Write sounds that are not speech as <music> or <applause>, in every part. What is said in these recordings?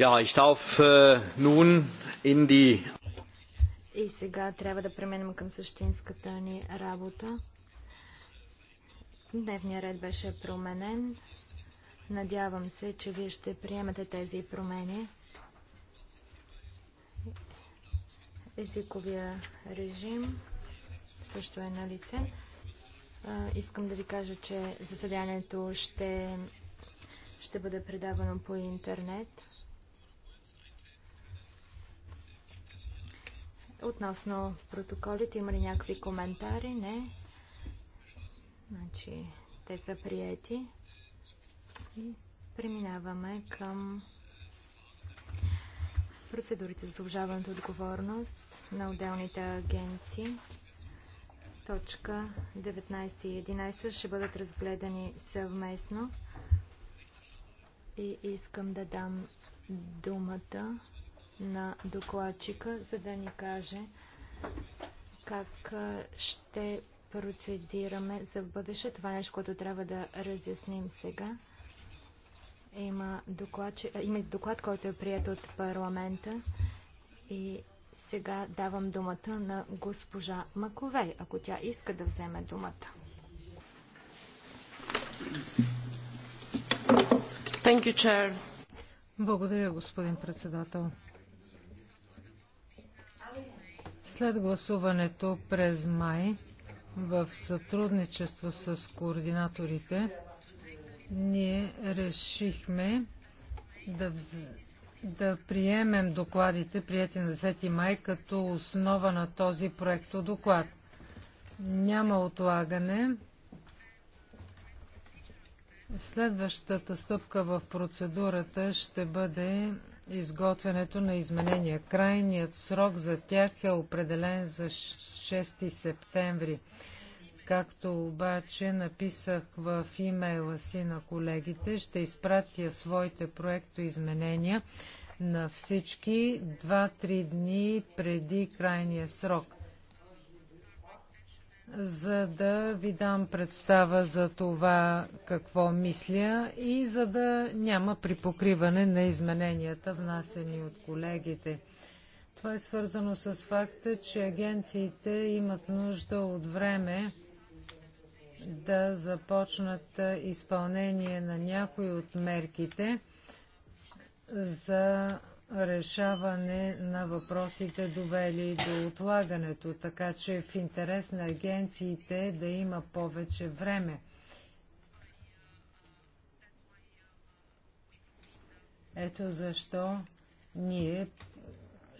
Äh, И сега трябва да преминем към същинската ни работа. Дневният ред беше променен. Надявам се, че вие ще приемете тези промени. Езиковия режим също е на лице. Искам да ви кажа, че заседанието ще, ще бъде предавано по интернет. Относно протоколите, има ли някакви коментари? Не. Значи, те са приети. И преминаваме към процедурите за служаването отговорност на отделните агенции. Точка 19 и 11 ще бъдат разгледани съвместно. И искам да дам думата на докладчика, за да ни каже как ще процедираме за бъдеще. Това е нещо, което трябва да разясним сега. Има доклад, че, има доклад който е прият от парламента и сега давам думата на госпожа Маковей, ако тя иска да вземе думата. Thank you, Chair. Благодаря, господин председател. След гласуването през май в сътрудничество с координаторите ние решихме да, вз... да приемем докладите, прияти на 10 май, като основа на този проект доклад. Няма отлагане. Следващата стъпка в процедурата ще бъде изготвянето на изменения. Крайният срок за тях е определен за 6 септември. Както обаче написах в имейла си на колегите, ще изпратя своите проектоизменения на всички 2-3 дни преди крайния срок за да ви дам представа за това какво мисля и за да няма припокриване на измененията, внасени от колегите. Това е свързано с факта, че агенциите имат нужда от време да започнат изпълнение на някои от мерките за решаване на въпросите довели до отлагането, така че в интерес на агенциите да има повече време. Ето защо ние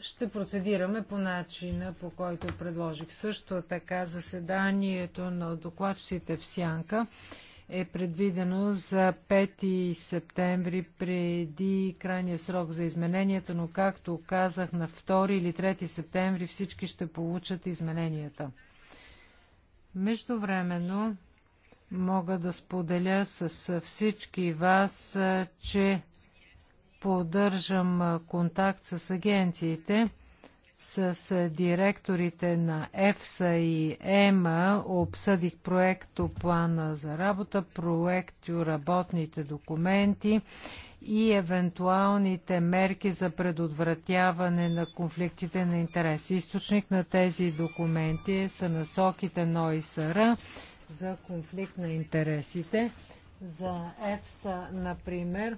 ще процедираме по начина, по който предложих. Също така заседанието на докладчиците в Сянка е предвидено за 5 септември преди крайния срок за измененията, но както казах на 2 или 3 септември всички ще получат измененията. Междувременно мога да споделя с всички вас, че поддържам контакт с агенциите с директорите на ЕФСА и ЕМА обсъдих проекто плана за работа, проекто работните документи и евентуалните мерки за предотвратяване на конфликтите на интереси. Източник на тези документи са насоките на ОИСР за конфликт на интересите. За ЕФСА, например,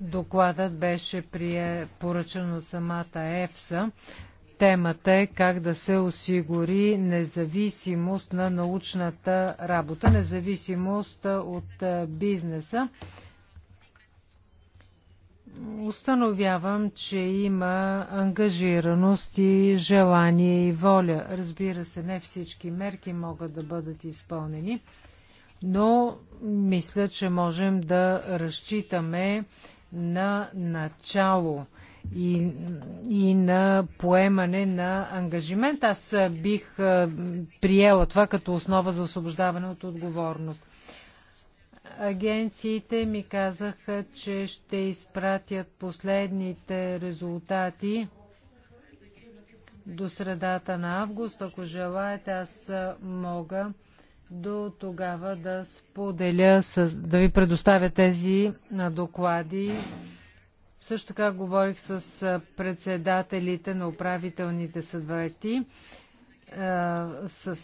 Докладът беше прие, поръчан от самата ЕФСА. Темата е как да се осигури независимост на научната работа, независимост от бизнеса. Установявам, че има ангажираност и желание и воля. Разбира се, не всички мерки могат да бъдат изпълнени, но мисля, че можем да разчитаме на начало и, и на поемане на ангажимент. Аз бих приела това като основа за освобождаване от отговорност. Агенциите ми казаха, че ще изпратят последните резултати до средата на август. Ако желаете, аз мога до тогава да споделя, с, да ви предоставя тези доклади. Също така говорих с председателите на управителните съвети, с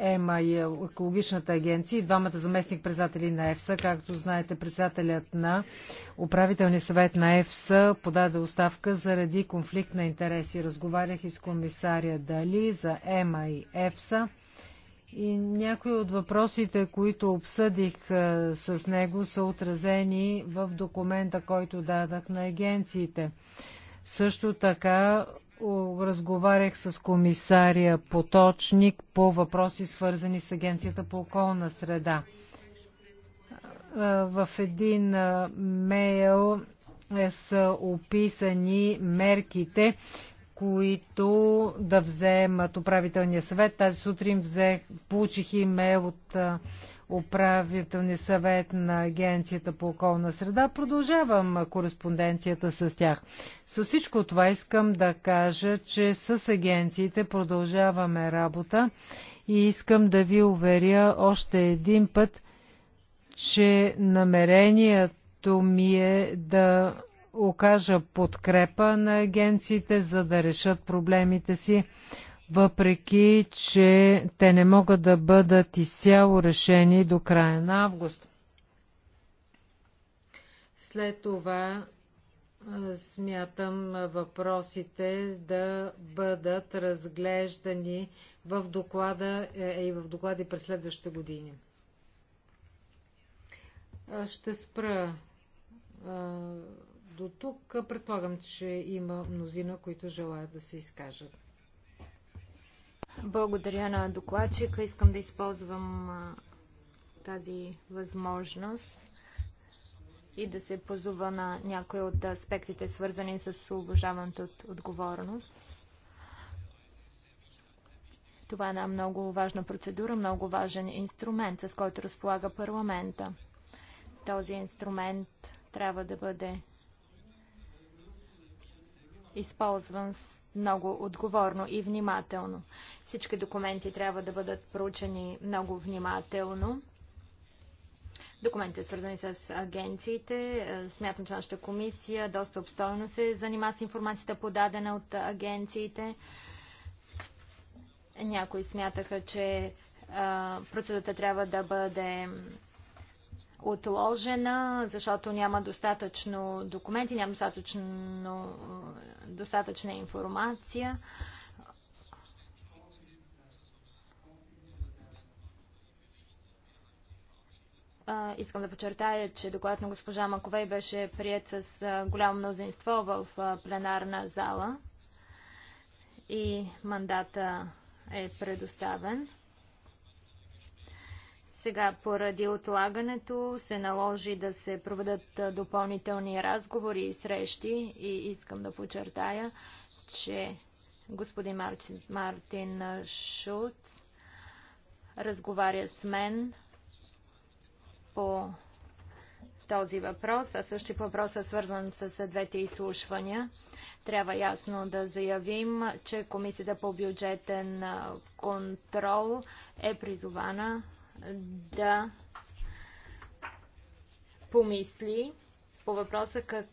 ЕМА и екологичната агенция и двамата заместник председатели на ЕФСА. Както знаете, председателят на управителния съвет на ЕФСА подаде оставка заради конфликт на интереси. Разговарях и с комисаря Дали за ЕМА и ЕФСА. И някои от въпросите, които обсъдих а, е, с него, са отразени в документа, който дадах на агенциите. Също така о, разговарях с комисария Поточник по въпроси, свързани с Агенцията по околна среда. А, е, в един а, е, мейл са описани мерките които да вземат управителния съвет. Тази сутрин взех, получих имейл от управителния съвет на Агенцията по околна среда. Продължавам кореспонденцията с тях. С всичко това искам да кажа, че с агенциите продължаваме работа и искам да ви уверя още един път, че намерението ми е да окажа подкрепа на агенциите, за да решат проблемите си, въпреки че те не могат да бъдат изцяло решени до края на август. След това смятам въпросите да бъдат разглеждани в доклада е, е, и в доклади през следващите години. Ще спра до тук. Предполагам, че има мнозина, които желаят да се изкажат. Благодаря на докладчика. Искам да използвам а, тази възможност и да се позова на някои от аспектите, свързани с освобождаването от отговорност. Това е една много важна процедура, много важен инструмент, с който разполага парламента. Този инструмент трябва да бъде използван много отговорно и внимателно. Всички документи трябва да бъдат проучени много внимателно. Документите свързани с агенциите. Е, смятам, че нашата комисия доста обстойно се занима с информацията подадена от агенциите. Някои смятаха, че е, процедурата трябва да бъде отложена, защото няма достатъчно документи, няма достатъчно, достатъчна информация. Искам да подчертая, че доклад на госпожа Маковей беше прият с голямо мнозинство в пленарна зала и мандата е предоставен. Сега поради отлагането се наложи да се проведат допълнителни разговори и срещи и искам да подчертая, че господин Мартин, Мартин Шулц разговаря с мен по този въпрос, а също и е въпроса свързан с двете изслушвания. Трябва ясно да заявим, че Комисията по бюджетен контрол е призована да помисли по въпроса как,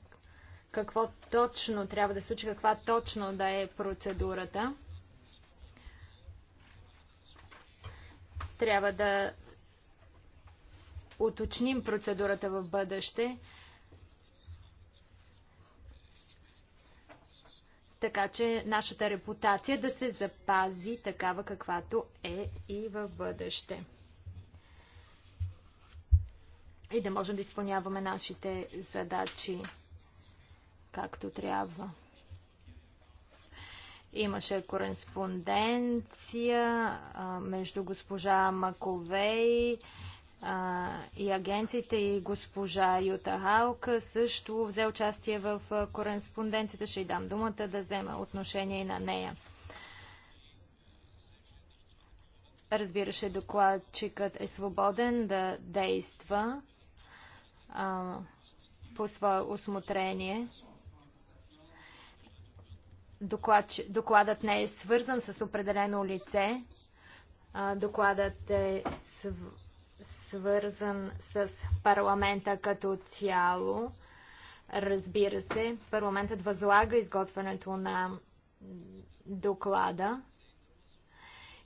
какво точно трябва да случи, каква точно да е процедурата. Трябва да уточним процедурата в бъдеще, така че нашата репутация да се запази такава каквато е и в бъдеще и да можем да изпълняваме нашите задачи както трябва. Имаше кореспонденция а, между госпожа Маковей а, и агенциите и госпожа Юта Халка също взе участие в кореспонденцията. Ще й дам думата да взема отношение и на нея. Разбираше, докладчикът е свободен да действа а, по свое усмотрение. Доклад, докладът не е свързан с определено лице. А, докладът е св, свързан с парламента като цяло. Разбира се, парламентът възлага изготвянето на доклада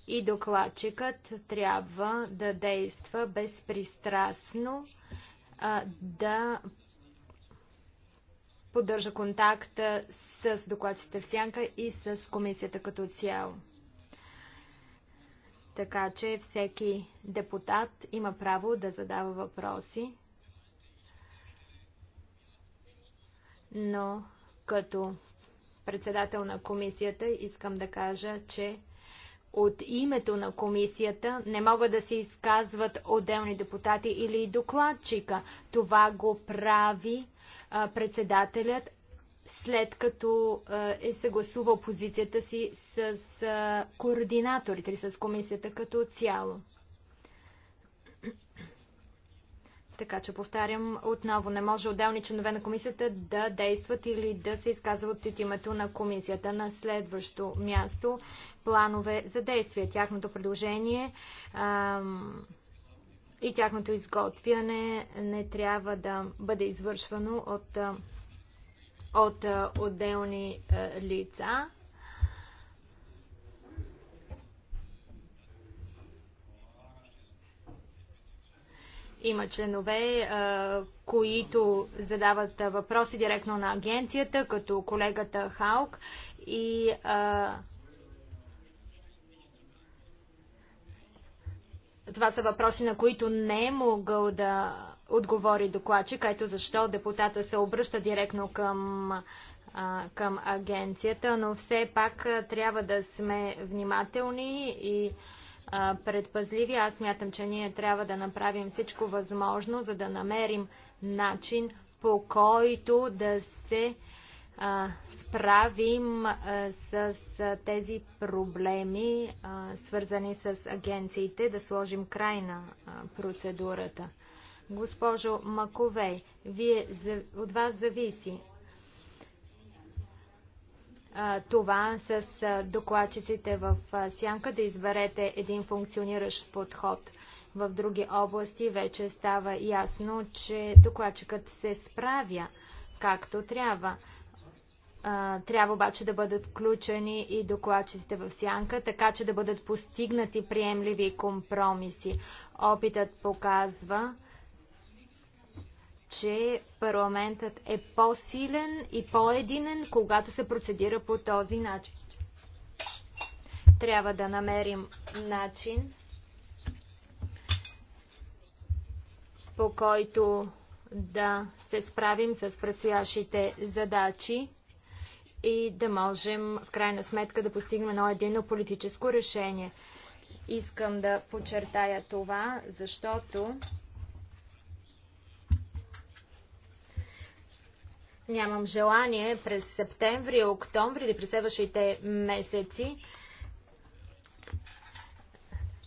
и докладчикът трябва да действа безпристрастно а, да поддържа контакта с докладчите в Сянка и с комисията като цяло. Така че всеки депутат има право да задава въпроси, но като председател на комисията искам да кажа, че от името на комисията не могат да се изказват отделни депутати или докладчика. Това го прави а, председателят след като а, е съгласувал позицията си с а, координаторите или с комисията като цяло. Така че повтарям отново, не може отделни членове на комисията да действат или да се изказват от името на комисията. На следващо място планове за действие. Тяхното предложение ам, и тяхното изготвяне не трябва да бъде извършвано от, от отделни лица. Има членове, е, които задават въпроси директно на агенцията, като колегата Халк и е, Това са въпроси, на които не е могъл да отговори докладчик, ето защо депутата се обръща директно към, а, е, към агенцията, но все пак трябва да сме внимателни и предпазливи. Аз мятам, че ние трябва да направим всичко възможно, за да намерим начин по който да се а, справим а, с, а, тези проблеми, а, свързани с агенциите, да сложим край на а, процедурата. Госпожо Маковей, вие, от вас зависи това с докладчиците в сянка, да изберете един функциониращ подход. В други области вече става ясно, че докладчикът се справя както трябва. Трябва обаче да бъдат включени и докладчиците в сянка, така че да бъдат постигнати приемливи компромиси. Опитът показва, че парламентът е по-силен и по-единен, когато се процедира по този начин. Трябва да намерим начин, по който да се справим с предстоящите задачи и да можем в крайна сметка да постигнем едно едино политическо решение. Искам да подчертая това, защото Нямам желание през септември, октомври или през следващите месеци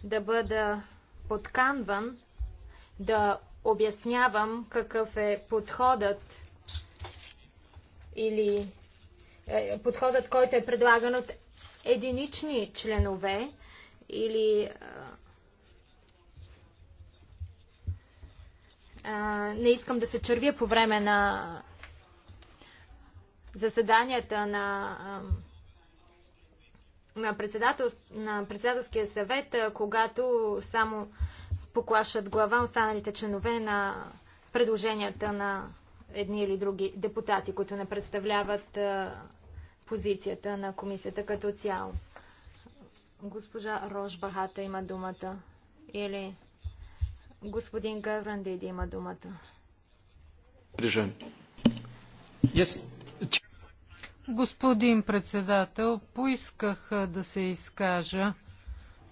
да бъда подканван да обяснявам какъв е подходът или е, подходът, който е предлаган от единични членове или е, е, не искам да се червя по време на заседанията на, на, председател, на председателския съвет, когато само поклашат глава останалите членове на предложенията на едни или други депутати, които не представляват позицията на комисията като цяло. Госпожа Рож Бахата има думата. Или господин Гавранди има думата. Yes. Господин председател, поисках да се изкажа,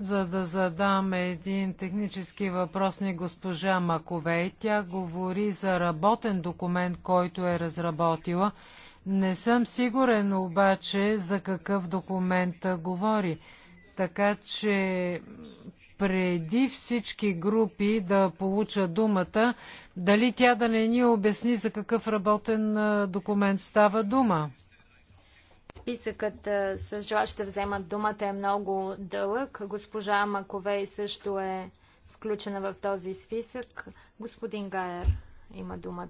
за да задам един технически въпрос на госпожа Маковей. Тя говори за работен документ, който е разработила. Не съм сигурен обаче за какъв документ говори. Така че преди всички групи да получат думата, дали тя да не ни обясни за какъв работен документ става дума? Списъкът с желащите да вземат думата е много дълъг. Госпожа Маковей също е включена в този списък. Господин Гайер има думата.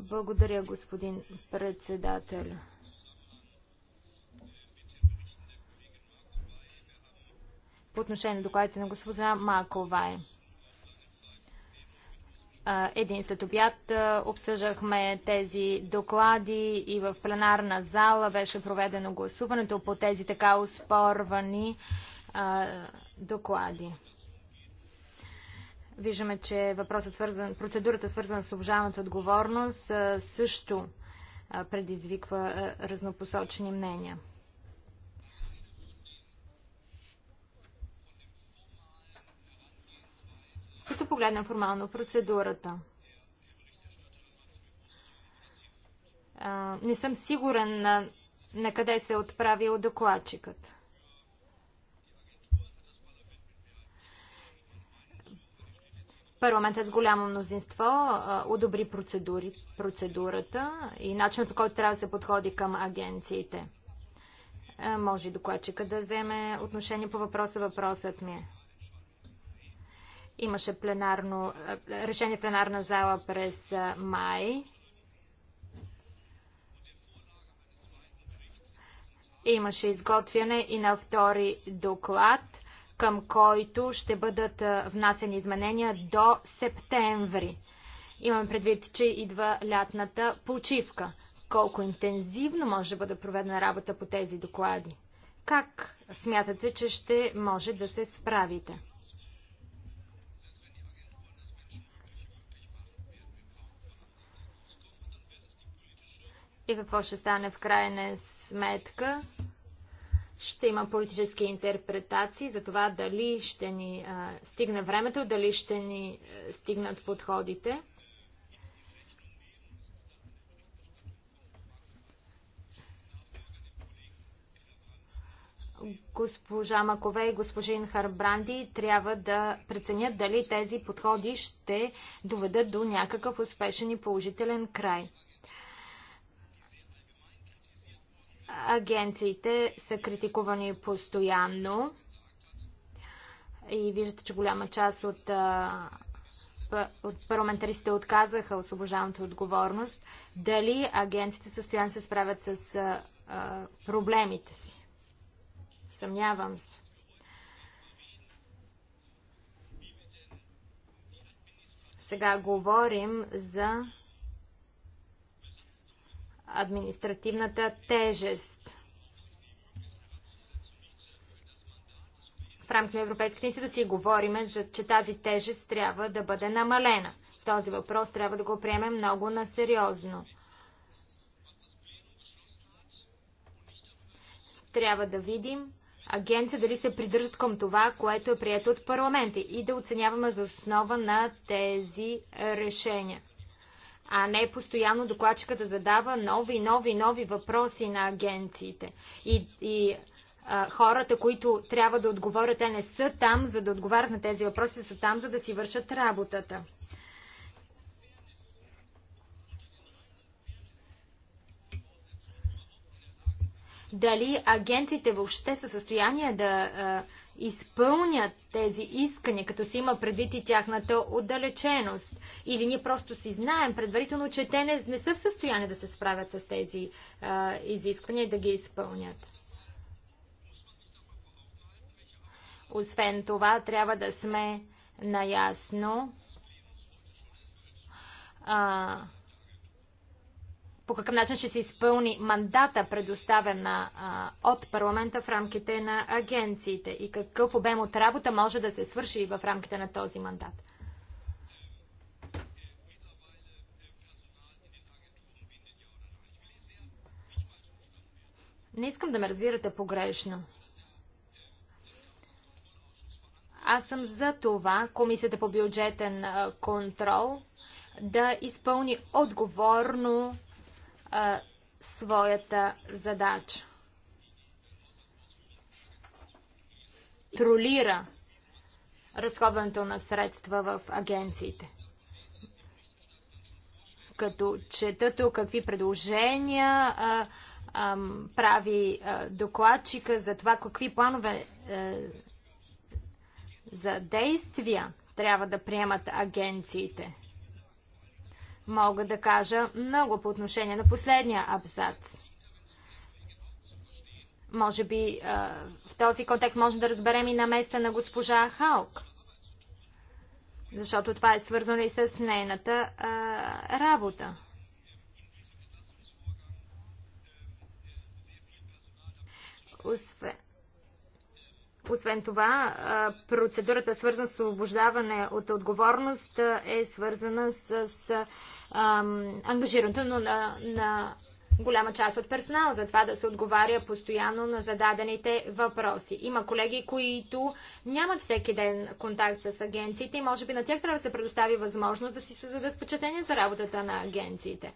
Благодаря, господин председател. По отношение на докладите на госпожа Маковай един след обяд обсъждахме тези доклади и в пленарна зала беше проведено гласуването по тези така успорвани доклади. Виждаме, че въпросът свързан, процедурата свързана с обжалната отговорност също предизвиква разнопосочни мнения. като погледнем формално процедурата. не съм сигурен на, на къде се е отправил докладчикът. Парламентът с голямо мнозинство одобри процедури, процедурата и начинът, който трябва да се подходи към агенциите. може докладчика да вземе отношение по въпроса. Въпросът ми е. Имаше пленарно, е, решение пленарна зала през е, май. Имаше изготвяне и на втори доклад, към който ще бъдат е, внасени изменения до септември. Имам предвид, че идва лятната почивка. Колко интензивно може да бъде проведена работа по тези доклади? Как смятате, че ще може да се справите? И какво ще стане в крайна сметка? Ще има политически интерпретации за това дали ще ни а, стигне времето, дали ще ни а, стигнат подходите. госпожа Макове и госпожин Харбранди трябва да преценят дали тези подходи ще доведат до някакъв успешен и положителен край. Агенциите са критикувани постоянно и виждате, че голяма част от, от парламентаристите отказаха освобождаването отговорност. Дали агенциите състоян се справят с а, проблемите си? Съмнявам се. Сега говорим за административната тежест. В рамките на европейските институции говорим, че тази тежест трябва да бъде намалена. Този въпрос трябва да го приемем много насериозно. Трябва да видим агенция дали се придържат към това, което е прието от парламента и да оценяваме за основа на тези решения а не постоянно докладчика да задава нови, нови, нови въпроси на агенциите. И, и а, хората, които трябва да отговорят, те не са там, за да отговарят на тези въпроси, са там, за да си вършат работата. Дали агенциите въобще са в състояние да а, изпълнят тези искания, като се има предвид и тяхната отдалеченост. Или ние просто си знаем предварително, че те не, не са в състояние да се справят с тези а, изисквания и да ги изпълнят. Освен това, трябва да сме наясно а, по какъв начин ще се изпълни мандата, предоставен от парламента в рамките на агенциите и какъв обем от работа може да се свърши в рамките на този мандат. Не искам да ме разбирате погрешно. Аз съм за това Комисията по бюджетен контрол да изпълни отговорно а, своята задача. Тролира разходването на средства в агенциите. Като чета тук какви предложения а, а, прави а, докладчика за това какви планове а, е, за действия трябва да приемат агенциите мога да кажа много по отношение на последния абзац. Може би в този контекст може да разберем и наместа на госпожа Халк, защото това е свързано и с нейната работа. Освен освен това, процедурата свързана с освобождаване от отговорност е свързана с, с ам, ангажирането на, на голяма част от персонала за това да се отговаря постоянно на зададените въпроси. Има колеги, които нямат всеки ден контакт с агенциите и може би на тях трябва да се предостави възможност да си създадат впечатление за работата на агенциите.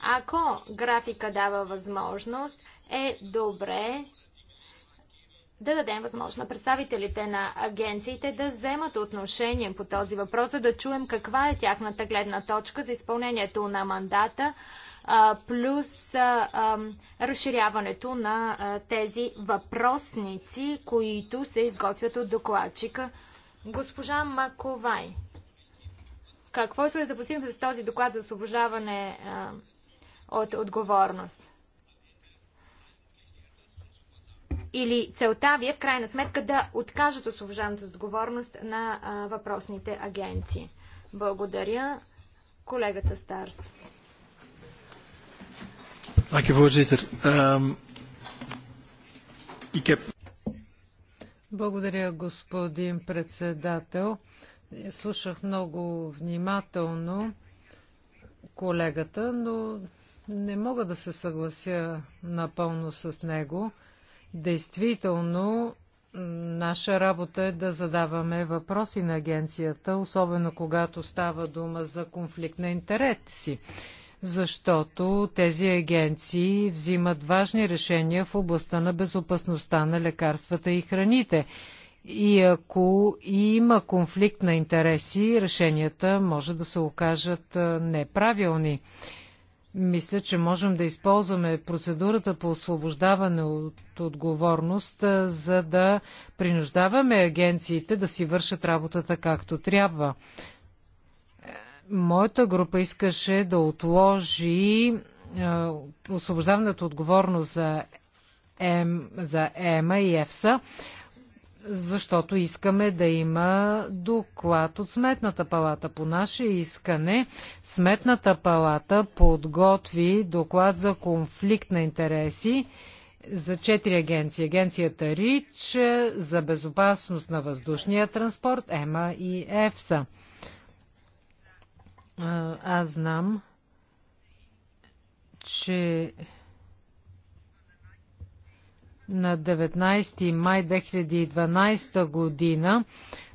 Ако графика дава възможност, е добре да дадем възможност на представителите на агенциите да вземат отношение по този въпрос, за да чуем каква е тяхната гледна точка за изпълнението на мандата, плюс разширяването на тези въпросници, които се изготвят от докладчика. Госпожа Маковай, какво искате да постигнете с този доклад за освобождаване от отговорност? или целта ви е в крайна сметка да откажат освобождаването отговорност на а, въпросните агенции. Благодаря. Колегата Старс. Ehm, Благодаря, господин председател. Слушах много внимателно колегата, но не мога да се съглася напълно с него. Действително, наша работа е да задаваме въпроси на агенцията, особено когато става дума за конфликт на интереси, защото тези агенции взимат важни решения в областта на безопасността на лекарствата и храните. И ако има конфликт на интереси, решенията може да се окажат неправилни. Мисля, че можем да използваме процедурата по освобождаване от отговорност, за да принуждаваме агенциите да си вършат работата както трябва. Моята група искаше да отложи освобождаването отговорност за, за ЕМА и ЕФСА, защото искаме да има доклад от Сметната палата. По наше искане Сметната палата подготви доклад за конфликт на интереси за четири агенции. Агенцията РИЧ, за безопасност на въздушния транспорт, ЕМА и ЕФСА. Аз знам, че на 19 май 2012 година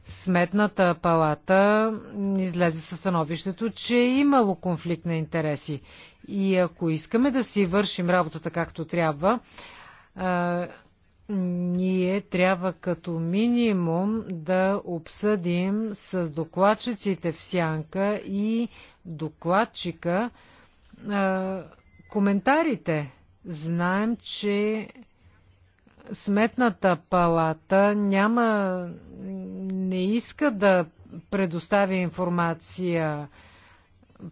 Сметната палата излезе със становището, че е имало конфликт на интереси. И ако искаме да си вършим работата както трябва, а, ние трябва като минимум да обсъдим с докладчиците в сянка и докладчика а, коментарите. Знаем, че Сметната палата няма, не иска да предоставя информация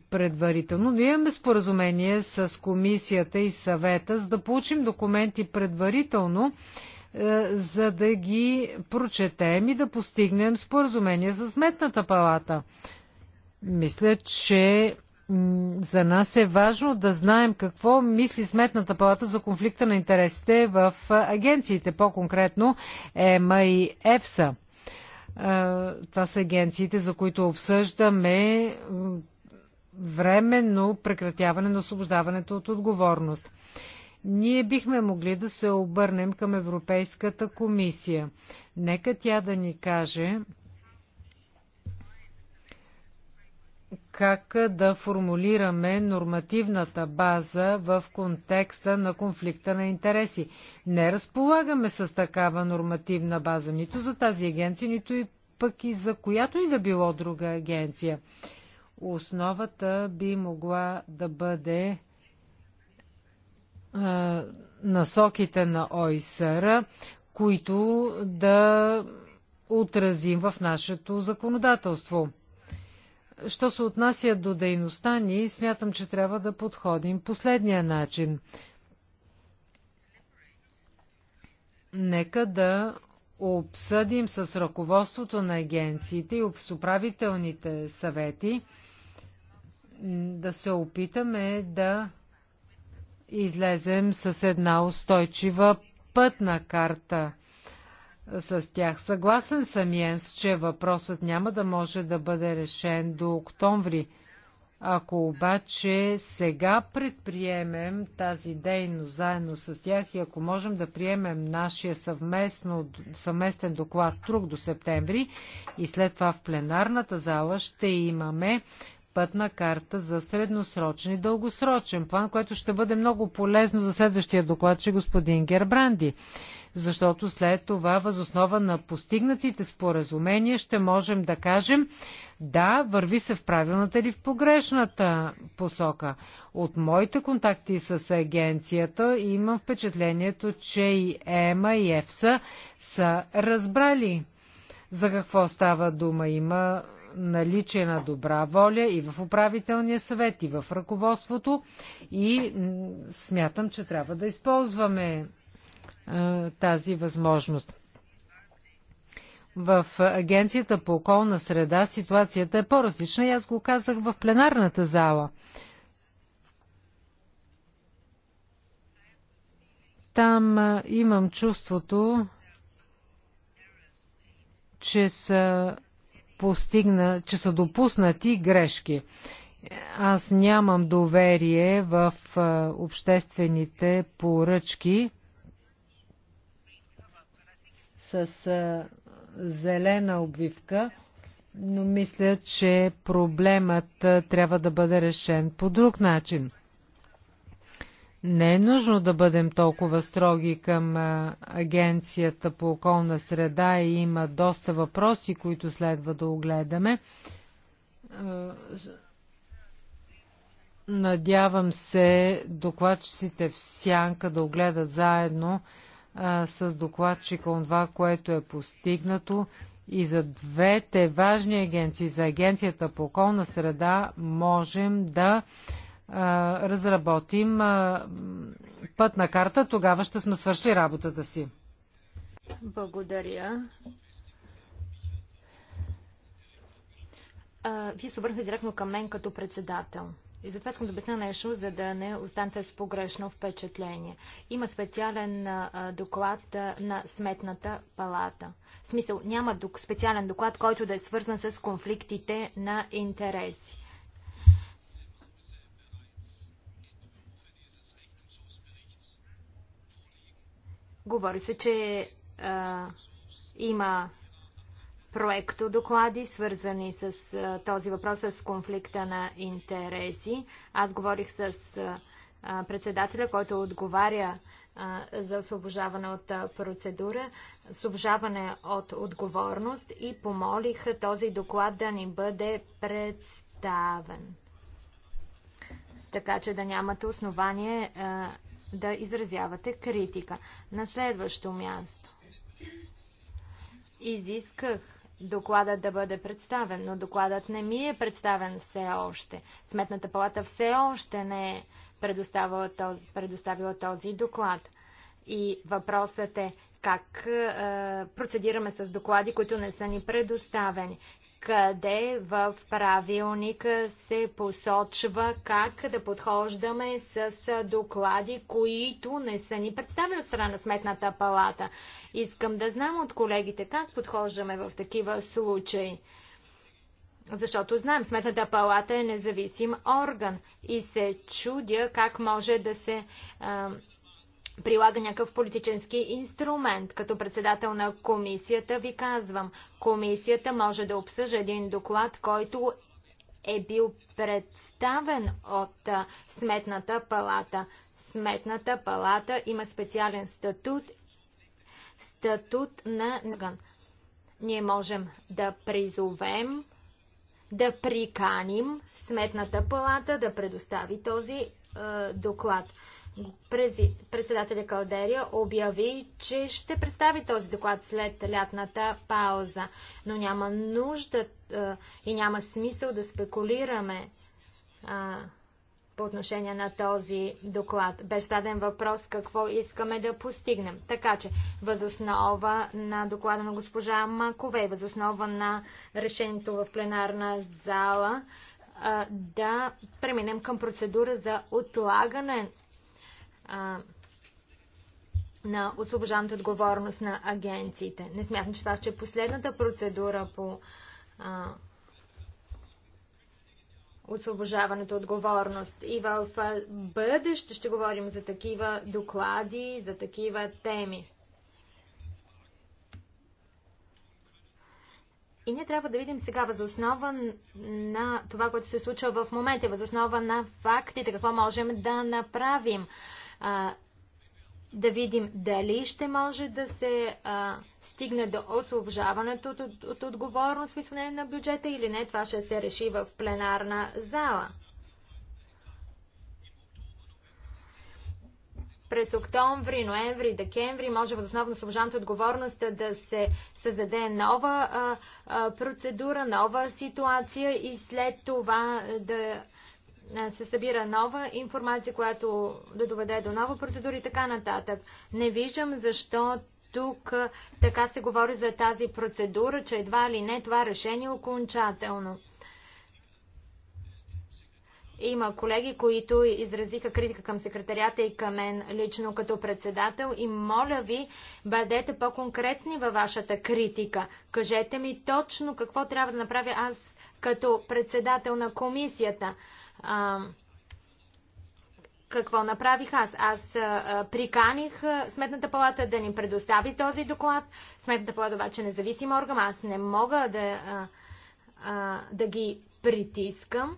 предварително. Но имаме споразумение с комисията и съвета, за да получим документи предварително, е, за да ги прочетем и да постигнем споразумение с Сметната палата. Мисля, че за нас е важно да знаем какво мисли Сметната палата за конфликта на интересите в агенциите, по-конкретно ЕМА и ЕФСА. Това са агенциите, за които обсъждаме временно прекратяване на освобождаването от отговорност. Ние бихме могли да се обърнем към Европейската комисия. Нека тя да ни каже как да формулираме нормативната база в контекста на конфликта на интереси. Не разполагаме с такава нормативна база нито за тази агенция, нито и пък и за която и да било друга агенция. Основата би могла да бъде а, насоките на ОИСР, които да отразим в нашето законодателство. Що се отнася до дейността ни, смятам, че трябва да подходим последния начин. Нека да обсъдим с ръководството на агенциите и обсуправителните съвети, да се опитаме да излезем с една устойчива пътна карта с тях. Съгласен съм, Йенс, че въпросът няма да може да бъде решен до октомври. Ако обаче сега предприемем тази дейност заедно с тях и ако можем да приемем нашия съвместно, съвместен доклад друг до септември и след това в пленарната зала ще имаме пътна карта за средносрочен и дългосрочен план, което ще бъде много полезно за следващия доклад, че господин Гербранди защото след това, възоснова на постигнатите споразумения, ще можем да кажем да, върви се в правилната или в погрешната посока. От моите контакти с агенцията имам впечатлението, че и ЕМА и ЕФСА са разбрали за какво става дума. Има наличие на добра воля и в управителния съвет, и в ръководството. И смятам, че трябва да използваме тази възможност. В Агенцията по околна среда ситуацията е по-различна и аз го казах в пленарната зала. Там имам чувството, че са, постигна, че са допуснати грешки. Аз нямам доверие в обществените поръчки с зелена обвивка, но мисля, че проблемът трябва да бъде решен по друг начин. Не е нужно да бъдем толкова строги към Агенцията по околна среда и има доста въпроси, които следва да огледаме. Надявам се докладчиците в сянка да огледат заедно а, с докладчика това, което е постигнато и за двете важни агенции, за Агенцията по околна среда, можем да а, разработим а, пътна карта. Тогава ще сме свършили работата си. Благодаря. А, вие се обърнахте директно към мен като председател. И затова искам да обясня нещо, за да не останете с погрешно впечатление. Има специален доклад на Сметната палата. В смисъл, няма специален доклад, който да е свързан с конфликтите на интереси. Говори се, че а, има проекто доклади, свързани с този въпрос, с конфликта на интереси. Аз говорих с председателя, който отговаря а, за освобождаване от процедура, освобождаване от отговорност и помолих този доклад да ни бъде представен. Така че да нямате основание а, да изразявате критика. На следващо място. Изисках докладът да бъде представен, но докладът не ми е представен все още. Сметната палата все още не е предоставила този, предоставила този доклад. И въпросът е как е, процедираме с доклади, които не са ни предоставени къде в правилника се посочва как да подхождаме с доклади, които не са ни представени от страна на Сметната палата. Искам да знам от колегите как подхождаме в такива случаи. Защото знаем, Сметната палата е независим орган и се чудя как може да се а, прилага някакъв политически инструмент. Като председател на комисията ви казвам, комисията може да обсъжда един доклад, който е бил представен от Сметната палата. Сметната палата има специален статут, статут на орган. Ние можем да призовем, да приканим Сметната палата да предостави този е, доклад председателя Калдерия обяви, че ще представи този доклад след лятната пауза. Но няма нужда а, и няма смисъл да спекулираме а, по отношение на този доклад. Беше даден въпрос какво искаме да постигнем. Така че, възоснова на доклада на госпожа Маковей, възоснова на решението в пленарна зала, да преминем към процедура за отлагане а, на освобождаването отговорност на агенциите. Не смятам, че това ще е последната процедура по а, освобождаването отговорност. И в бъдеще ще говорим за такива доклади, за такива теми. И ние трябва да видим сега възоснова на това, което се случва в момента, възоснова на фактите, какво можем да направим а, да видим дали ще може да се а, стигне до освобождаването от, от, от отговорност в изпълнение на бюджета или не. Това ще се реши в пленарна зала. през октомври, ноември, декември може възоснова на служаната отговорност да се създаде нова а, а, процедура, нова ситуация и след това да е, се събира нова информация, която да доведе до нова процедура и така нататък. Не виждам защо тук е, така се говори за тази процедура, че едва ли не това решение е окончателно. Има колеги, които изразиха критика към секретарията и към мен лично като председател и моля ви, бъдете по-конкретни във вашата критика. Кажете ми точно какво трябва да направя аз като председател на комисията. А, какво направих аз? Аз а, приканих Сметната палата да ни предостави този доклад. Сметната палата обаче е независим орган. Аз не мога да, а, а, да ги притискам.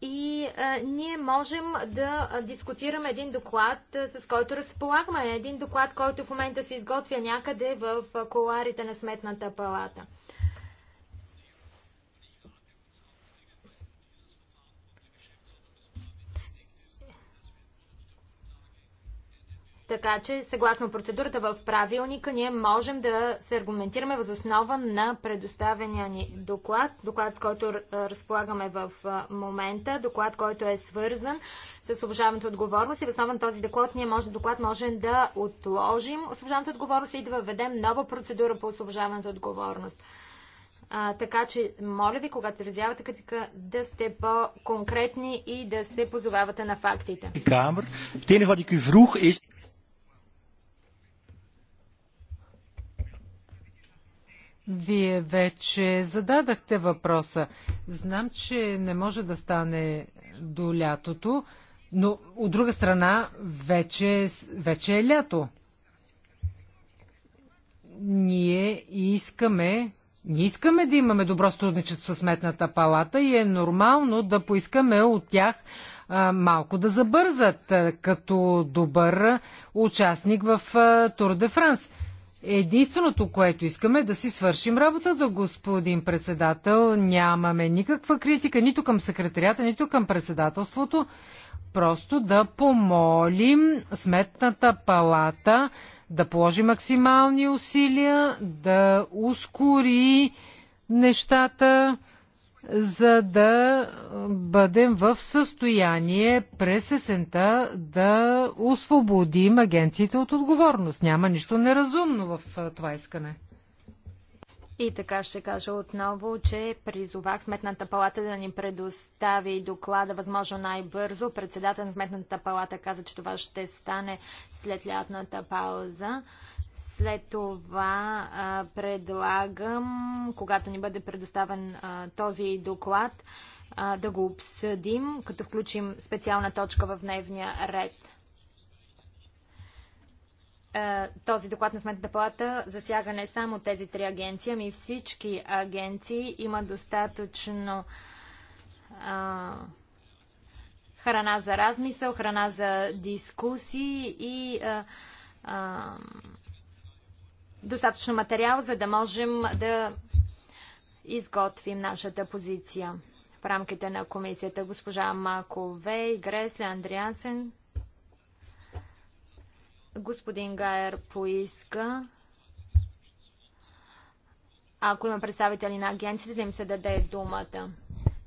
И а, ние можем да дискутираме един доклад, а, с който разполагаме. Един доклад, който в момента се изготвя някъде в коларите на Сметната палата. А, Така че, съгласно процедурата в правилника, ние можем да се аргументираме въз основа на предоставения ни доклад, доклад с който разполагаме в момента, доклад, който е свързан с освобождаването отговорност и в основа на този доклад ние може, доклад можем да отложим освобождаването отговорност и да въведем нова процедура по освобождаването отговорност. А, така че, моля ви, когато изразявате критика, да сте по-конкретни и да се позовавате на фактите. Камер. Het enige wat ik vroeg is... Вие вече зададахте въпроса. Знам, че не може да стане до лятото, но от друга страна вече, вече е лято. Ние искаме ние искаме да имаме добро сътрудничество с Сметната палата и е нормално да поискаме от тях а, малко да забързат а, като добър участник в а, Тур де Франс. Единственото, което искаме е да си свършим работата, господин председател. Нямаме никаква критика нито към секретарията, нито към председателството. Просто да помолим Сметната палата да положи максимални усилия, да ускори нещата за да бъдем в състояние през есента да освободим агенциите от отговорност. Няма нищо неразумно в това искане. И така ще кажа отново, че призовах Сметната палата да ни предостави доклада възможно най-бързо. Председател на Сметната палата каза, че това ще стане след лятната пауза. След това а, предлагам, когато ни бъде предоставен а, този доклад, а, да го обсъдим, като включим специална точка в дневния ред. Е, този доклад на Сметната палата засяга не само тези три агенции, ами всички агенции имат достатъчно а, храна за размисъл, храна за дискусии и а, а, достатъчно материал, за да можем да изготвим нашата позиция в рамките на комисията. Госпожа Макове, Гресле, Андриансен. Господин Гайер поиска ако има представители на агенцията, да им се даде думата.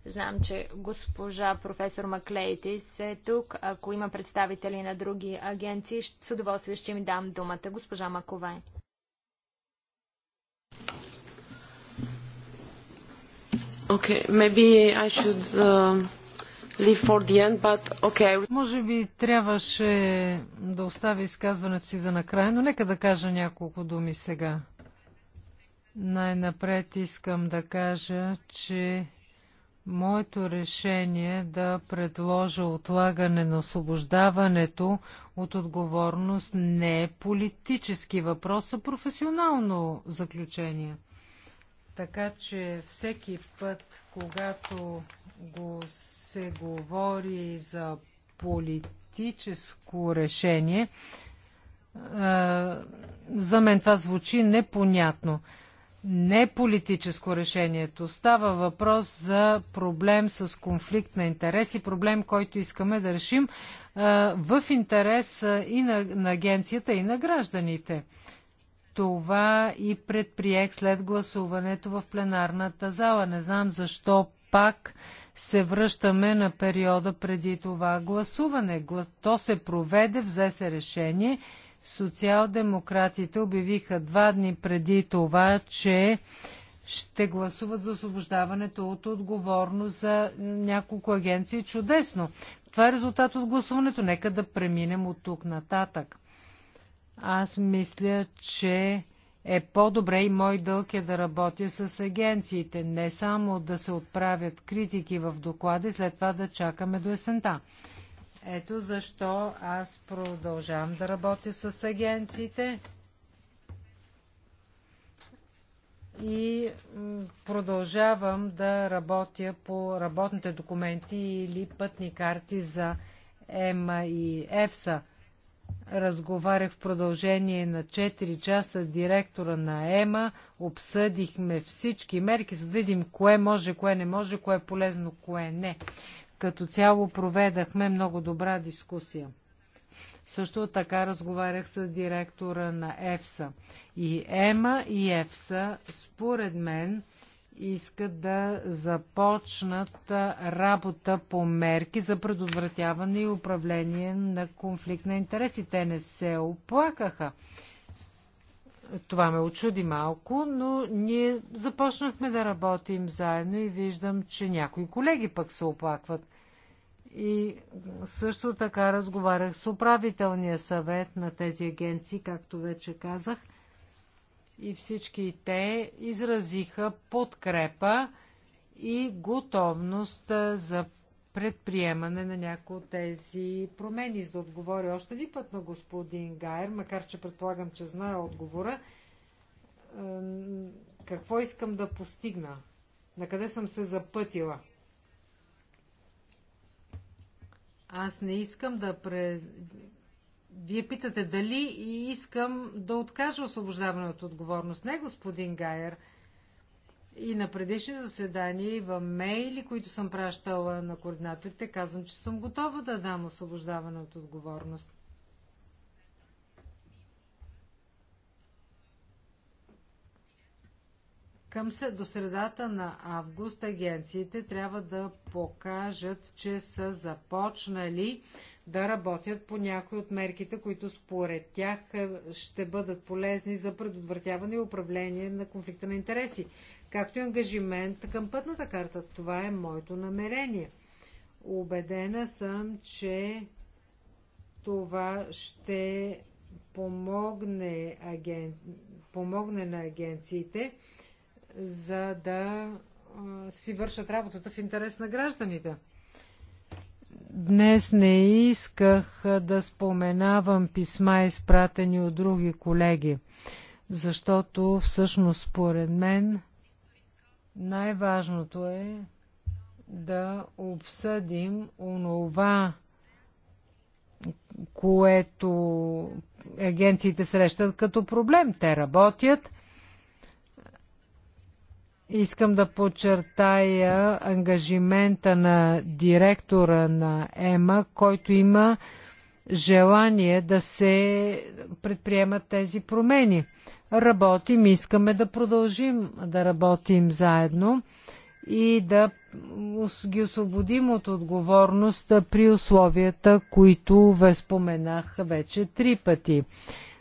Знам, че госпожа професор Маклейтис е тук. Ако има представители на други агенции, с удоволствие ще им дам думата. Госпожа Маковай. Okay, maybe I should uh, End, but... okay. Може би трябваше да оставя изказването си за накрая, но нека да кажа няколко думи сега. Най-напред искам да кажа, че моето решение е да предложа отлагане на освобождаването от отговорност не е политически въпрос, а професионално заключение. Така че всеки път, когато го се говори за политическо решение, за мен това звучи непонятно. Не политическо решението. Става въпрос за проблем с конфликт на интереси, проблем, който искаме да решим в интерес и на, на агенцията, и на гражданите. Това и предприех след гласуването в пленарната зала. Не знам защо пак се връщаме на периода преди това гласуване. То се проведе, взе се решение. Социал-демократите обявиха два дни преди това, че ще гласуват за освобождаването от отговорност за няколко агенции. Чудесно! Това е резултат от гласуването. Нека да преминем от тук нататък. Аз мисля, че е по-добре и мой дълг е да работя с агенциите, не само да се отправят критики в доклади, след това да чакаме до есента. Ето защо аз продължавам да работя с агенциите и продължавам да работя по работните документи или пътни карти за ЕМА и ЕФСА. Разговарях в продължение на 4 часа с директора на ЕМА, обсъдихме всички мерки, за да видим кое може, кое не може, кое е полезно, кое не. Като цяло проведахме много добра дискусия. Също така разговарях с директора на ЕФСА. И ЕМА и ЕФСА, според мен, искат да започнат работа по мерки за предотвратяване и управление на конфликт на интереси. Те не се оплакаха. Това ме очуди малко, но ние започнахме да работим заедно и виждам, че някои колеги пък се оплакват. И също така разговарях с управителния съвет на тези агенции, както вече казах – и всички те изразиха подкрепа и готовност за предприемане на някои от тези промени. За да отговоря още един път на господин Гайер, макар че предполагам, че знае отговора, какво искам да постигна, на къде съм се запътила. Аз не искам да, пред вие питате дали искам да откажа освобождаване от отговорност. Не, господин Гайер. И на предишни заседания, и в мейли, които съм пращала на координаторите, казвам, че съм готова да дам освобождаване от отговорност. Към се, до средата на август агенциите трябва да покажат, че са започнали да работят по някои от мерките, които според тях е, ще бъдат полезни за предотвратяване и управление на конфликта на интереси, както и ангажимент към пътната карта. Това е моето намерение. Убедена съм, че това ще помогне, аген... помогне на агенциите, за да а, си вършат работата в интерес на гражданите. Днес не исках да споменавам писма, изпратени от други колеги, защото всъщност според мен най-важното е да обсъдим онова, което агенциите срещат като проблем. Те работят, Искам да подчертая ангажимента на директора на ЕМА, който има желание да се предприемат тези промени. Работим, искаме да продължим да работим заедно и да ги освободим от отговорност при условията, които споменах вече три пъти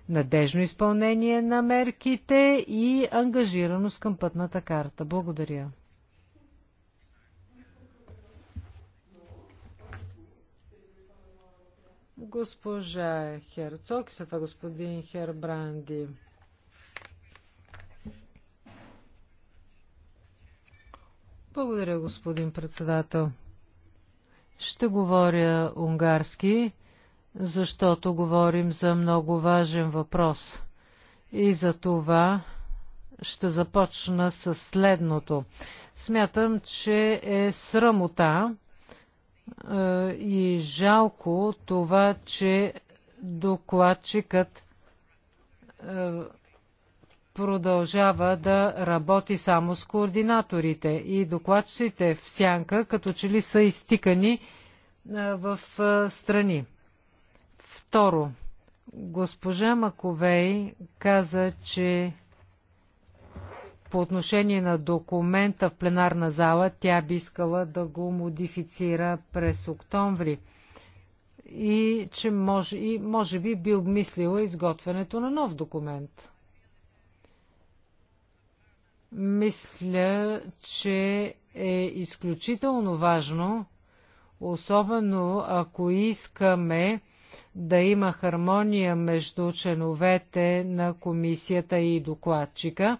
надежно изпълнение на мерките и ангажираност към пътната карта. Благодаря. Госпожа Херцог и господин Хербранди. Благодаря, господин председател. Ще говоря унгарски защото говорим за много важен въпрос. И за това ще започна с следното. Смятам, че е срамота и жалко това, че докладчикът продължава да работи само с координаторите и докладчиците в сянка, като че ли са изтикани в страни. Второ, госпожа Маковей каза, че по отношение на документа в пленарна зала, тя би искала да го модифицира през октомври и че може, и може би би обмислила изготвянето на нов документ. Мисля, че е изключително важно, особено ако искаме да има хармония между членовете на комисията и докладчика,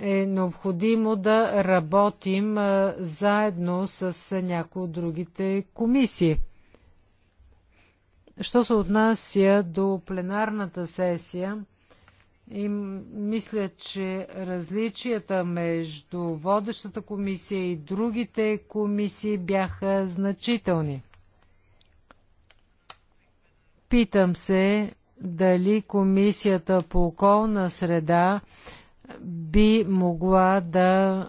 е необходимо да работим заедно с някои от другите комисии. Що се отнася до пленарната сесия, и мисля, че различията между водещата комисия и другите комисии бяха значителни. Питам се дали Комисията по околна среда би могла да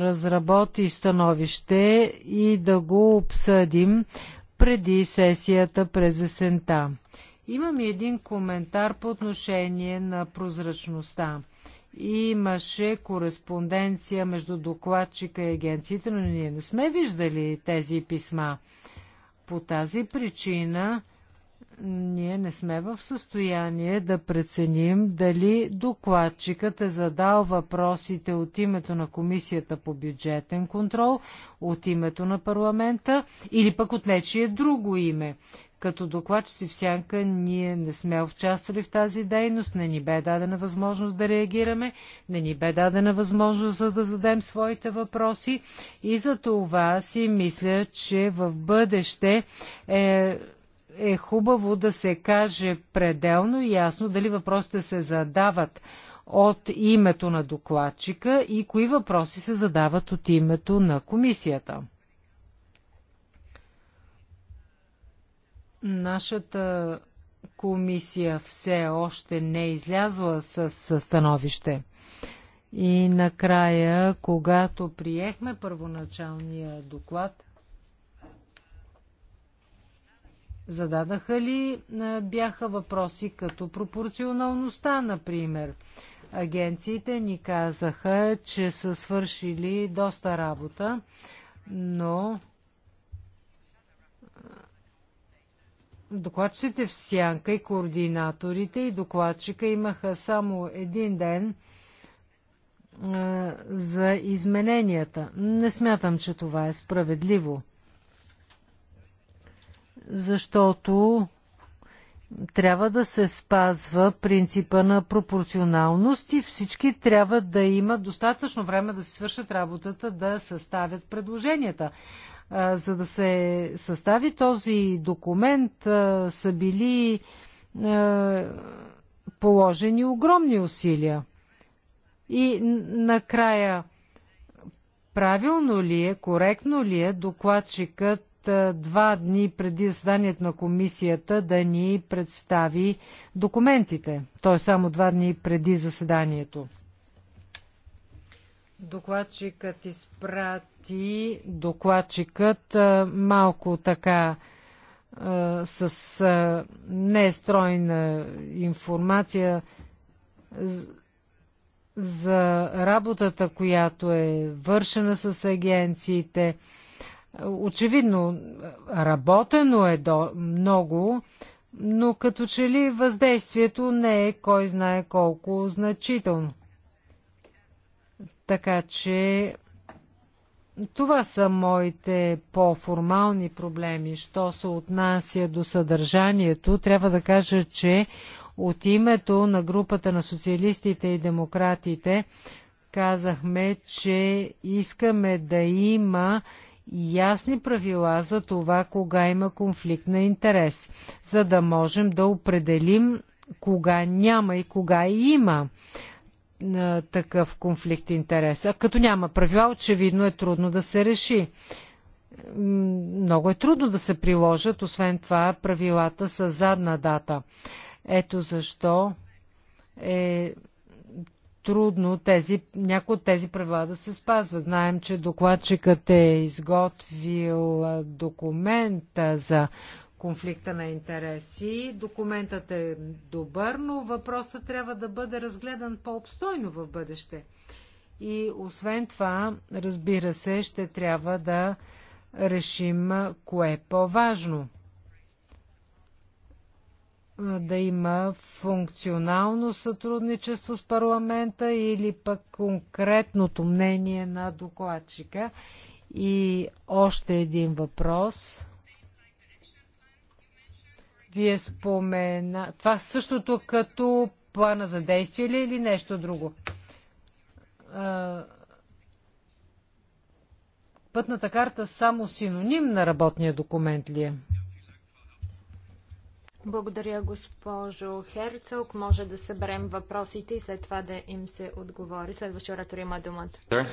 разработи становище и да го обсъдим преди сесията през есента. Имам и един коментар по отношение на прозрачността. Имаше кореспонденция между докладчика и агенциите, но ние не сме виждали тези писма. По тази причина ние не сме в състояние да преценим дали докладчикът е задал въпросите от името на Комисията по бюджетен контрол, от името на парламента или пък от нечие друго име. Като докладчици в сянка ние не сме участвали в тази дейност, не ни бе дадена възможност да реагираме, не ни бе дадена възможност за да зададем своите въпроси и за това си мисля, че в бъдеще е е хубаво да се каже пределно и ясно дали въпросите се задават от името на докладчика и кои въпроси се задават от името на комисията. Нашата комисия все още не е излязла с, с становище. И накрая, когато приехме първоначалния доклад, Зададаха ли бяха въпроси като пропорционалността, например? Агенциите ни казаха, че са свършили доста работа, но докладчите в сянка и координаторите и докладчика имаха само един ден за измененията. Не смятам, че това е справедливо защото трябва да се спазва принципа на пропорционалност и всички трябва да имат достатъчно време да си свършат работата, да съставят предложенията. За да се състави този документ са били положени огромни усилия. И накрая, правилно ли е, коректно ли е докладчикът два дни преди заседанието на комисията да ни представи документите. Той е само два дни преди заседанието. Докладчикът изпрати докладчикът малко така с нестройна информация за работата, която е вършена с агенциите, Очевидно, работено е до много, но като че ли въздействието не е кой знае колко значително. Така че това са моите по-формални проблеми. Що се отнася до съдържанието, трябва да кажа, че от името на групата на социалистите и демократите казахме, че искаме да има ясни правила за това, кога има конфликт на интерес, за да можем да определим кога няма и кога има такъв конфликт интерес. А като няма правила, очевидно е трудно да се реши. Много е трудно да се приложат, освен това правилата са задна дата. Ето защо е трудно тези, някои от тези правила да се спазва. Знаем, че докладчикът е изготвил документа за конфликта на интереси. Документът е добър, но въпросът трябва да бъде разгледан по-обстойно в бъдеще. И освен това, разбира се, ще трябва да решим кое е по-важно – да има функционално сътрудничество с парламента или пък конкретното мнение на докладчика. И още един въпрос. Вие спомена... Това същото като плана за действие ли или нещо друго? Пътната карта само синоним на работния документ ли е? Благодаря, госпожо Херцог. Може да съберем въпросите и след това да им се отговори. Следващия оратор има думата.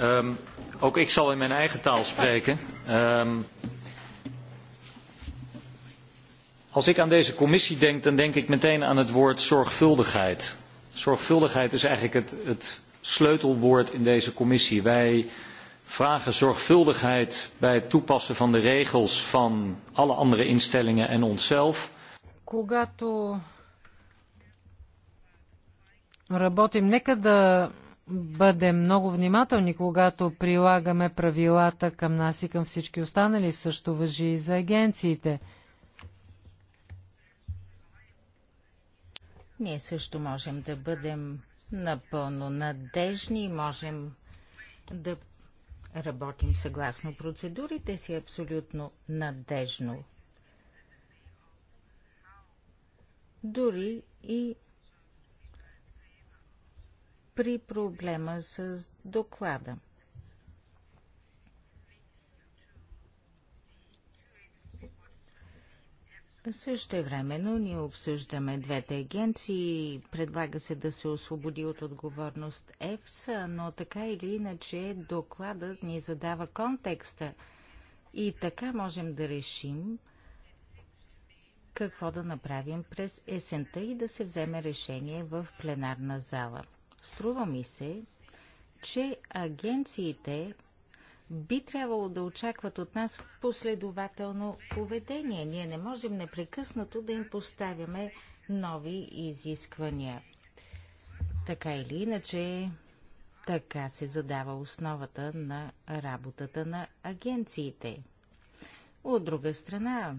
Um, ook ik zal in mijn eigen taal spreken. Um, als ik aan deze commissie denk, dan denk ik meteen aan het woord zorgvuldigheid. Zorgvuldigheid is eigenlijk het, het sleutelwoord in deze commissie. Wij vragen zorgvuldigheid bij het toepassen van de regels van alle andere instellingen en onszelf когато работим, нека да бъдем много внимателни, когато прилагаме правилата към нас и към всички останали. Също въжи и за агенциите. Ние също можем да бъдем напълно надежни и можем да работим съгласно процедурите си абсолютно надежно. дори и при проблема с доклада. Също времено ние обсъждаме двете агенции. Предлага се да се освободи от отговорност ЕФСА, но така или иначе докладът ни задава контекста. И така можем да решим, какво да направим през есента и да се вземе решение в пленарна зала. Струва ми се, че агенциите би трябвало да очакват от нас последователно поведение. Ние не можем непрекъснато да им поставяме нови изисквания. Така или иначе, така се задава основата на работата на агенциите. От друга страна,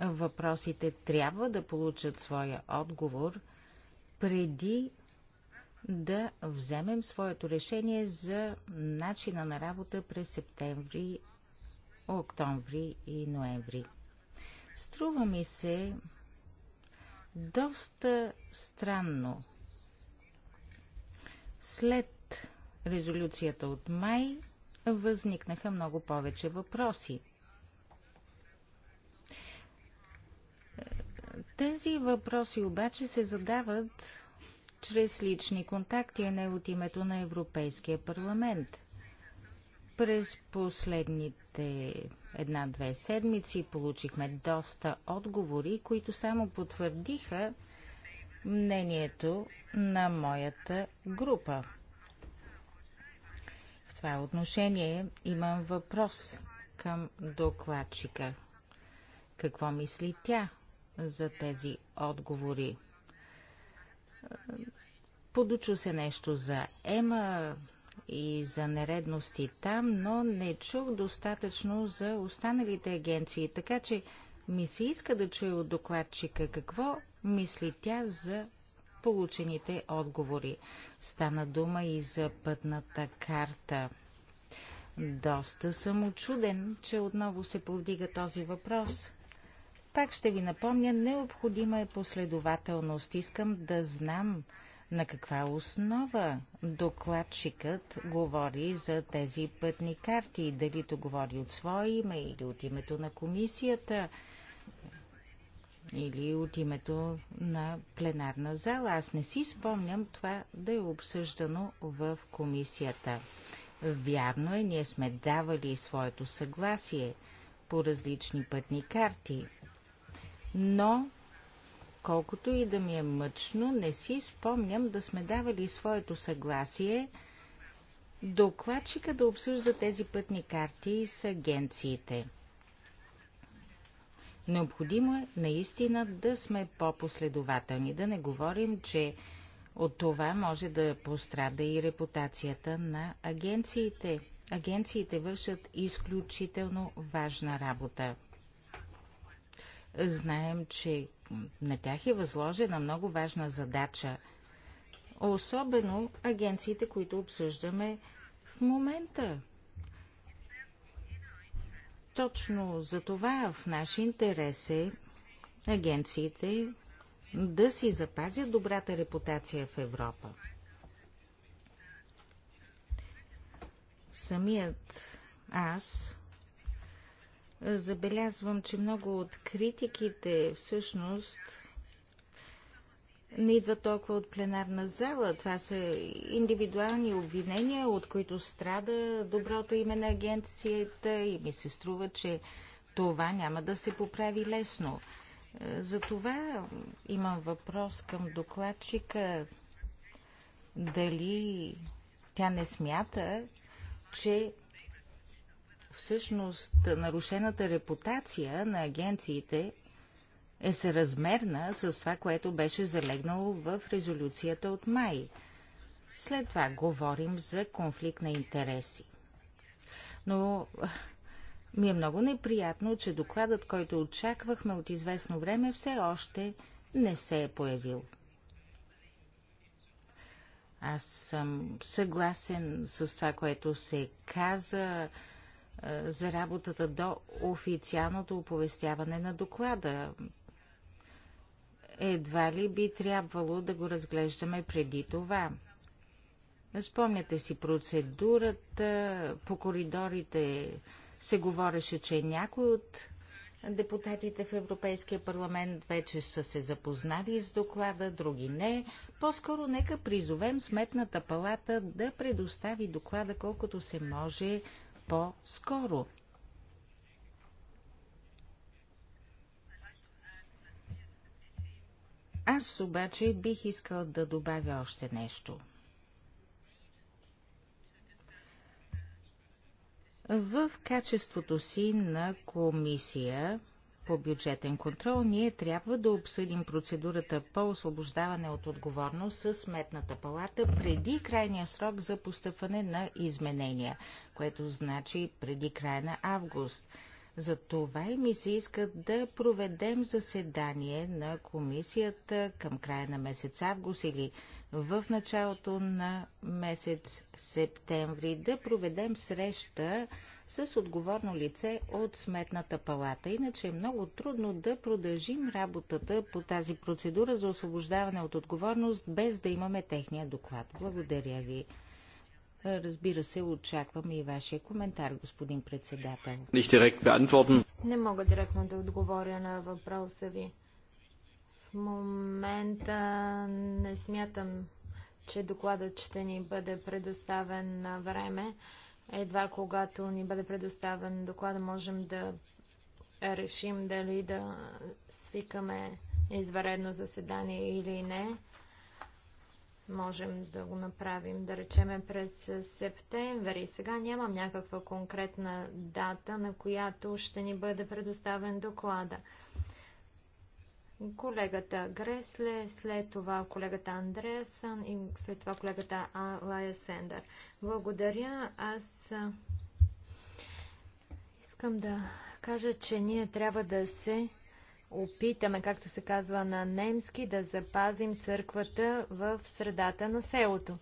Въпросите трябва да получат своя отговор преди да вземем своето решение за начина на работа през септември, октомври и ноември. Струва ми се доста странно. След резолюцията от май възникнаха много повече въпроси. Тези въпроси обаче се задават чрез лични контакти, а не от името на Европейския парламент. През последните една-две седмици получихме доста отговори, които само потвърдиха мнението на моята група. В това отношение имам въпрос към докладчика. Какво мисли тя за тези отговори. Подучу се нещо за Ема и за нередности там, но не чух достатъчно за останалите агенции, така че ми се иска да чуя от докладчика какво мисли тя за получените отговори. Стана дума и за пътната карта. Доста съм очуден, че отново се повдига този въпрос. Пак ще ви напомня, необходима е последователност. Искам да знам на каква основа докладчикът говори за тези пътни карти? Дали то говори от свое име или от името на комисията? Или от името на пленарна зала? Аз не си спомням това да е обсъждано в комисията. Вярно е, ние сме давали своето съгласие по различни пътни карти – но колкото и да ми е мъчно, не си спомням да сме давали своето съгласие докладчика да обсъжда тези пътни карти с агенциите. Необходимо е наистина да сме по-последователни, да не говорим, че от това може да пострада и репутацията на агенциите. Агенциите вършат изключително важна работа. Знаем, че на тях е възложена много важна задача, особено агенциите, които обсъждаме в момента. Точно за това в наш интерес е агенциите да си запазят добрата репутация в Европа. Самият аз забелязвам, че много от критиките всъщност не идва толкова от пленарна зала. Това са индивидуални обвинения, от които страда доброто име на агенцията и ми се струва, че това няма да се поправи лесно. Затова имам въпрос към докладчика. Дали тя не смята, че Всъщност, нарушената репутация на агенциите е съразмерна с това, което беше залегнало в резолюцията от май. След това говорим за конфликт на интереси. Но ми е много неприятно, че докладът, който очаквахме от известно време, все още не се е появил. Аз съм съгласен с това, което се каза е, за работата до официалното оповестяване на доклада. Едва ли би трябвало да го разглеждаме преди това. Спомняте си процедурата, по коридорите се говореше, че някой от депутатите в Европейския парламент вече са се запознали с доклада, други не. По-скоро нека призовем Сметната палата да предостави доклада колкото се може по-скоро. Аз обаче бих искал да добавя още нещо. В качеството си на комисия по бюджетен контрол, ние трябва да обсъдим процедурата по освобождаване от отговорност с Сметната палата преди крайния срок за постъпване на изменения, което значи преди края на август. За това и ми се иска да проведем заседание на комисията към края на месец август или в началото на месец септември, да проведем среща с отговорно лице от Сметната палата. Иначе е много трудно да продължим работата по тази процедура за освобождаване от отговорност, без да имаме техния доклад. Благодаря ви. Разбира се, очаквам и вашия коментар, господин председател. Не мога директно да отговоря на въпроса ви. В момента не смятам, че докладът ще ни бъде предоставен на време. Едва когато ни бъде предоставен доклад, можем да решим дали да свикаме изваредно заседание или не. Можем да го направим, да речеме през септември. Сега нямам някаква конкретна дата, на която ще ни бъде предоставен доклада колегата Гресле, след това колегата Андреасън и след това колегата Алая Сендър. Благодаря. Аз искам да кажа, че ние трябва да се опитаме, както се казва на немски, да запазим църквата в средата на селото.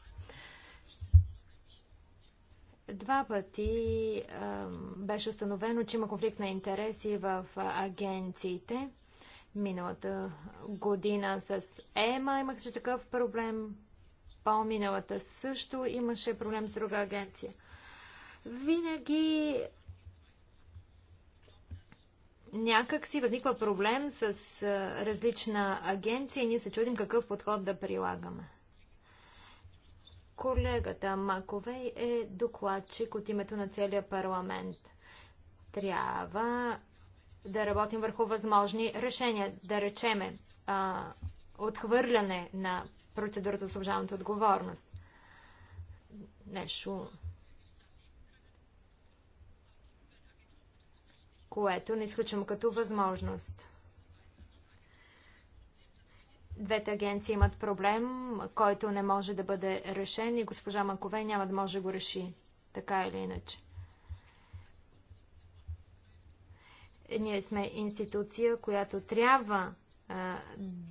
Два пъти е, беше установено, че има конфликт на интереси в агенциите. Миналата година с ЕМА имаше такъв проблем. По-миналата също имаше проблем с друга агенция. Винаги някак си възниква проблем с различна агенция и ние се чудим какъв подход да прилагаме. Колегата Маковей е докладчик от името на целия парламент. Трябва да работим върху възможни решения. Да речеме а, отхвърляне на процедурата за служавната отговорност. Нещо, което не изключвам като възможност. Двете агенции имат проблем, който не може да бъде решен и госпожа Макове няма да може да го реши, така или иначе. Ние сме институция, която трябва а,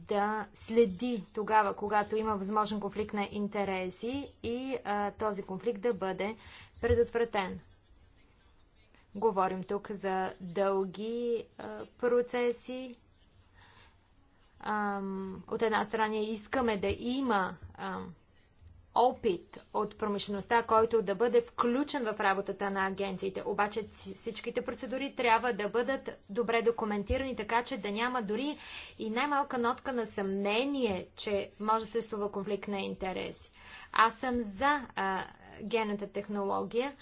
да следи тогава, когато има възможен конфликт на интереси и а, този конфликт да бъде предотвратен. Говорим тук за дълги а, процеси. А, от една страна искаме да има А, опит от промишлеността, който да бъде включен в работата на агенциите. Обаче всичките процедури трябва да бъдат добре документирани, така че да няма дори и най-малка нотка на съмнение, че може да се струва конфликт на интереси. Аз съм за а, генната технология,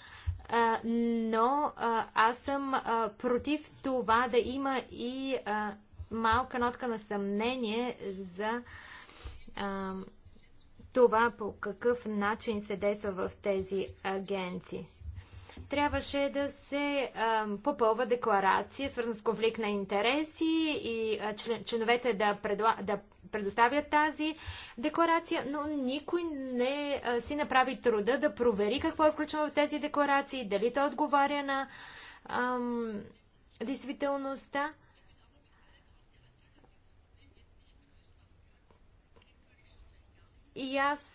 а, но а, аз съм а, против това да има и а, малка нотка на съмнение за а, това по какъв начин се действа в тези агенции. Трябваше да се а, попълва декларация, свързана с конфликт на интереси и а, член, членовете да, предла, да предоставят тази декларация, но никой не а, си направи труда да провери какво е включено в тези декларации, дали то отговаря на а, действителността. И аз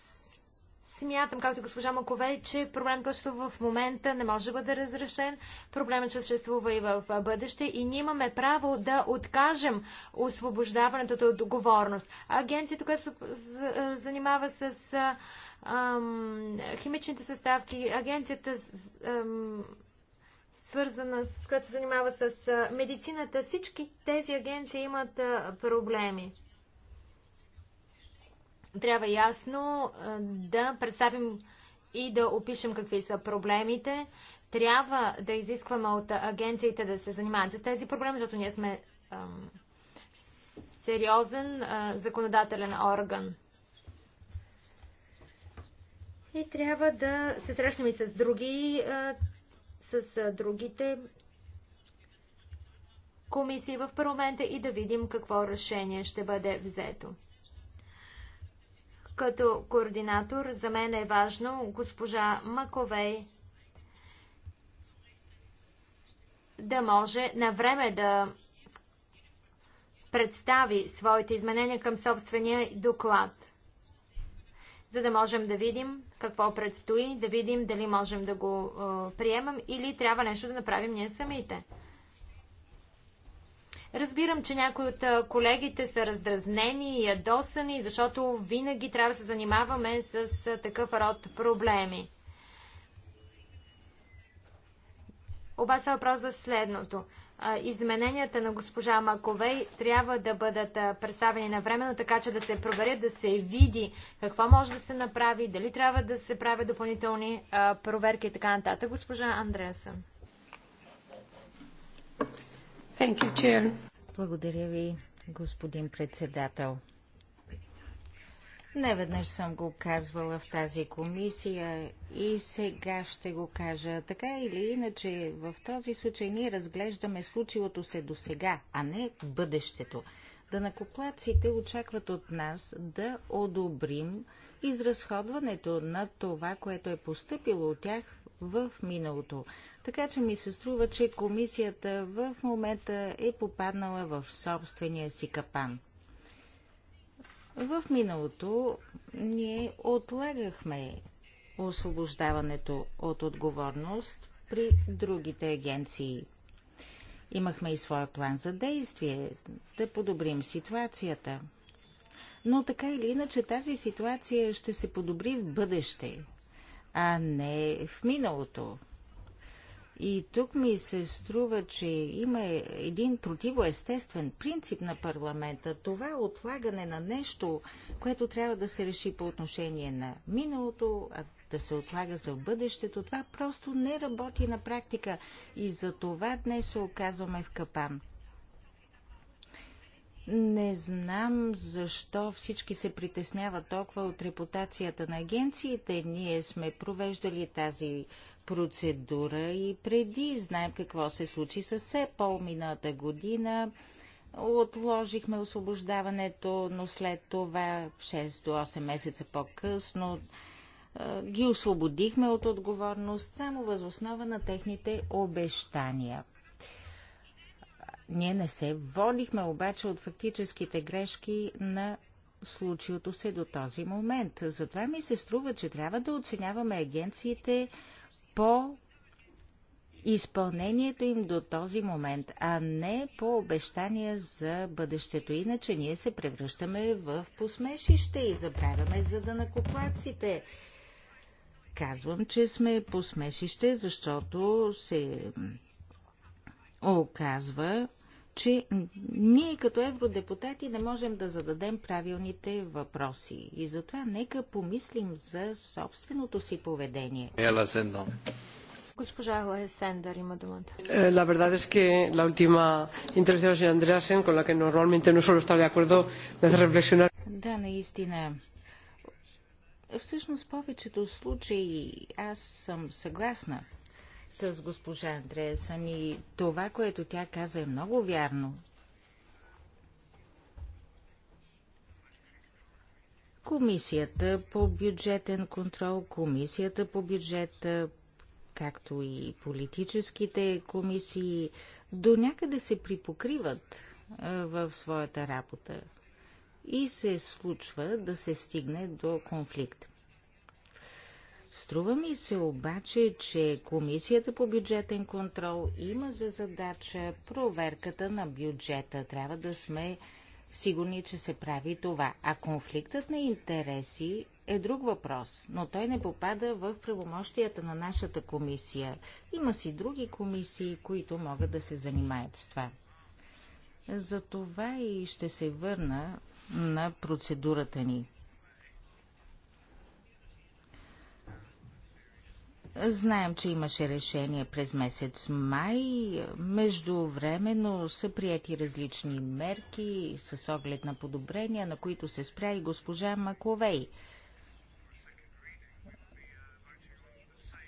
смятам, както госпожа Маковей, че проблемът който в момента не може да бъде разрешен, проблемът ще съществува и в бъдеще и ние имаме право да откажем освобождаването от отговорност. Агенцията, която се занимава с ам, химичните съставки, агенцията ам, свързана с която се занимава с медицината, всички тези агенции имат проблеми. Трябва ясно да представим и да опишем какви са проблемите. Трябва да изискваме от агенциите да се занимават с тези проблеми, защото ние сме ам, сериозен а, законодателен орган. И трябва да се срещнем и с други, а, с а, другите комисии в парламента и да видим какво решение ще бъде взето. Като координатор за мен е важно госпожа Маковей да може на време да представи своите изменения към собствения доклад, за да можем да видим какво предстои, да видим дали можем да го приемам или трябва нещо да направим ние самите. Разбирам, че някои от колегите са раздразнени и ядосани, защото винаги трябва да се занимаваме с такъв род проблеми. Обаче въпрос за следното. Измененията на госпожа Маковей трябва да бъдат представени навременно, така че да се проверят, да се види какво може да се направи, дали трябва да се правят допълнителни проверки и така нататък. Госпожа Андреасън. You, Благодаря ви, господин председател. Неведнъж съм го казвала в тази комисия и сега ще го кажа. Така или иначе, в този случай ние разглеждаме случилото се до сега, а не бъдещето. Данакоплаците очакват от нас да одобрим изразходването на това, което е поступило от тях в миналото. Така че ми се струва, че комисията в момента е попаднала в собствения си капан. В миналото ние отлагахме освобождаването от отговорност при другите агенции. Имахме и своя план за действие да подобрим ситуацията. Но така или иначе тази ситуация ще се подобри в бъдеще а не в миналото. И тук ми се струва, че има един противоестествен принцип на парламента. Това е отлагане на нещо, което трябва да се реши по отношение на миналото, а да се отлага за бъдещето. Това просто не работи на практика. И за това днес се оказваме в капан. Не знам защо всички се притесняват толкова от репутацията на агенциите. Ние сме провеждали тази процедура и преди знаем какво се случи с по миналата година. Отложихме освобождаването, но след това 6 до 8 месеца по-късно ги освободихме от отговорност само възоснова на техните обещания. Ние не се водихме обаче от фактическите грешки на случилото се до този момент. Затова ми се струва, че трябва да оценяваме агенциите по изпълнението им до този момент, а не по обещания за бъдещето. Иначе ние се превръщаме в посмешище и забравяме за да накоплаците. Казвам, че сме посмешище, защото се оказва, че ние като евродепутати не можем да зададем правилните въпроси. И затова нека помислим за собственото си поведение. Ела Сендон. Госпожа Лесендър има думата. La verdad es que la última intervención de señor Andreasen, con la que normalmente no suelo estar de acuerdo, me hace reflexionar. Да, наистина. Всъщност, в повечето случаи аз съм съгласна с госпожа Андреасън и това, което тя каза е много вярно. Комисията по бюджетен контрол, комисията по бюджета, както и политическите комисии, до някъде се припокриват в своята работа и се случва да се стигне до конфликт. Струва ми се обаче, че Комисията по бюджетен контрол има за задача проверката на бюджета. Трябва да сме сигурни, че се прави това. А конфликтът на интереси е друг въпрос, но той не попада в правомощията на нашата комисия. Има си други комисии, които могат да се занимаят с това. За това и ще се върна на процедурата ни. Знаем, че имаше решение през месец май. Междувременно са прияти различни мерки с оглед на подобрения, на които се спря и госпожа Маковей.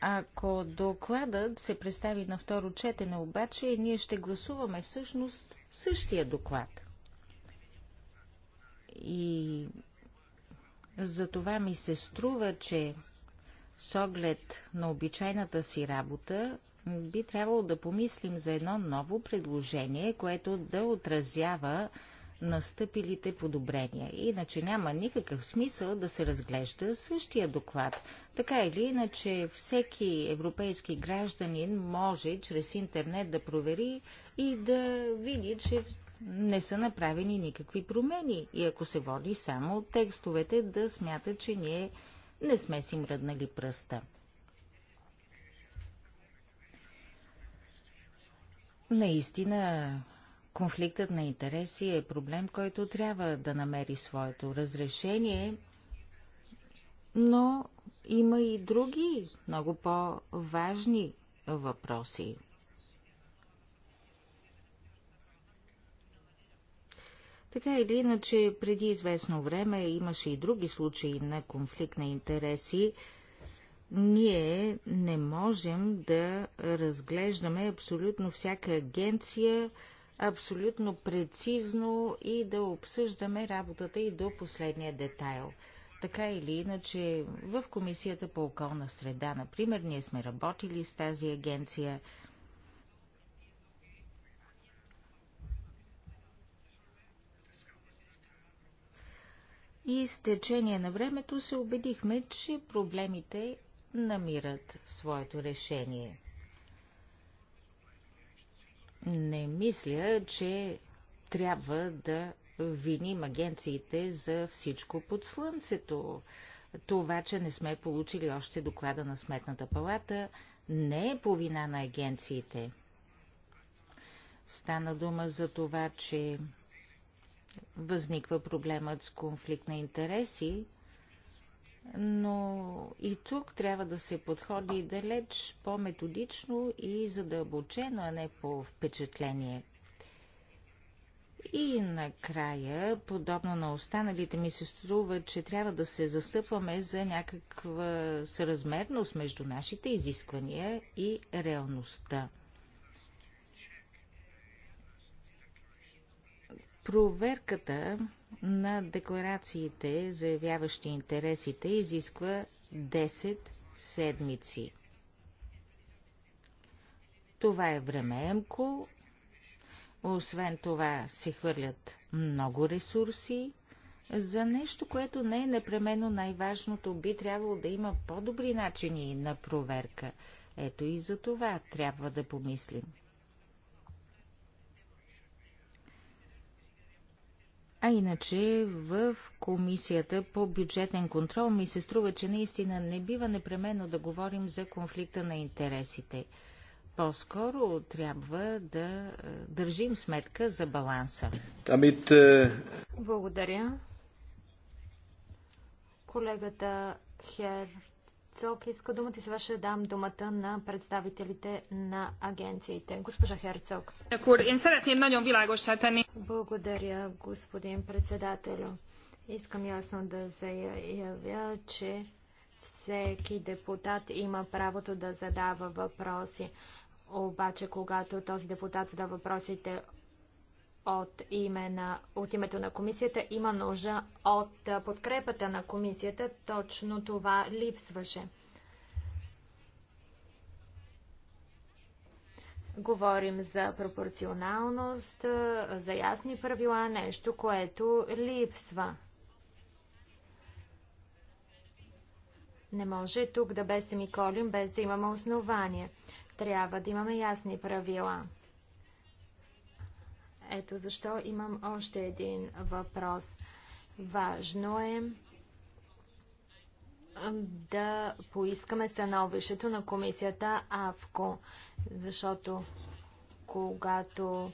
Ако докладът се представи на второ четене, обаче, ние ще гласуваме всъщност същия доклад. И за това ми се струва, че с оглед на обичайната си работа, би трябвало да помислим за едно ново предложение, което да отразява настъпилите подобрения. Иначе няма никакъв смисъл да се разглежда същия доклад. Така или иначе, всеки европейски гражданин може чрез интернет да провери и да види, че не са направени никакви промени. И ако се води само от текстовете, да смята, че ние не сме си мръднали пръста. Наистина, конфликтът на интереси е проблем, който трябва да намери своето разрешение, но има и други, много по-важни въпроси, Така или иначе, преди известно време имаше и други случаи на конфликт на интереси. Ние не можем да разглеждаме абсолютно всяка агенция, абсолютно прецизно и да обсъждаме работата и до последния детайл. Така или иначе, в Комисията по околна среда, например, ние сме работили с тази агенция – и с течение на времето се убедихме, че проблемите намират своето решение. Не мисля, че трябва да виним агенциите за всичко под слънцето. Това, че не сме получили още доклада на Сметната палата, не е по вина на агенциите. Стана дума за това, че възниква проблемът с конфликт на интереси, но и тук трябва да се подходи далеч по-методично и задълбочено, а не по впечатление. И накрая, подобно на останалите, ми се струва, че трябва да се застъпваме за някаква съразмерност между нашите изисквания и реалността. Проверката на декларациите, заявяващи интересите, изисква 10 седмици. Това е времеемко. Освен това се хвърлят много ресурси. За нещо, което не е непременно най-важното, би трябвало да има по-добри начини на проверка. Ето и за това трябва да помислим. А иначе в Комисията по бюджетен контрол ми се струва, че наистина не бива непременно да говорим за конфликта на интересите. По-скоро трябва да е, държим сметка за баланса. Е, Благодаря. Колегата Хер Херцог иска думата и сега ще дам думата на представителите на агенциите. Госпожа Херцог. Благодаря, господин председателю. Искам ясно да заявя, че всеки депутат има правото да задава въпроси. Обаче, когато този депутат задава въпросите от, име на, от името на комисията има нужда от подкрепата на комисията. Точно това липсваше. Говорим за пропорционалност, за ясни правила, нещо, което липсва. Не може тук да бе семиколим, без да имаме основание. Трябва да имаме ясни правила. Ето защо имам още един въпрос. Важно е да поискаме становището на комисията АВКО, защото когато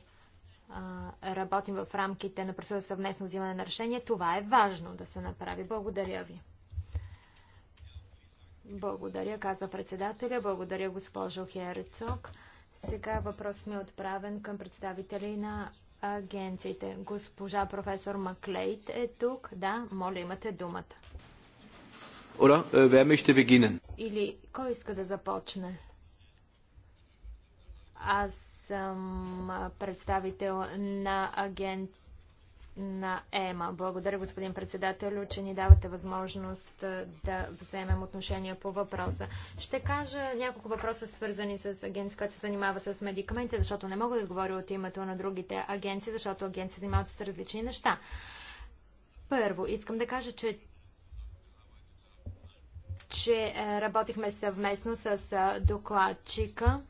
а, работим в рамките на процеса съвместно взимане на решение, това е важно да се направи. Благодаря ви. Благодаря, каза председателя. Благодаря, госпожо Херцог. Сега въпрос ми е отправен към представители на агенциите. Госпожа професор Маклейт е тук. Да, моля, имате думата. Oder е, wer möchte beginnen? Или кой иска да започне? Аз съм представител на агент на ЕМА. Благодаря, господин председател, че ни давате възможност да вземем отношение по въпроса. Ще кажа няколко въпроса, свързани с агенция, която се занимава с медикаменти, защото не мога да говоря от името на другите агенции, защото агенции занимават с различни неща. Първо, искам да кажа, че че е, работихме съвместно с докладчика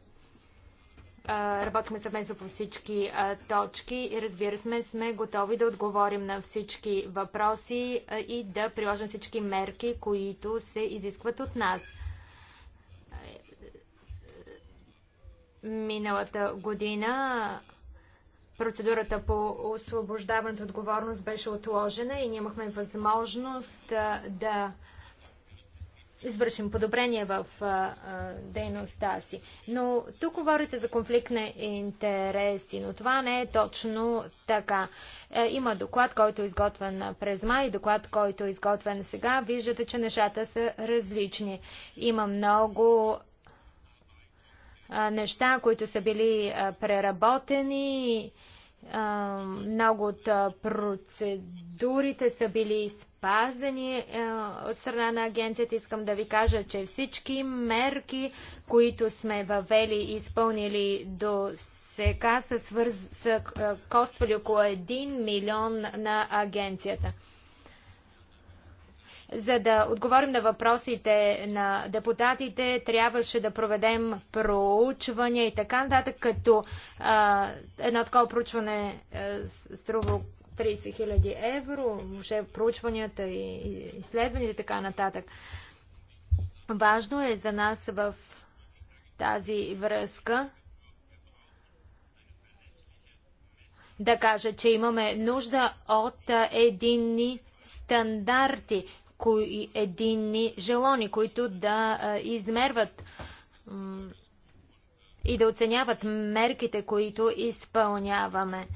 Работихме съвместно по всички точки и разбира се, сме готови да отговорим на всички въпроси и да приложим всички мерки, които се изискват от нас. Миналата година процедурата по освобождаването отговорност беше отложена и ние имахме възможност да извършим подобрение в а, а, дейността си. Но тук говорите за конфликт на интереси, но това не е точно така. Е, има доклад, който е изготвен през май, доклад, който е изготвен сега. Виждате, че нещата са различни. Има много а, неща, които са били преработени много от процедурите са били спазени от страна на агенцията. Искам да ви кажа, че всички мерки, които сме въвели и изпълнили до сега, са, свърз... са коствали около 1 милион на агенцията. За да отговорим на въпросите на депутатите, трябваше да проведем проучвания и така нататък, като а, едно такова проучване а, струва 30 000 евро, въобще проучванията и изследванията и така нататък. Важно е за нас в тази връзка да кажа, че имаме нужда от единни стандарти, кои, единни желони, които да измерват и да оценяват мерките, които изпълняваме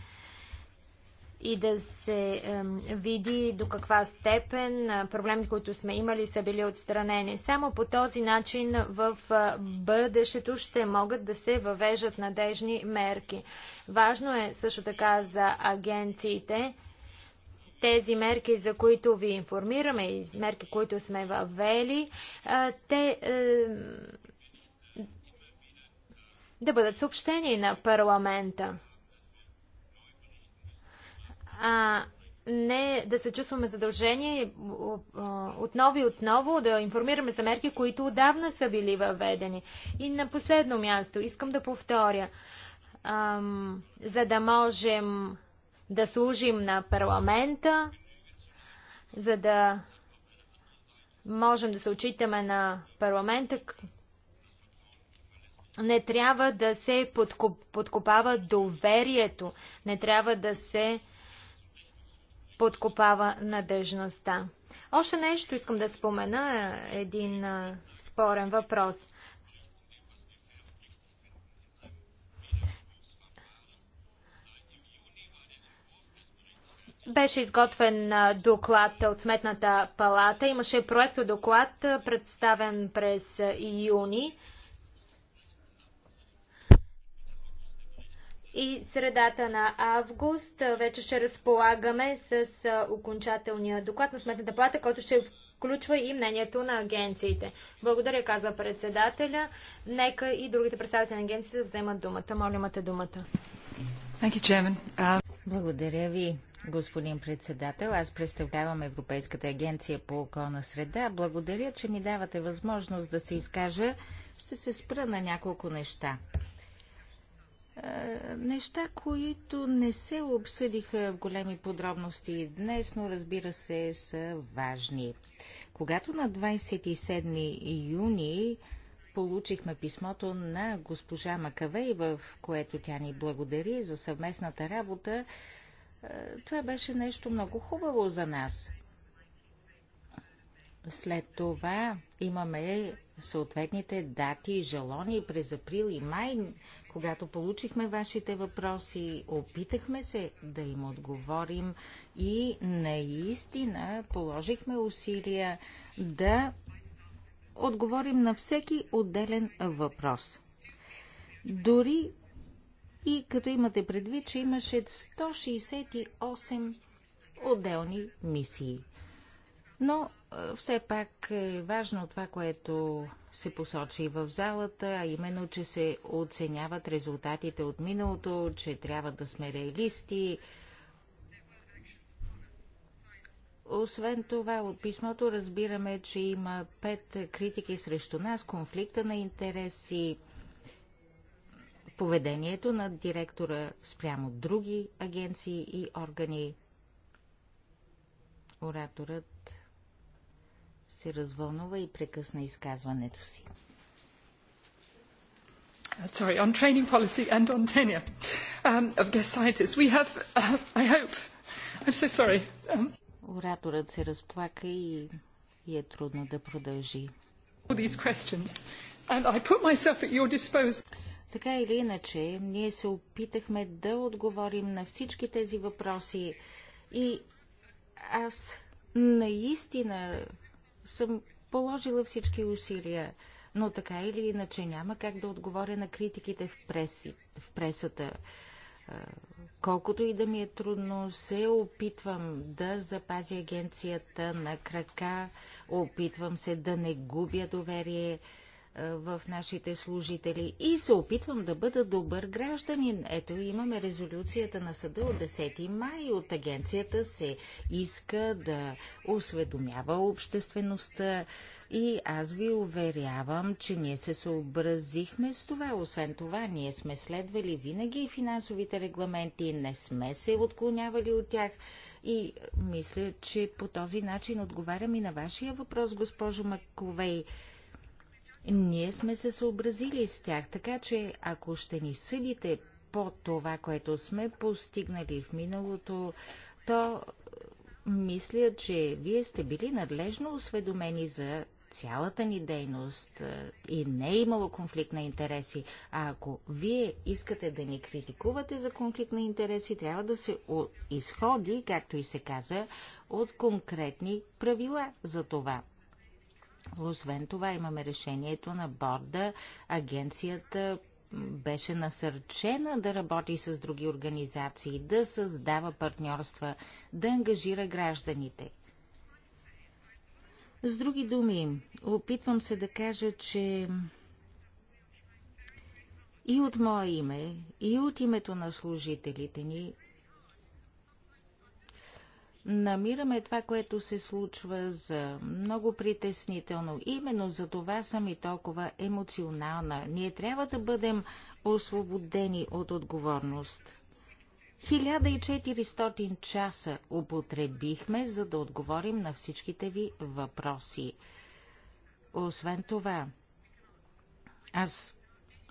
и да се види до каква степен проблемите, които сме имали, са били отстранени. Само по този начин в бъдещето ще могат да се въвежат надежни мерки. Важно е също така за агенциите тези мерки, за които ви информираме и мерки, които сме въвели, те е, да бъдат съобщени на парламента. А не да се чувстваме задължение отново и отново да информираме за мерки, които отдавна са били въведени. И на последно място искам да повторя, за да можем да служим на парламента, за да можем да се очитаме на парламента. Не трябва да се подкопава доверието, не трябва да се подкопава надежността. Още нещо искам да спомена, е, един спорен въпрос – Беше изготвен доклад от Сметната палата. Имаше проекто доклад, представен през юни. И средата на август вече ще разполагаме с окончателния доклад на Сметната палата, който ще включва и мнението на агенциите. Благодаря, каза председателя. Нека и другите представители на агенциите да вземат думата. Моля, имате думата. Uh, Благодаря ви господин председател. Аз представлявам Европейската агенция по околна среда. Благодаря, че ми давате възможност да се изкажа. Ще се спра на няколко неща. Е, неща, които не се обсъдиха в големи подробности днес, но разбира се са важни. Когато на 27 юни получихме писмото на госпожа Макавей, в което тя ни благодари за съвместната работа, това беше нещо много хубаво за нас. След това имаме съответните дати и желони през април и май, когато получихме вашите въпроси, опитахме се да им отговорим и наистина положихме усилия да отговорим на всеки отделен въпрос. Дори и като имате предвид, че имаше 168 отделни мисии. Но все пак е важно това, което се посочи в залата, а именно, че се оценяват резултатите от миналото, че трябва да сме реалисти. Освен това, от писмото разбираме, че има пет критики срещу нас, конфликта на интереси, поведението на директора спрямо други агенции и органи. Ораторът се развълнува и прекъсна изказването си. Uh, sorry, on training policy and on tenure um, of guest scientists. We have, uh, I hope, I'm so sorry. Um... Ораторът се разплака и, и е трудно да продължи. All these questions and I put myself at your disposal. Така или иначе, ние се опитахме да отговорим на всички тези въпроси и аз наистина съм положила всички усилия, но така или иначе няма как да отговоря на критиките в, преси, в пресата. Колкото и да ми е трудно, се опитвам да запазя агенцията на крака, опитвам се да не губя доверие е, в нашите служители и се опитвам да бъда добър гражданин. Ето имаме резолюцията на съда от 10 май. От агенцията се иска да осведомява обществеността. И аз ви уверявам, че ние се съобразихме с това. Освен това, ние сме следвали винаги финансовите регламенти, не сме се отклонявали от тях. И мисля, че по този начин отговарям и на вашия въпрос, госпожо Маковей. Ние сме се съобразили с тях, така че ако ще ни съдите по това, което сме постигнали в миналото, то е, мисля, че вие сте били надлежно осведомени за цялата ни дейност е, и не е имало конфликт на интереси. А ако вие искате да ни критикувате за конфликт на интереси, трябва да се изходи, както и се каза, от конкретни правила за това. Освен това имаме решението на борда. Агенцията беше насърчена да работи с други организации, да създава партньорства, да ангажира гражданите. С други думи, опитвам се да кажа, че и от мое име, и от името на служителите ни намираме това, което се случва за много притеснително. Именно за това съм и толкова емоционална. Ние трябва да бъдем освободени от отговорност. 1400 часа употребихме, за да отговорим на всичките ви въпроси. Освен това, аз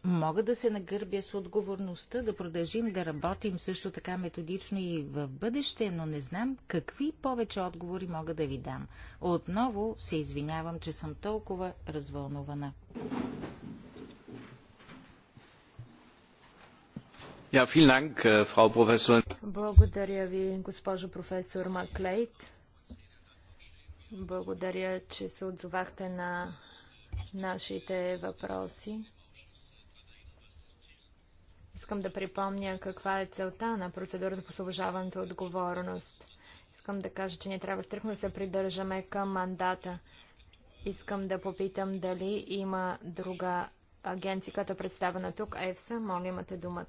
мога да се нагърбя с отговорността да продължим да работим също така методично и в бъдеще, но не знам какви повече отговори мога да ви дам. Отново се извинявам, че съм толкова развълнувана. Äh, Благодаря ви, госпожо професор Маклейт. Благодаря, че се отзовахте на нашите въпроси. Искам да припомня каква е целта на процедурата по освобождаването отговорност. Искам да кажа, че не трябва стрикно да се придържаме към мандата. Искам да попитам дали има друга агенция, която е представена тук. ЕФСА, моля имате думата.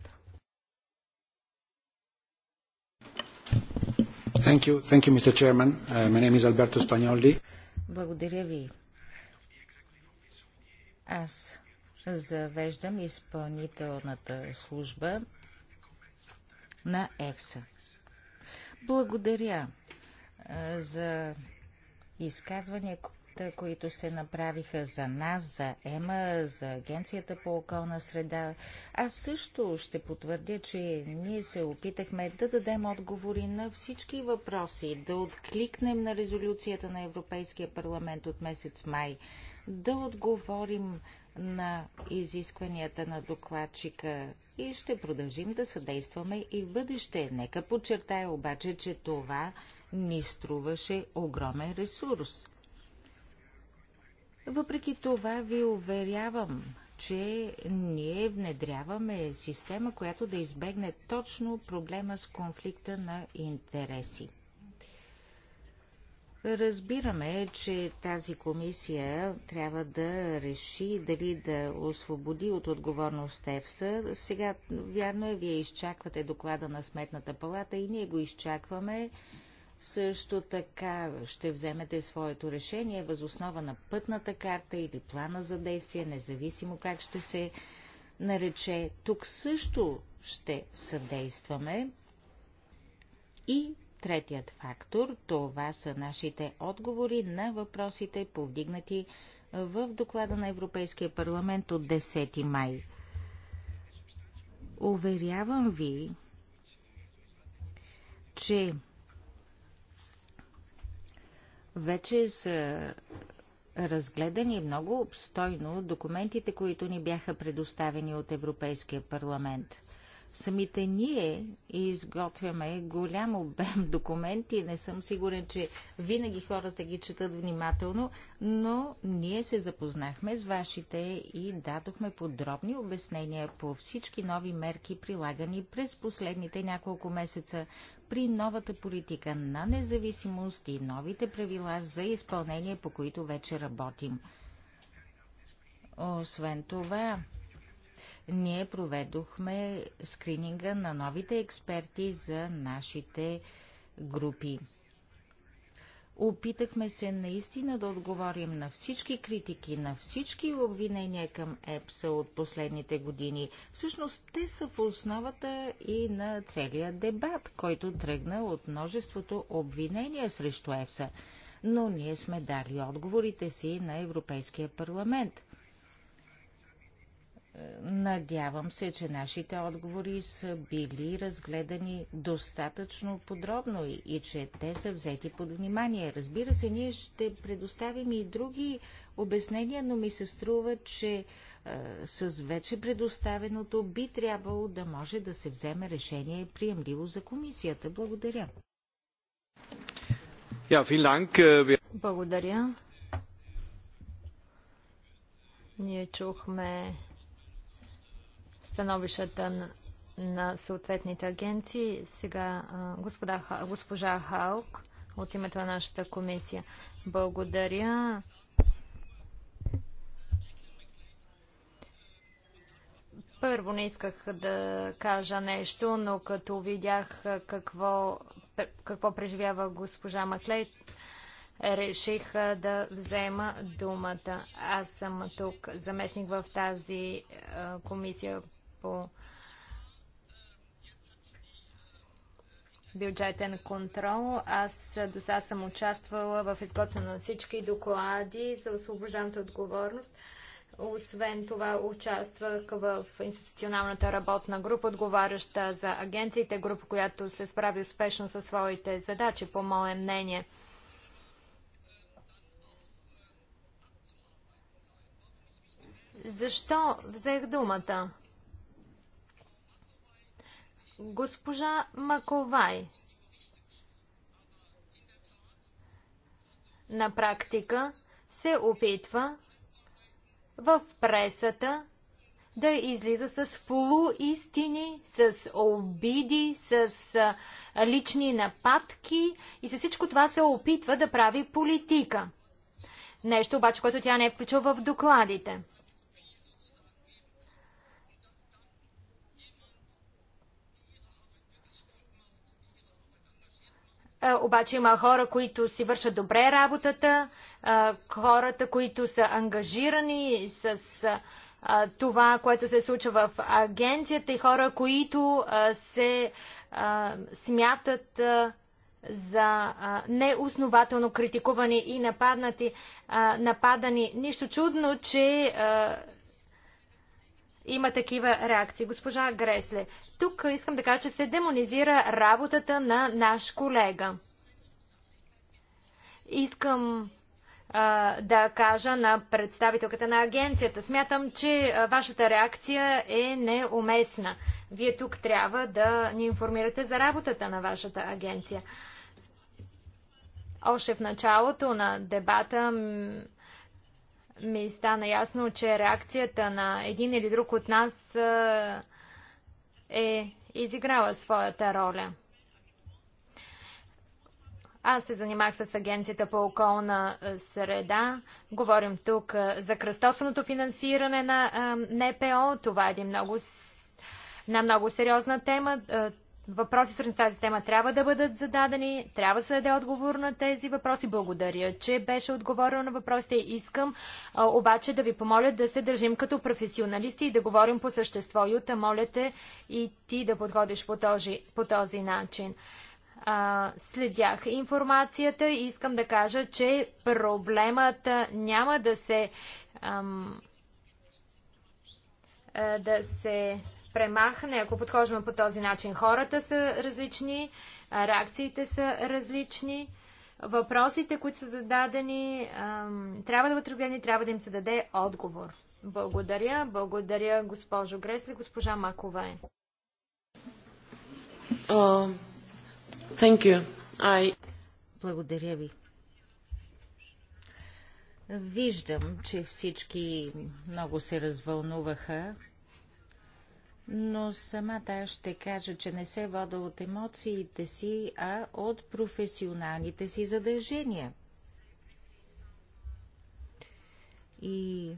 Thank you. Thank you, Mr. Chairman. Uh, my name is Alberto Spagnoli. Благодаря ви. Аз завеждам изпълнителната служба на ЕФСА. Благодаря за изказванията, които се направиха за нас, за ЕМА, за Агенцията по околна среда. Аз също ще потвърдя, че ние се опитахме да дадем отговори на всички въпроси, да откликнем на резолюцията на Европейския парламент от месец май, да отговорим на изискванията на докладчика и ще продължим да съдействаме и в бъдеще. Нека подчертая обаче, че това ни струваше огромен ресурс. Въпреки това ви уверявам, че ние внедряваме система, която да избегне точно проблема с конфликта на интереси. Разбираме, че тази комисия трябва да реши дали да освободи от отговорност ТЕФСА. Сега, вярно е, вие изчаквате доклада на Сметната палата и ние го изчакваме. Също така ще вземете своето решение възоснова на пътната карта или плана за действие, независимо как ще се нарече. Тук също ще съдействаме и Третият фактор – това са нашите отговори на въпросите, повдигнати в доклада на Европейския парламент от 10 май. Уверявам ви, че вече са разгледани много обстойно документите, които ни бяха предоставени от Европейския парламент – Самите ние изготвяме голям обем <laughs> документи. Не съм сигурен, че винаги хората ги четат внимателно, но ние се запознахме с вашите и дадохме подробни обяснения по всички нови мерки, прилагани през последните няколко месеца при новата политика на независимост и новите правила за изпълнение, по които вече работим. Освен това, ние проведохме скрининга на новите експерти за нашите групи. Опитахме се наистина да отговорим на всички критики, на всички обвинения към ЕПСА от последните години. Всъщност те са в основата и на целия дебат, който тръгна от множеството обвинения срещу ЕПСА. Но ние сме дали отговорите си на Европейския парламент. Надявам се, че нашите отговори са били разгледани достатъчно подробно и, и че те са взети под внимание. Разбира се, ние ще предоставим и други обяснения, но ми се струва, че е, с вече предоставеното би трябвало да може да се вземе решение приемливо за комисията. Благодаря. Äh, Благодаря. Ние чухме становищата на, на съответните агенции. Сега господа, госпожа Халк от името на нашата комисия. Благодаря. Първо не исках да кажа нещо, но като видях какво, какво преживява госпожа Маклейт, реших да взема думата. Аз съм тук заместник в тази комисия по бюджетен контрол. Аз до сега съм участвала в изготвяне на всички доклади за освобожданата отговорност. Освен това участвах в институционалната работна група, отговаряща за агенциите, група, която се справи успешно със своите задачи, по мое мнение. Защо взех думата? Госпожа Маковай. На практика се опитва в пресата да излиза с полуистини, с обиди, с лични нападки и с всичко това се опитва да прави политика. Нещо обаче, което тя не е включила в докладите. обаче има хора, които си вършат добре работата, хората, които са ангажирани с това, което се случва в агенцията и хора, които се смятат за неоснователно критикувани и нападнати, нападани. Нищо чудно, че има такива реакции. Госпожа Гресле, тук искам да кажа, че се демонизира работата на наш колега. Искам да кажа на представителката на агенцията. Смятам, че вашата реакция е неуместна. Вие тук трябва да ни информирате за работата на вашата агенция. Още в началото на дебата ми стана ясно, че реакцията на един или друг от нас е изиграла своята роля. Аз се занимах с Агенцията по околна среда. Говорим тук за кръстосаното финансиране на НПО. Това е един много, много сериозна тема въпроси, с тази тема, трябва да бъдат зададени, трябва да се даде отговор на тези въпроси. Благодаря, че беше отговорено на въпросите. Искам а, обаче да ви помоля да се държим като професионалисти и да говорим по същество. Юта, моля те и ти да подходиш по този, по този начин. А, следях информацията и искам да кажа, че проблемата няма да се. Ам, да се премахне, ако подхождаме по този начин. Хората са различни, реакциите са различни, въпросите, които са зададени, трябва да бъдат разгледани, трябва да им се даде отговор. Благодаря, благодаря госпожо Гресли, госпожа Макова е. Uh, I... Благодаря ви. Виждам, че всички много се развълнуваха но самата аз ще кажа, че не се вода от емоциите си, а от професионалните си задължения. И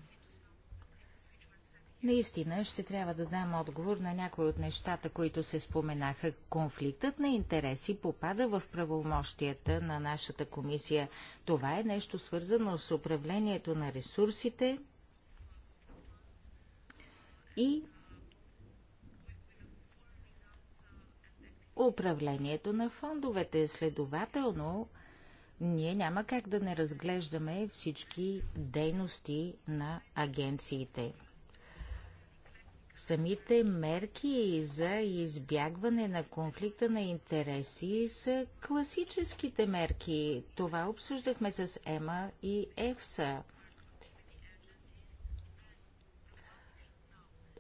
наистина ще трябва да дам отговор на някои от нещата, които се споменаха. Конфликтът на интереси попада в правомощията на нашата комисия. Това е нещо свързано с управлението на ресурсите и управлението на фондовете. Следователно, ние няма как да не разглеждаме всички дейности на агенциите. Самите мерки за избягване на конфликта на интереси са класическите мерки. Това обсъждахме с Ема и Евса.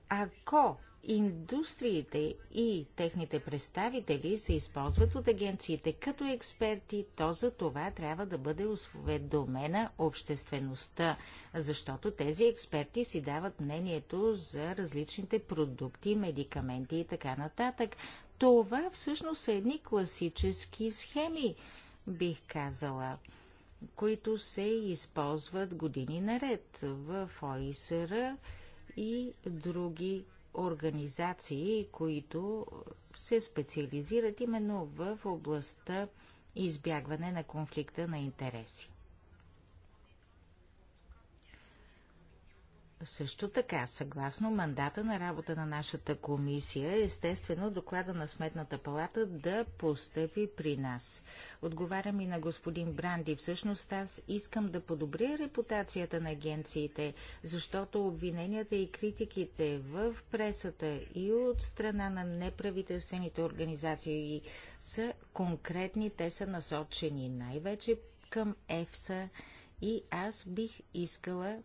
Ако Индустриите и техните представители се използват от агенциите като експерти, то за това трябва да бъде осведомена обществеността, защото тези експерти си дават мнението за различните продукти, медикаменти и така нататък. Това всъщност са едни класически схеми, бих казала които се използват години наред в ОИСР и други организации, които се специализират именно в областта избягване на конфликта на интереси. Също така, съгласно мандата на работа на нашата комисия, естествено доклада на Сметната палата да постъпи при нас. Отговарям и на господин Бранди. Всъщност аз искам да подобря репутацията на агенциите, защото обвиненията и критиките в пресата и от страна на неправителствените организации са конкретни, те са насочени най-вече към ЕФСА и аз бих искала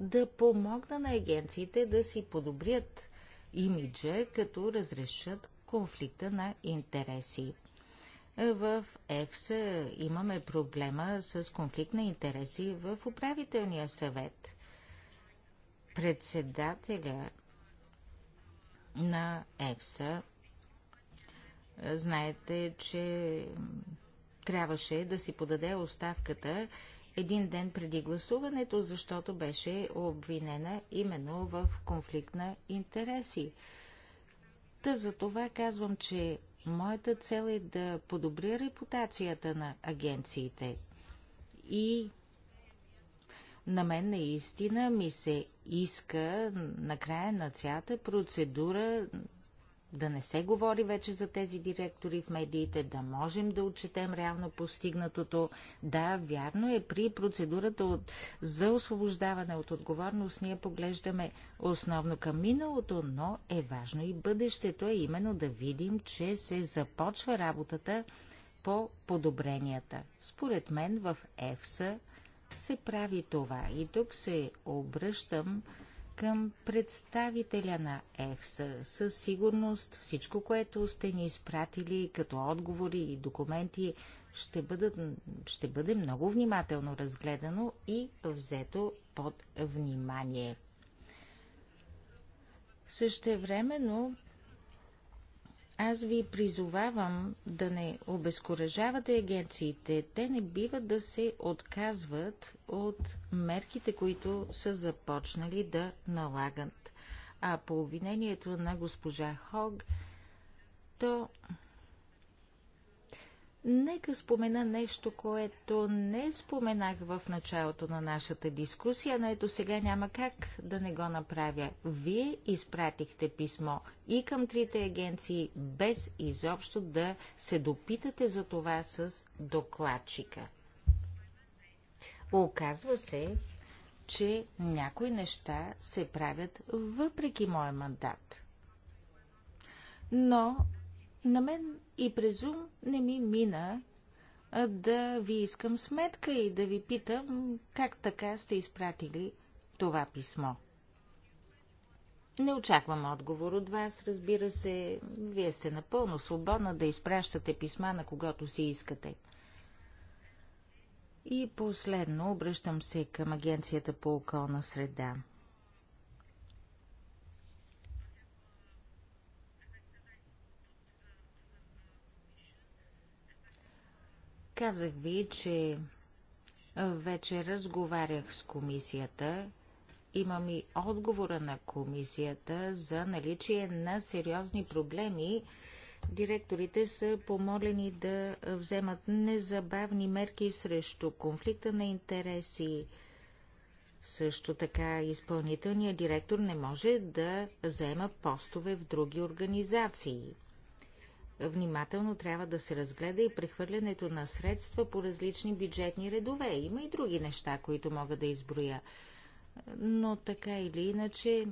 да помогна на агенциите да си подобрят имиджа, като разрешат конфликта на интереси. В ЕФСА имаме проблема с конфликт на интереси в управителния съвет. Председателя на ЕФСА знаете, че трябваше да си подаде оставката един ден преди гласуването, защото беше обвинена именно в конфликт на интереси. Та за това казвам, че моята цел е да подобря репутацията на агенциите. И на мен наистина ми се иска на края на цялата процедура да не се говори вече за тези директори в медиите, да можем да отчетем реално постигнатото. Да, вярно е, при процедурата от, за освобождаване от отговорност ние поглеждаме основно към миналото, но е важно и бъдещето, е именно да видим, че се започва работата по подобренията. Според мен в ЕФСА се прави това. И тук се обръщам към представителя на ЕФСА. Със сигурност всичко, което сте ни изпратили като отговори и документи, ще, бъдат, ще бъде много внимателно разгледано и взето под внимание. времено аз ви призовавам да не обезкуражавате агенциите. Те не биват да се отказват от мерките, които са започнали да налагат. А по обвинението на госпожа Хог, то Нека спомена нещо, което не споменах в началото на нашата дискусия, но ето сега няма как да не го направя. Вие изпратихте писмо и към трите агенции, без изобщо да се допитате за това с докладчика. Оказва се, че някои неща се правят въпреки моя мандат. Но на мен и през ум не ми мина да ви искам сметка и да ви питам как така сте изпратили това писмо. Не очаквам отговор от вас, разбира се. Вие сте напълно свободна да изпращате писма на когато си искате. И последно обръщам се към Агенцията по околна среда. Казах ви, че вече разговарях с комисията. Имам и отговора на комисията за наличие на сериозни проблеми. Директорите са помолени да вземат незабавни мерки срещу конфликта на интереси. Също така изпълнителният директор не може да заема постове в други организации внимателно трябва да се разгледа и прехвърлянето на средства по различни бюджетни редове. Има и други неща, които мога да изброя. Но така или иначе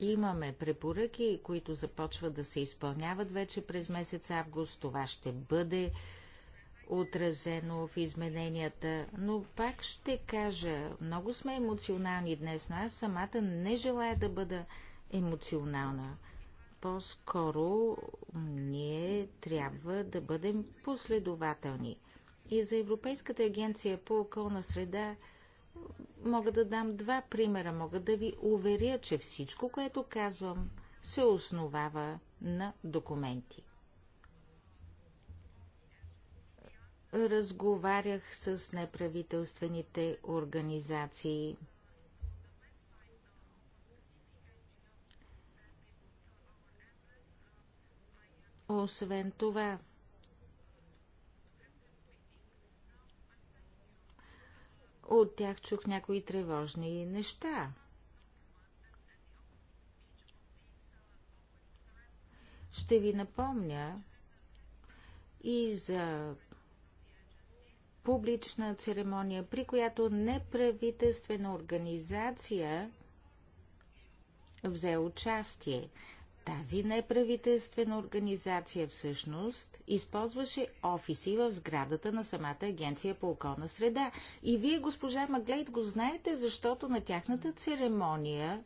имаме препоръки, които започват да се изпълняват вече през месец август. Това ще бъде отразено в измененията, но пак ще кажа, много сме емоционални днес, но аз самата не желая да бъда емоционална. По-скоро ние трябва да бъдем последователни. И за Европейската агенция по околна среда мога да дам два примера. Мога да ви уверя, че всичко, което казвам, се основава на документи. Разговарях с неправителствените организации – Освен това, от тях чух някои тревожни неща. Ще ви напомня и за публична церемония, при която неправителствена организация взе участие. Тази неправителствена организация всъщност използваше офиси в сградата на самата агенция по околна среда. И вие, госпожа Маглейт, го знаете, защото на тяхната церемония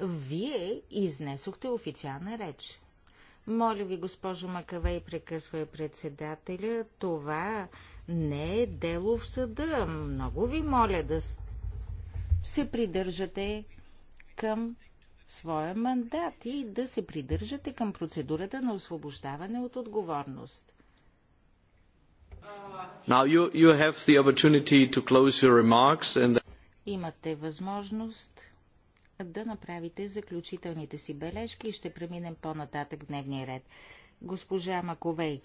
вие изнесохте официална реч. Моля ви, госпожо Макавей, прекъсва председателя, това не е дело в съда. Много ви моля да се придържате към своя мандат и да се придържате към процедурата на освобождаване от отговорност. Now you, you have the opportunity to close your remarks and Имате възможност да направите заключителните си бележки и ще преминем по-нататък в дневния ред. Госпожа Маковей,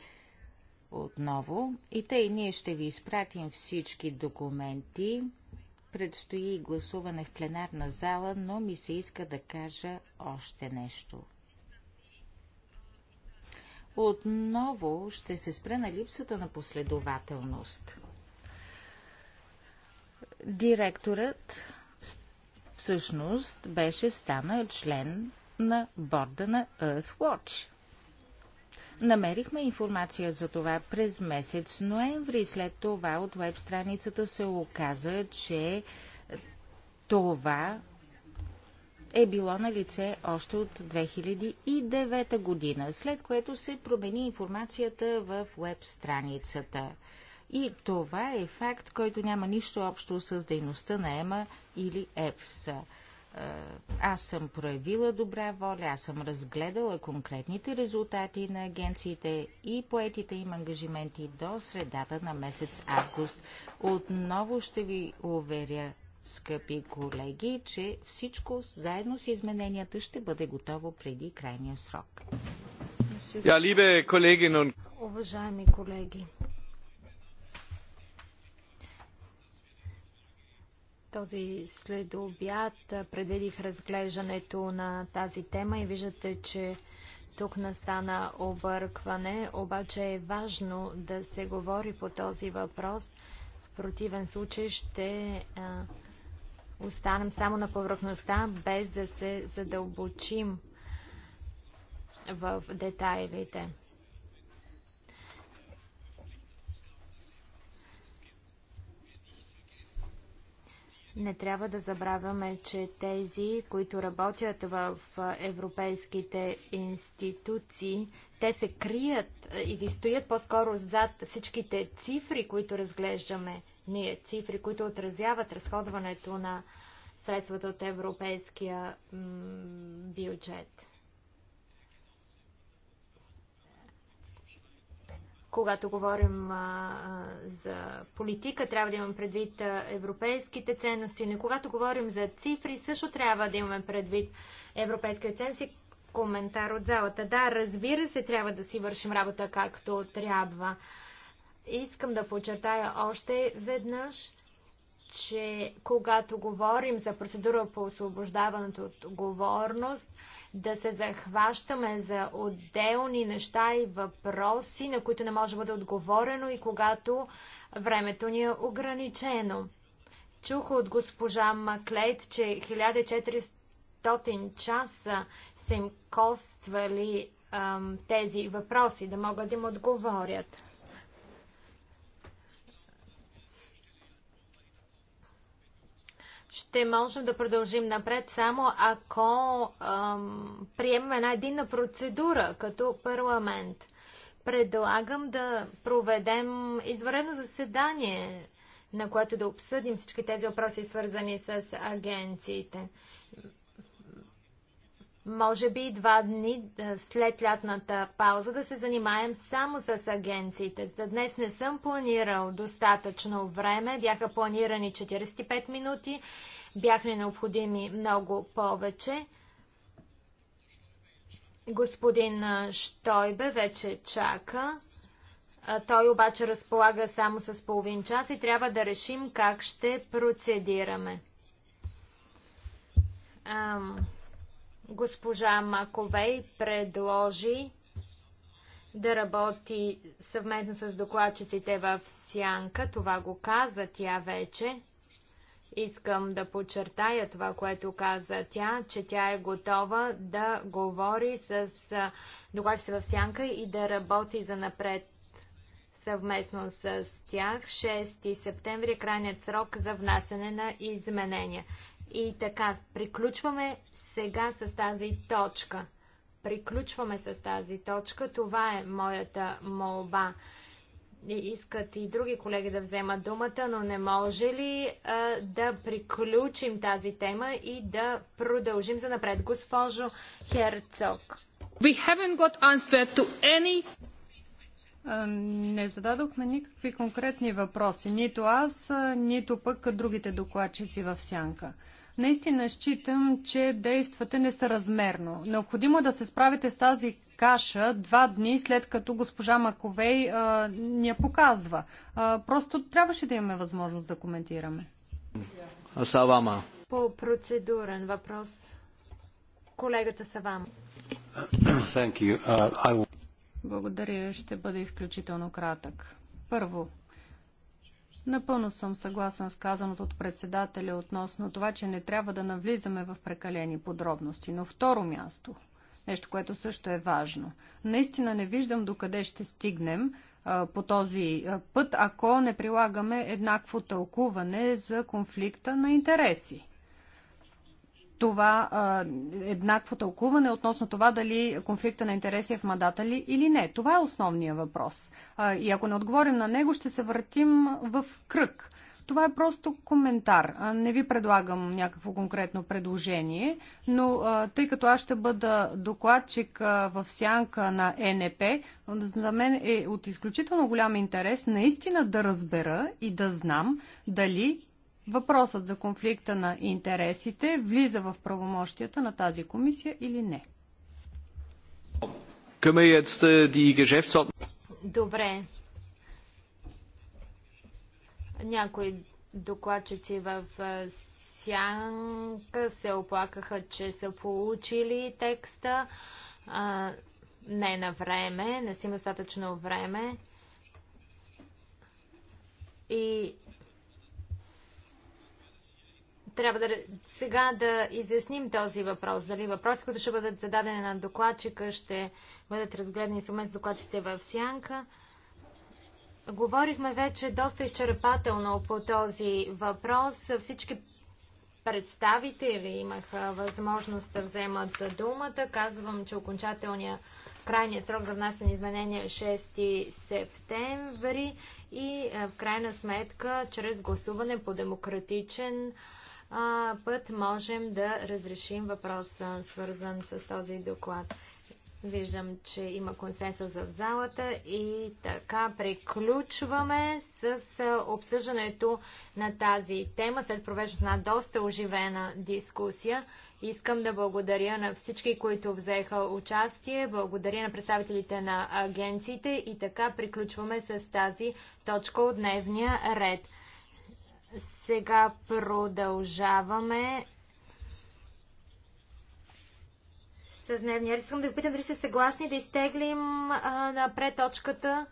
отново. И те и ние ще ви изпратим всички документи Предстои гласуване в пленарна зала, но ми се иска да кажа още нещо. Отново ще се спре на липсата на последователност. Директорът всъщност беше станал член на борда на Earthwatch – Намерихме информация за това през месец ноември. След това от веб страницата се оказа, че това е било на лице още от 2009 година, след което се промени информацията в веб страницата. И това е факт, който няма нищо общо с дейността на ЕМА или ЕФСА. Е, аз съм проявила добра воля, аз съм разгледала конкретните резултати на агенциите и поетите им ангажименти до средата на месец август. Отново ще ви уверя, скъпи колеги, че всичко заедно с измененията ще бъде готово преди крайния срок. Уважаеми колеги, Този следобяд предвидих разглеждането на тази тема и виждате, че тук настана объркване, обаче е важно да се говори по този въпрос. В противен случай ще а, останем само на повърхността, без да се задълбочим в детайлите. Не трябва да забравяме, че тези, които работят в европейските институции, те се крият или е, стоят по-скоро зад всичките цифри, които разглеждаме ние, цифри, които отразяват разходването на средствата от европейския бюджет. Когато говорим а, за политика, трябва да имам предвид европейските ценности, но когато говорим за цифри, също трябва да имаме предвид европейските ценности. Коментар от залата. Да, разбира се, трябва да си вършим работа както трябва. Искам да подчертая още веднъж, че когато говорим за процедура по освобождаването от отговорност, да се захващаме за отделни неща и въпроси, на които не може да бъде отговорено и когато времето ни е ограничено. Чух от госпожа Маклейт, че 1400 часа са им коствали ам, тези въпроси, да могат да им отговорят. ще можем да продължим напред само ако ам, приемем една единна процедура като парламент. Предлагам да проведем изварено заседание, на което да обсъдим всички тези въпроси, свързани с агенциите може би два дни след лятната пауза да се занимаем само с агенциите. За днес не съм планирал достатъчно време. Бяха планирани 45 минути. бяха ни необходими много повече. Господин Штойбе вече чака. Той обаче разполага само с половин час и трябва да решим как ще процедираме. Ам... Госпожа Маковей предложи да работи съвместно с докладчиците в Сянка. Това го каза тя вече. Искам да подчертая това, което каза тя, че тя е готова да говори с докладчиците в Сянка и да работи за напред съвместно с тях. 6 септември е крайният срок за внасяне на изменения. И така, приключваме сега с тази точка. Приключваме с тази точка. Това е моята молба. И искат и други колеги да вземат думата, но не може ли а, да приключим тази тема и да продължим за напред, госпожо Херцог? We haven't got answer to any не зададохме никакви конкретни въпроси. Нито аз, нито пък другите докладчици в сянка. Наистина считам, че действате несъразмерно. Необходимо е да се справите с тази каша два дни след като госпожа Маковей а, ни я показва. А, просто трябваше да имаме възможност да коментираме. Савама. По процедурен въпрос. Колегата Савама. Uh, Благодаря. Ще бъда изключително кратък. Първо, Напълно съм съгласен с казаното от председателя относно това, че не трябва да навлизаме в прекалени подробности. Но второ място, нещо, което също е важно. Наистина не виждам докъде ще стигнем а, по този път, ако не прилагаме еднакво тълкуване за конфликта на интереси това а, еднакво тълкуване относно това дали конфликта на интереси е в мандата ли или не. Това е основният въпрос. А, и ако не отговорим на него, ще се въртим в кръг. Това е просто коментар. Не ви предлагам някакво конкретно предложение, но а, тъй като аз ще бъда докладчик а, в сянка на НП, за мен е от изключително голям интерес наистина да разбера и да знам дали въпросът за конфликта на интересите влиза в правомощията на тази комисия или не? Äh, Добре. Някои докладчици в сянка се оплакаха, че са получили текста. А, не на време, не са достатъчно време. И трябва да, сега да изясним този въпрос. Дали въпроси, които ще бъдат зададени на докладчика, ще бъдат разгледани с момент докладчите в сянка. Говорихме вече доста изчерпателно по този въпрос. Всички представители имаха възможност да вземат думата. Казвам, че окончателният крайният срок за внасяне изменения е 6 септември и е, в крайна сметка чрез гласуване по демократичен път можем да разрешим въпроса, свързан с този доклад. Виждам, че има консенсус в залата и така приключваме с обсъждането на тази тема след провеждането на доста оживена дискусия. Искам да благодаря на всички, които взеха участие, благодаря на представителите на агенциите и така приключваме с тази точка от дневния ред. Сега продължаваме с дневния ред. Искам да ви питам дали сте съгласни да изтеглим а, напред точката,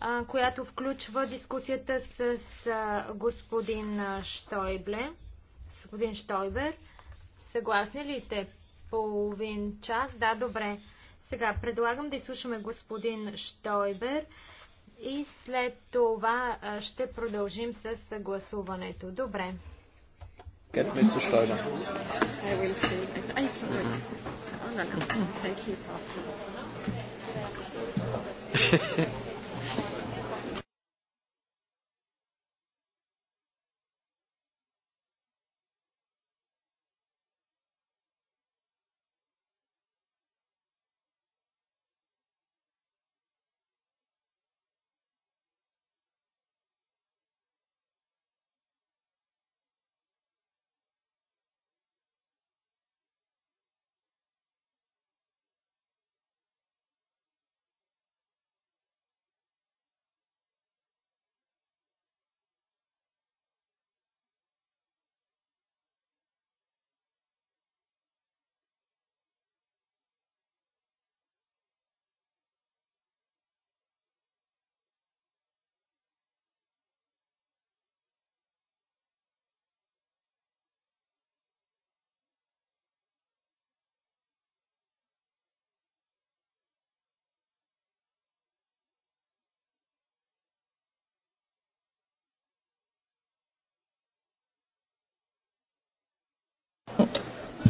а, която включва дискусията с, а, господин Штойбле. С господин Штойбер. Съгласни ли сте? Половин час. Да, добре. Сега предлагам да изслушаме господин Штойбер. И след това ще продължим с гласуването. Добре. Get Mr. Schneider. I will see. I saw it. Oh, no, no. Thank you, Sasha.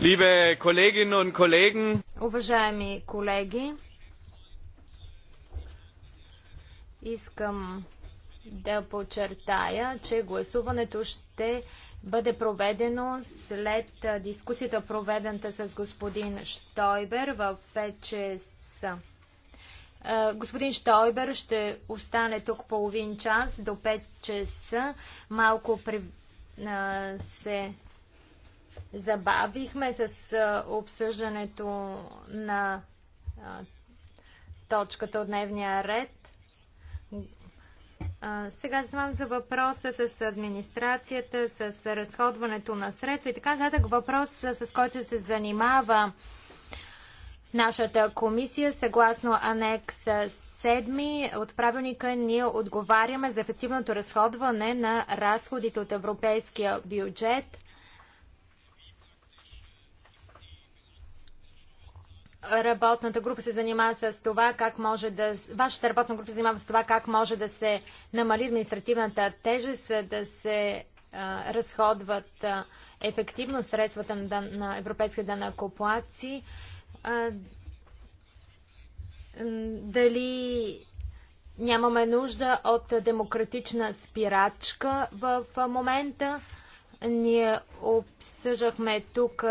Liebe Kolleginnen und Kollegen, уважаеми колеги, искам да подчертая, че гласуването ще бъде проведено след дискусията, проведената с господин Штойбер в 5 часа. Е, господин Штойбер ще остане тук половин час до 5 часа. Малко при, е, се забавихме с обсъждането на точката от дневния ред. Сега ще знам за въпроса с администрацията, с разходването на средства и така нататък. Въпрос, с който се занимава нашата комисия, съгласно анекс 7 от правилника, ние отговаряме за ефективното разходване на разходите от европейския бюджет – работната група се занимава с това как може да... Вашата работна група се занимава с това как може да се намали административната тежест, да се а, разходват а, ефективно средствата на, на европейските данакоплаци. Дали нямаме нужда от демократична спирачка в момента? Ние обсъждахме тук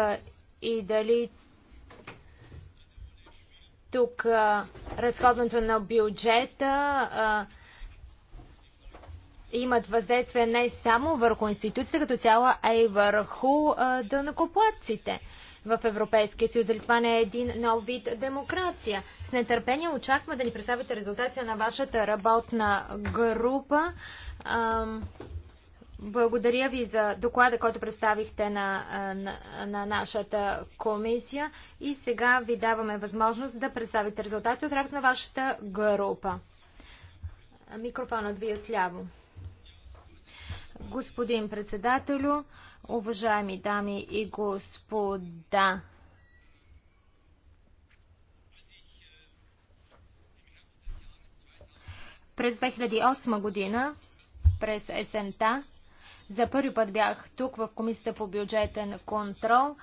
и дали тук а, разходването на бюджета а, имат въздействие не само върху институцията като цяло, а и върху дънакоплатците в Европейския съюз. това не е един нов вид демокрация? С нетърпение очакваме да ни представите резултатите на вашата работна група. А, благодаря ви за доклада, който представихте на, на, на нашата комисия и сега ви даваме възможност да представите резултати от работа на вашата група. Микрофонът ви е отляво. Господин председателю, уважаеми дами и господа, през 2008 година, през есента, за първи път бях тук в Комисията по бюджетен контрол.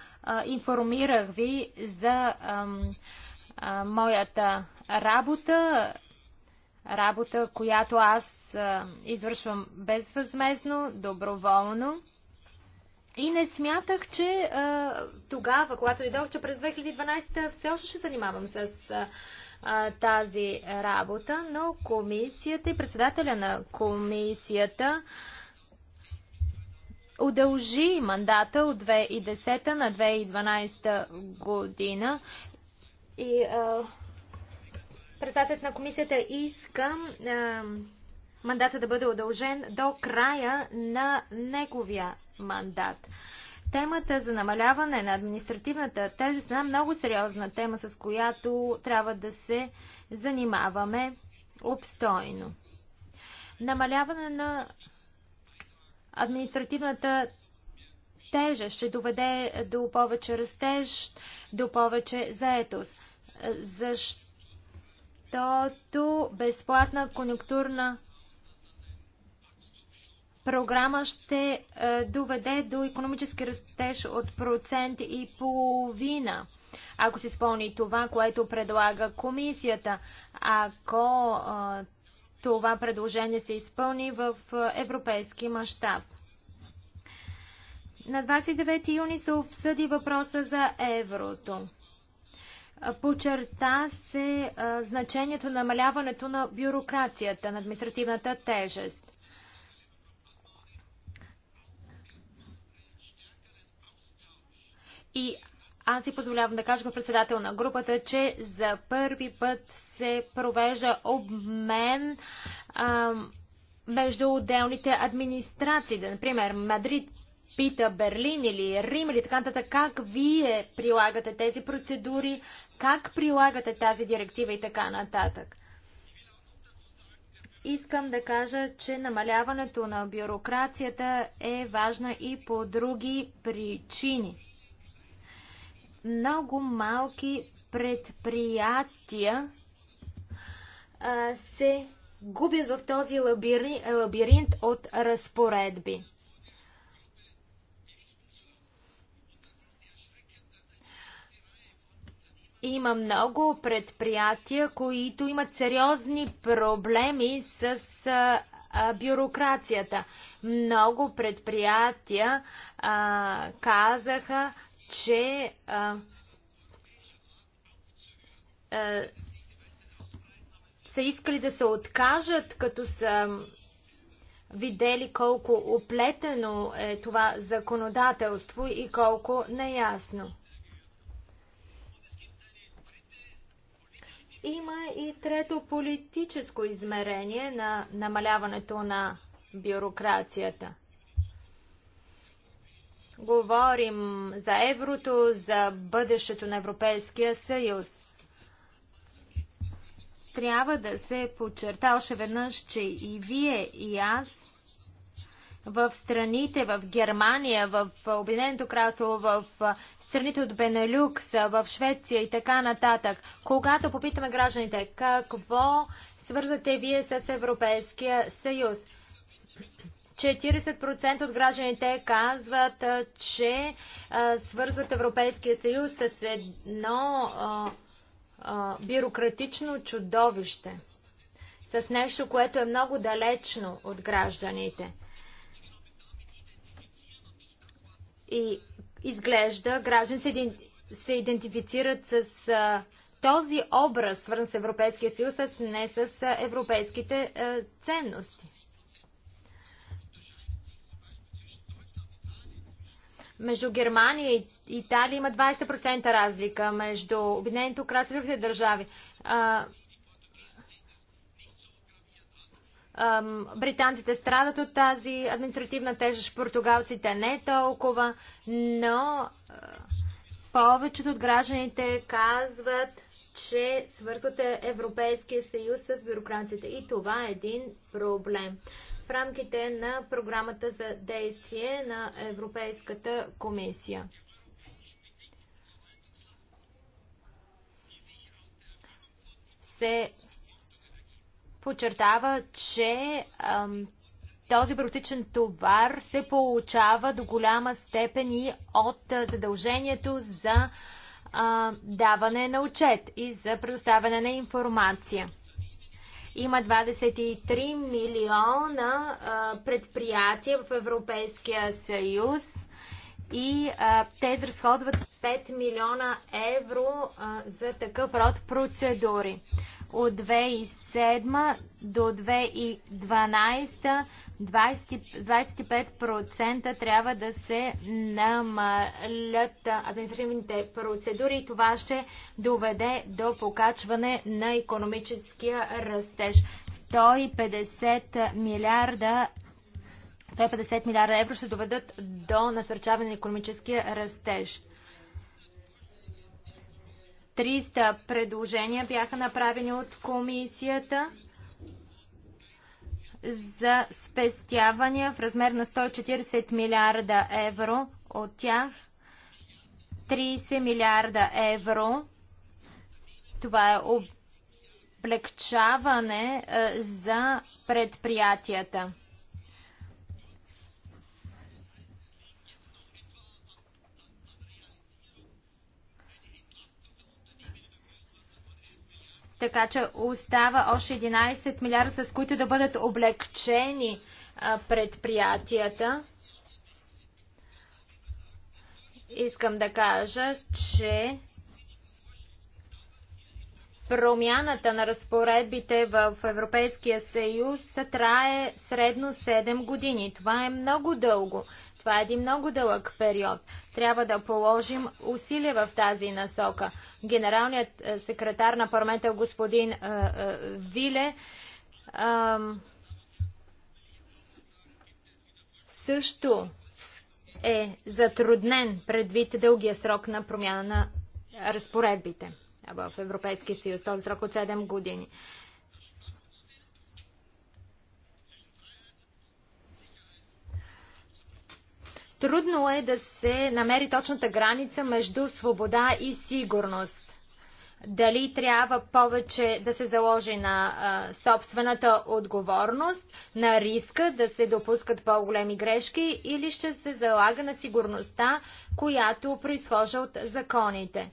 информирах ви за моята работа, работа, която аз извършвам безвъзмезно, доброволно. И не смятах, че тогава, когато идох, че през 2012 все още ще занимавам с тази работа, но комисията и председателя на комисията удължи мандата от 2010 на 2012 година и председателят на комисията иска а, мандата да бъде удължен до края на неговия мандат. Темата за намаляване на административната тежест е една много сериозна тема, с която трябва да се занимаваме обстойно. Намаляване на Административната тежа ще доведе до повече растеж, до повече заетост. Защото безплатна конюнктурна програма ще е, доведе до економически растеж от процент и половина. Ако се изпълни това, което предлага комисията, ако а, е, това предложение се изпълни в европейски мащаб. На 29 юни се обсъди въпроса за еврото. Почерта се а, значението на намаляването на бюрокрацията, на административната тежест. И аз си позволявам да кажа като председател на групата, че за първи път се провежда обмен а, между отделните администрации. Да, например, Мадрид пита Берлин или Рим или така нататък, как вие прилагате тези процедури, как прилагате тази директива и така нататък. Искам да кажа, че намаляването на бюрокрацията е важна и по други причини. Много малки предприятия а, се губят в този лабиринт, лабиринт от разпоредби. Има много предприятия, които имат сериозни проблеми с а, а, бюрокрацията. Много предприятия а, казаха, че а, а, са искали да се откажат, като са видели колко оплетено е това законодателство и колко неясно. Има и трето политическо измерение на намаляването на бюрокрацията – Говорим за еврото, за бъдещето на Европейския съюз. Трябва да се подчерта още веднъж, че и вие, и аз в страните, в Германия, в Обединеното кралство, в страните от Бенелюкс, в Швеция и така нататък. Когато попитаме гражданите какво свързате вие с Европейския съюз, 40% от гражданите казват, че свързват Европейския съюз с едно бюрократично чудовище, с нещо, което е много далечно от гражданите. И изглежда, граждани се, се идентифицират с а, този образ, свързан с Европейския съюз, а не с европейските а, ценности. Между Германия и Италия има 20% разлика, между Обединеното кралство и другите държави. А, а, британците страдат от тази административна тежест, португалците не толкова, но а, повечето от гражданите казват, че свързвате Европейския съюз с бюрокрацията. И това е един проблем в рамките на програмата за действие на Европейската комисия. Се подчертава, че този бюрократичен товар се получава до голяма степен и от задължението за а, даване на отчет и за предоставяне на информация. Има 23 милиона а, предприятия в Европейския съюз и а, те изразходват 5 милиона евро а, за такъв род процедури. От 2007 до 2012 25% трябва да се намалят административните процедури и това ще доведе до покачване на економическия растеж. 150 милиарда 150 милиарда евро ще доведат до насърчаване на економическия растеж. 300 предложения бяха направени от комисията за спестявания в размер на 140 милиарда евро. От тях 30 милиарда евро. Това е облегчаване е, за предприятията. Така че остава още 11 милиарда, с които да бъдат облегчени предприятията. Искам да кажа, че промяната на разпоредбите в Европейския съюз трае средно 7 години. Това е много дълго. Това е един много дълъг период. Трябва да положим усилия в тази насока. Генералният е, секретар на парламента господин е, е, Виле също е затруднен предвид дългия срок на промяна на разпоредбите в Европейския съюз, този срок от 7 години. Трудно е да се намери точната граница между свобода и сигурност. Дали трябва повече да се заложи на а, собствената отговорност, на риска да се допускат по-големи грешки или ще се залага на сигурността, която произхожда от законите.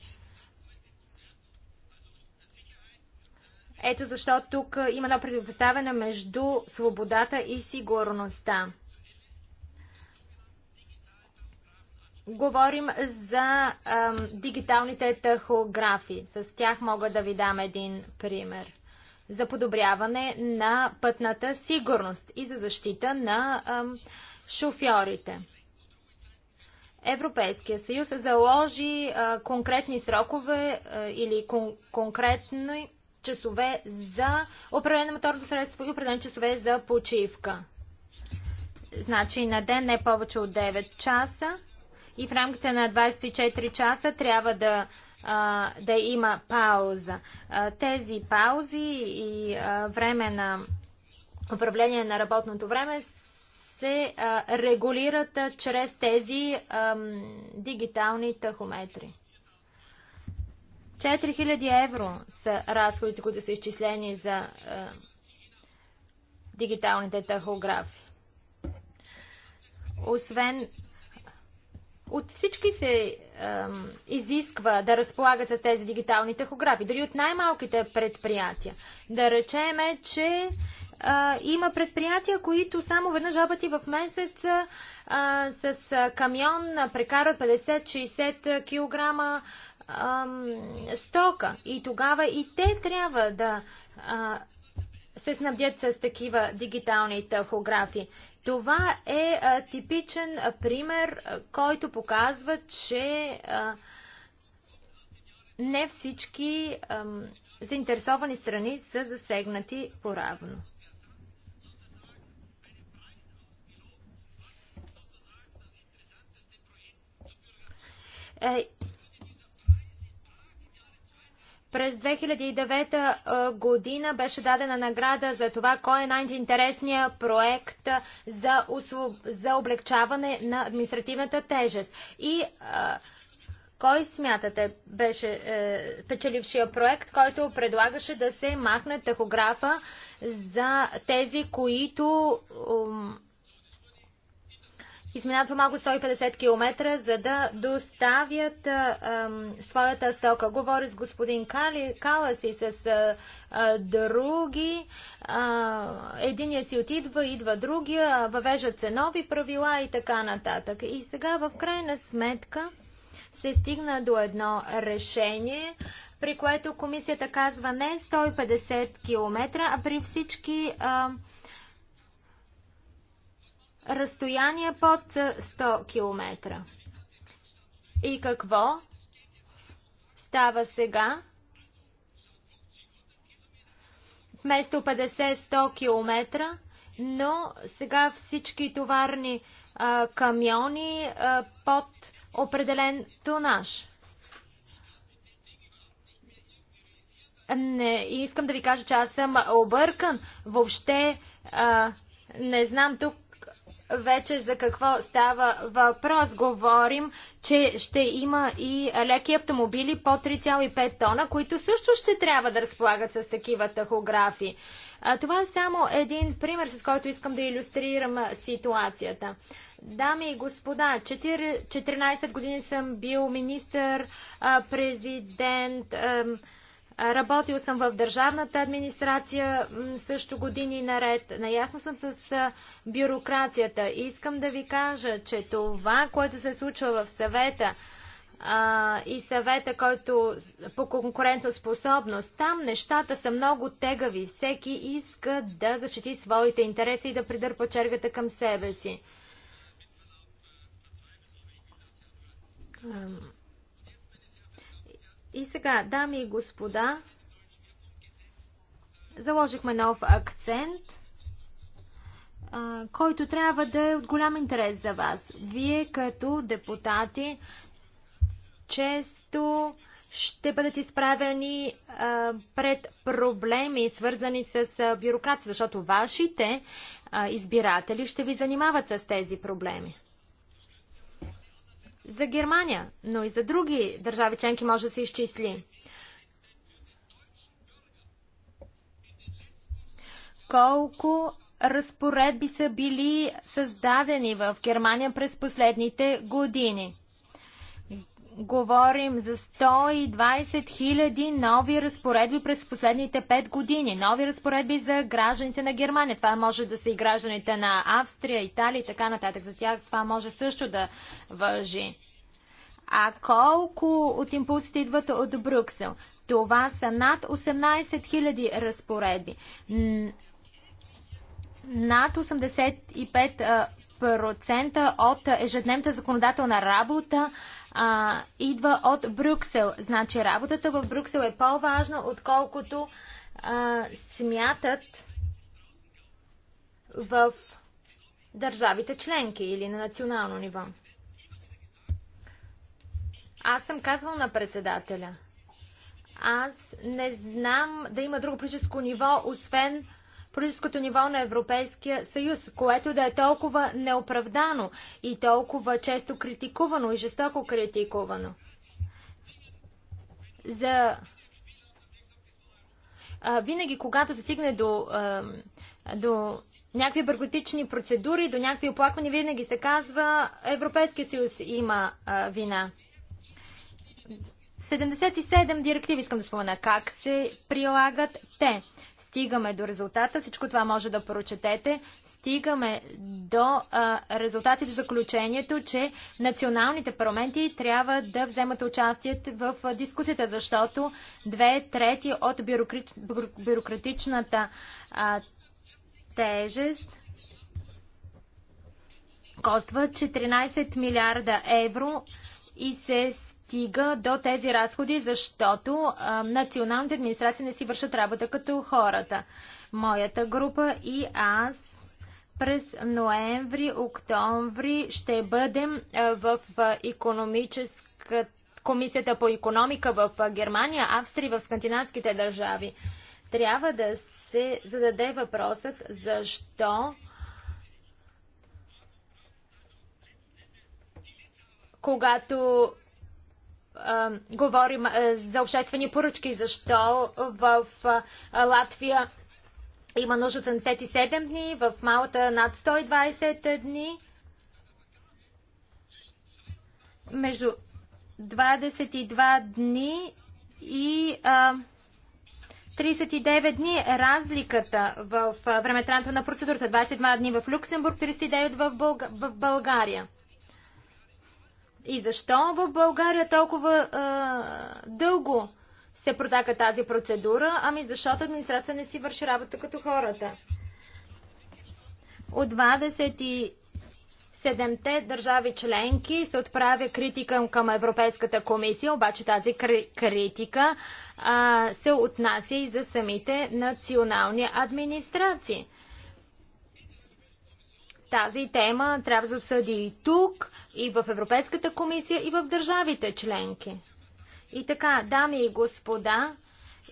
Ето защо тук има едно предпоставяне между свободата и сигурността. Говорим за ам, дигиталните тахографи. С тях мога да ви дам един пример. За подобряване на пътната сигурност и за защита на ам, шофьорите. Европейския съюз заложи а, конкретни срокове а, или кон- конкретни часове за управление на моторното средство и определени часове за почивка. Значи на ден не повече от 9 часа и в рамките на 24 часа трябва да, да има пауза. тези паузи и време на управление на работното време се регулират чрез тези дигитални тахометри. 4000 евро са разходите, които са изчислени за дигиталните тахографи. Освен от всички се ем, изисква да разполагат с тези дигитални тахографи, дори от най-малките предприятия. Да речеме, че е, има предприятия, които само веднъж два пъти в месец е, с камион прекарат 50-60 кг е, стока. И тогава и те трябва да. Е, се снабдят с такива дигитални тахографи. Това е а, типичен а, пример, а, който показва, че а, не всички а, заинтересовани страни са засегнати поравно. Е, през 2009 година беше дадена награда за това кой е най-интересният проект за, услу... за облегчаване на административната тежест. И а, кой смятате беше е, печелившия проект, който предлагаше да се махне тахографа за тези, които. Е, изминават по-малко 150 км, за да доставят ам, своята стока. Говори с господин Кали, Калас и с а, а, други. А, единия си отидва, идва другия, въвеждат се нови правила и така нататък. И сега в крайна сметка се стигна до едно решение, при което комисията казва не 150 км, а при всички... А, Разстояние под 100 км. И какво става сега? Вместо 50-100 км, но сега всички товарни а, камиони а, под определен тонаж. Не, искам да ви кажа, че аз съм объркан. Въобще а, не знам тук вече за какво става въпрос. Говорим, че ще има и леки автомобили по 3,5 тона, които също ще трябва да разполагат с такива тахографи. А, това е само един пример, с който искам да иллюстрирам ситуацията. Дами и господа, 4, 14 години съм бил министър, президент, Работил съм в държавната администрация също години наред. Наясно съм с бюрокрацията. Искам да ви кажа, че това, което се случва в съвета а, и съвета, който по конкурентоспособност, там нещата са много тегави. Всеки иска да защити своите интереси и да придърпа чергата към себе си. И сега, дами и господа, заложихме нов акцент, който трябва да е от голям интерес за вас. Вие като депутати често ще бъдат изправени пред проблеми, свързани с бюрокрация, защото вашите избиратели ще ви занимават с тези проблеми за Германия, но и за други държави членки може да се изчисли. Колко разпоредби са били създадени в Германия през последните години? Говорим за 120 000 нови разпоредби през последните 5 години. Нови разпоредби за гражданите на Германия. Това може да са и гражданите на Австрия, Италия и така нататък. За тях това може също да въжи. А колко от импулсите идват от Брюксел? Това са над 18 000 разпоредби. Над 85 процента от ежедневната законодателна работа а, идва от Брюксел. Значи работата в Брюксел е по-важна, отколкото а, смятат в държавите членки или на национално ниво. Аз съм казвал на председателя. Аз не знам да има друго политическо ниво, освен политическото ниво на Европейския съюз, което да е толкова неоправдано и толкова често критикувано и жестоко критикувано. За а, винаги, когато се стигне до, а, до някакви бъркотични процедури, до някакви оплаквания, винаги се казва Европейския съюз има а, вина. 77 директиви искам да спомена как се прилагат те. Стигаме до резултата, всичко това може да прочетете. Стигаме до а, резултатите заключението, че националните парламенти трябва да вземат участие в дискусията, защото две трети от бюрократич, бюрократичната а, тежест коства 14 милиарда евро и се стига до тези разходи, защото а, националните администрации не си вършат работа като хората. Моята група и аз през ноември, октомври ще бъдем в економическа... комисията по економика в Германия, Австрия и в скандинавските държави. Трябва да се зададе въпросът защо когато говорим за обществени поръчки, защо в Латвия има нужда 77 дни, в Малата над 120 дни. Между 22 дни и 39 дни е разликата в времето на процедурата. 22 дни в Люксембург, 39 в България. И защо в България толкова а, дълго се протака тази процедура? Ами защото администрация не си върши работа като хората. От 27-те държави членки се отправя критика към Европейската комисия, обаче тази критика а, се отнася и за самите национални администрации. Тази тема трябва да обсъди и тук, и в Европейската комисия, и в държавите членки. И така, дами и господа,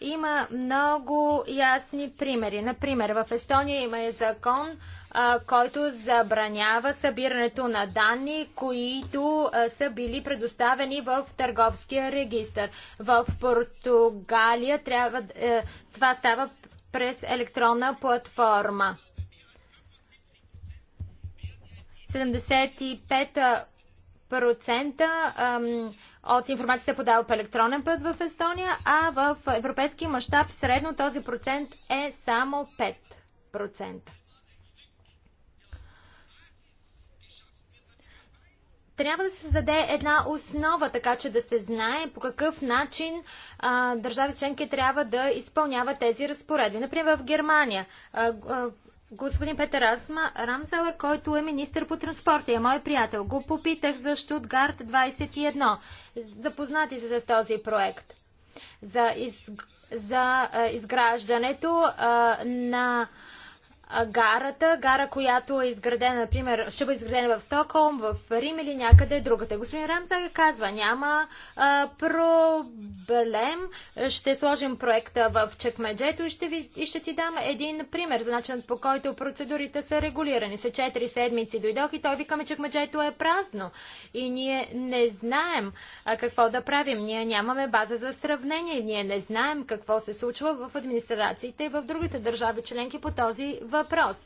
има много ясни примери. Например, в Естония има е закон, а, който забранява събирането на данни, които а, са били предоставени в търговския регистр. В Португалия трябва, а, е, това става през електронна платформа. 75% от информацията се е подава по електронен път в Естония, а в европейски мащаб средно този процент е само 5%. трябва да се създаде една основа, така че да се знае по какъв начин а, държави членки трябва да изпълняват тези разпоредби. Например, в Германия господин Петър Асма Рамзелър, който е министр по транспорта и е мой приятел. Го попитах за Штутгарт 21. Запознати се с този проект. За, из, за а, е, изграждането а, е, на гарата, гара, която е изградена, например, ще бъде изградена в Стокхолм, в Рим или някъде другата. Господин Рамса казва, няма а, проблем, ще сложим проекта в чекмеджето и ще, ви, и ще ти дам един пример за начинът по който процедурите са регулирани. Са 4 седмици дойдох и той викаме, чекмеджето е празно и ние не знаем а, какво да правим. Ние нямаме база за сравнение, ние не знаем какво се случва в администрациите и в другите държави членки по този въпрос въпрос.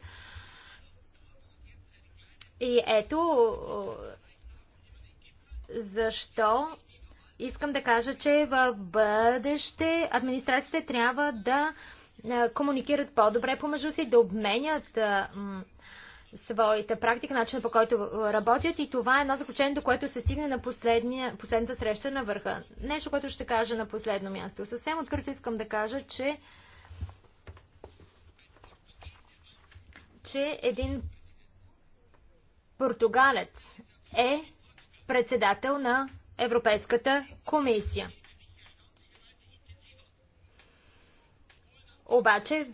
И ето защо искам да кажа, че в бъдеще администрациите трябва да комуникират по-добре помежду си, да обменят своята практика, начина по който работят и това е едно заключение, до което се стигне на последната среща на върха. Нещо, което ще кажа на последно място. Съвсем открито искам да кажа, че че един португалец е председател на Европейската комисия. Обаче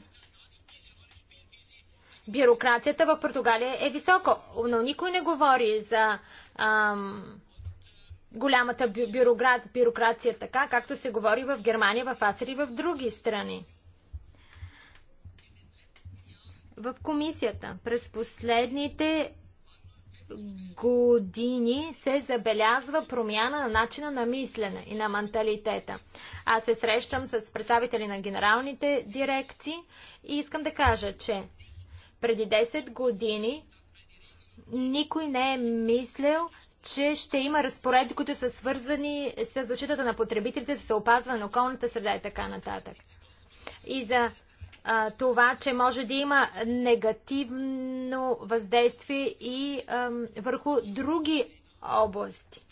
бюрокрацията в Португалия е висока, но никой не говори за ам, голямата бюрокрация така, както се говори в Германия, в Асри и в други страни в комисията. През последните години се забелязва промяна на начина на мислене и на менталитета. Аз се срещам с представители на генералните дирекции и искам да кажа, че преди 10 години никой не е мислил, че ще има разпоредби, които са свързани с защитата на потребителите, с опазване на околната среда и така нататък. И за а, това, че може да има негативно въздействие и а, върху други области.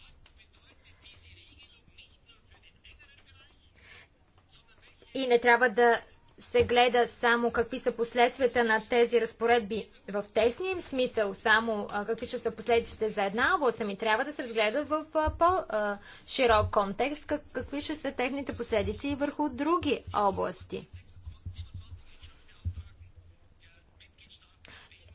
И не трябва да се гледа само какви са последствията на тези разпоредби в тесния им смисъл, само какви ще са последствията за една област, ами трябва да се разгледа в по-широк контекст, какви ще са техните последици и върху други области.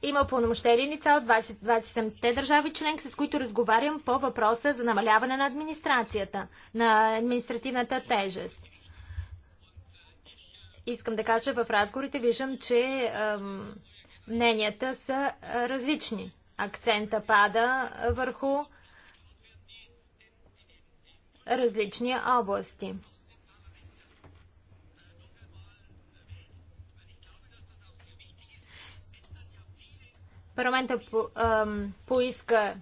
Има пълномощени лица от 27-те държави членки, с които разговарям по въпроса за намаляване на администрацията, на административната тежест. Искам да кажа, в разговорите виждам, че ем, мненията са различни. Акцента пада върху различни области. Парламента по, ам, поиска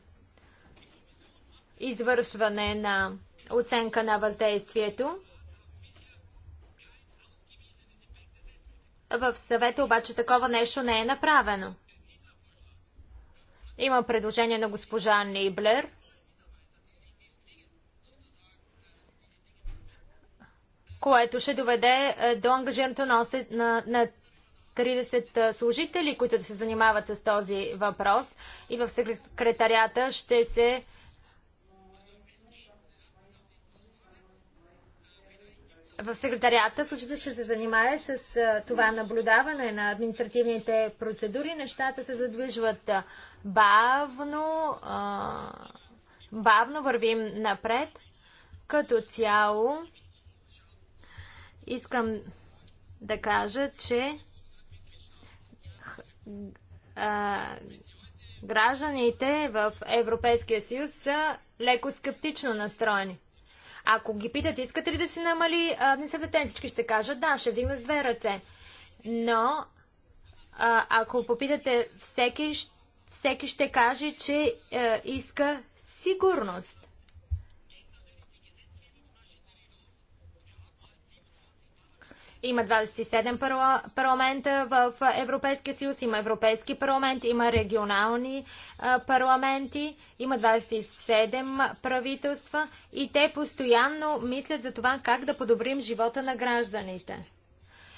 извършване на оценка на въздействието. В съвета обаче такова нещо не е направено. Има предложение на госпожа Нейблер. което ще доведе е, до ангажирането на, на, на 30 служители, които да се занимават с този въпрос и в секретарията ще се в секретарията служителите ще се занимае с това наблюдаване на административните процедури. Нещата се задвижват бавно, бавно вървим напред. Като цяло искам да кажа, че гражданите в Европейския съюз са леко скептично настроени. Ако ги питат, искате ли да се намали административната тежест, всички ще кажат да, ще вдигнат две ръце. Но а, ако попитате, всеки, всеки ще каже, че иска сигурност. Има 27 парламента в Европейския съюз, има Европейски парламент, има регионални парламенти, има 27 правителства и те постоянно мислят за това как да подобрим живота на гражданите.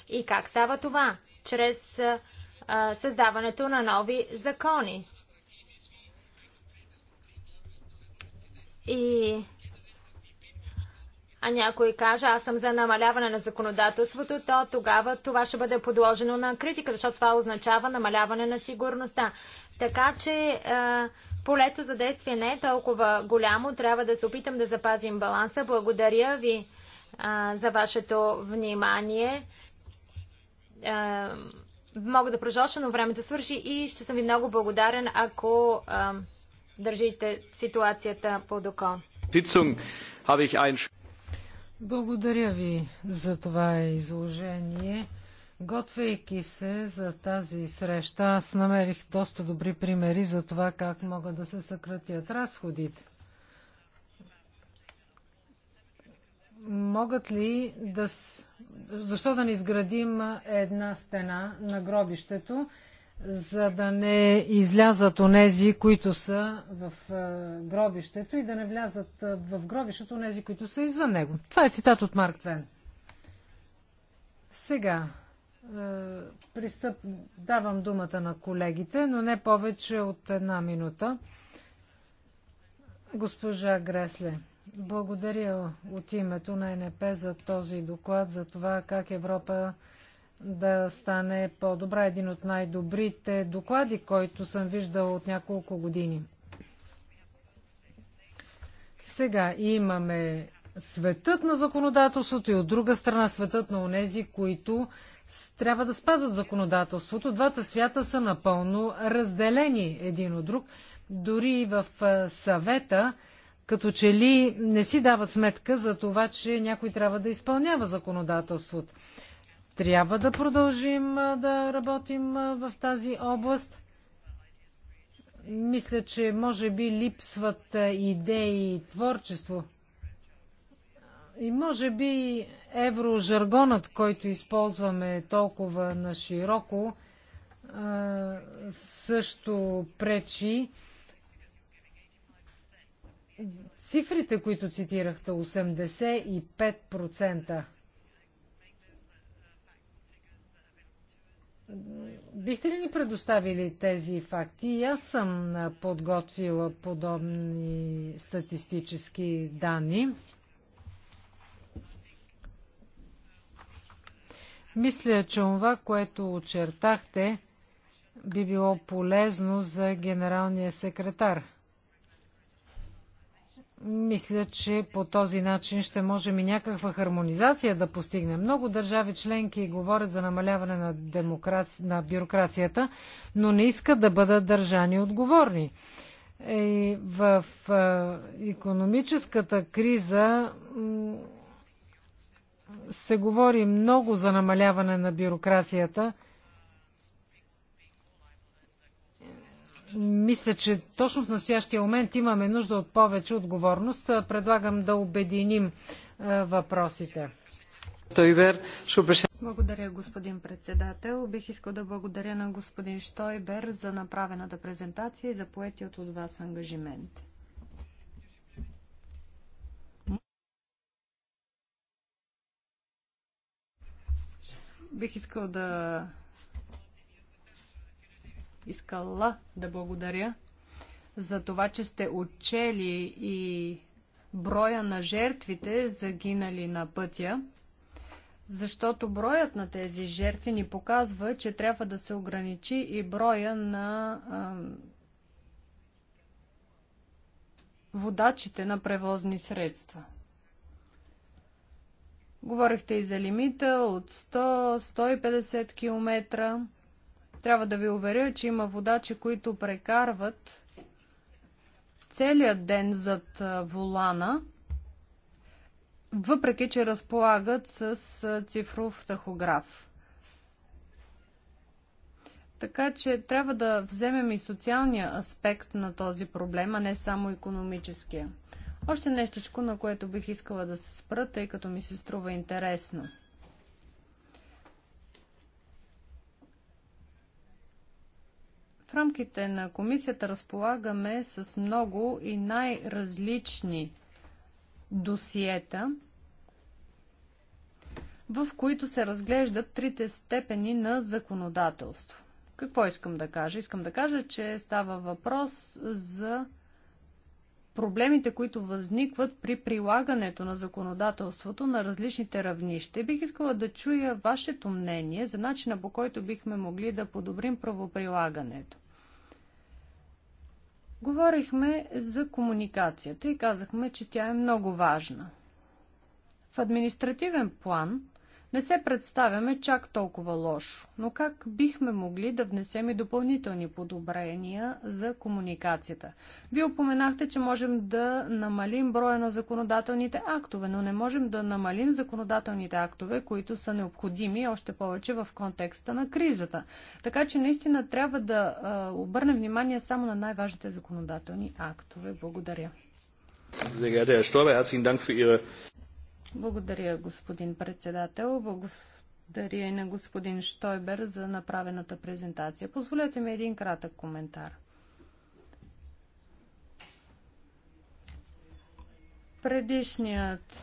И как става това? Чрез а, създаването на нови закони. И а някой каже, аз съм за намаляване на законодателството, то тогава това ще бъде подложено на критика, защото това означава намаляване на сигурността. Така че е, полето за действие не е толкова голямо, трябва да се опитам да запазим баланса. Благодаря ви е, за вашето внимание. Е, мога да прожоша, но времето свърши и ще съм ви много благодарен, ако е, държите ситуацията под око. Благодаря ви за това изложение. Готвейки се за тази среща, аз намерих доста добри примери за това как могат да се съкратят разходите. Могат ли да... Защо да не изградим една стена на гробището за да не излязат онези, които са в гробището и да не влязат в гробището онези, които са извън него. Това е цитат от Марк Твен. Сега пристъп... давам думата на колегите, но не повече от една минута. Госпожа Гресле, благодаря от името на НП за този доклад, за това как Европа да стане по-добра. Един от най-добрите доклади, който съм виждал от няколко години. Сега имаме светът на законодателството и от друга страна светът на онези, които трябва да спазват законодателството. Двата свята са напълно разделени един от друг. Дори и в съвета, като че ли не си дават сметка за това, че някой трябва да изпълнява законодателството. Трябва да продължим да работим в тази област. Мисля, че може би липсват идеи и творчество. И може би еврожаргонът, който използваме толкова на широко, също пречи. Цифрите, които цитирахте, 85%. Бихте ли ни предоставили тези факти? И аз съм подготвила подобни статистически данни. Мисля, че това, което очертахте, би било полезно за генералния секретар – мисля, че по този начин ще можем и някаква хармонизация да постигнем. Много държави членки говорят за намаляване на, демокраци... на бюрокрацията, но не искат да бъдат държани отговорни. Е, и в економическата криза се говори много за намаляване на бюрокрацията – мисля, че точно в настоящия момент имаме нужда от повече отговорност. Предлагам да обединим въпросите. Благодаря, господин председател. Бих искал да благодаря на господин Штойбер за направената презентация и за поетият от вас ангажимент. Бих искал да искала да благодаря за това, че сте отчели и броя на жертвите загинали на пътя, защото броят на тези жертви ни показва, че трябва да се ограничи и броя на а, водачите на превозни средства. Говорихте и за лимита от 100-150 км. Трябва да ви уверя, че има водачи, които прекарват целият ден зад волана, въпреки че разполагат с цифров тахограф. Така че трябва да вземем и социалния аспект на този проблем, а не само економическия. Още нещо, на което бих искала да се спра, тъй като ми се струва интересно – В рамките на комисията разполагаме с много и най-различни досиета, в които се разглеждат трите степени на законодателство. Какво искам да кажа? Искам да кажа, че става въпрос за проблемите, които възникват при прилагането на законодателството на различните равнища. Бих искала да чуя вашето мнение за начина по който бихме могли да подобрим правоприлагането. Говорихме за комуникацията и казахме, че тя е много важна. В административен план – не се представяме чак толкова лошо, но как бихме могли да внесем и допълнителни подобрения за комуникацията? Вие упоменахте, че можем да намалим броя на законодателните актове, но не можем да намалим законодателните актове, които са необходими, още повече в контекста на кризата. Така че наистина трябва да обърнем внимание само на най-важните законодателни актове. Благодаря. Sehr geehrter Herr herzlichen Dank für Ihre благодаря, господин председател. Благодаря и на господин Штойбер за направената презентация. Позволете ми един кратък коментар. Предишният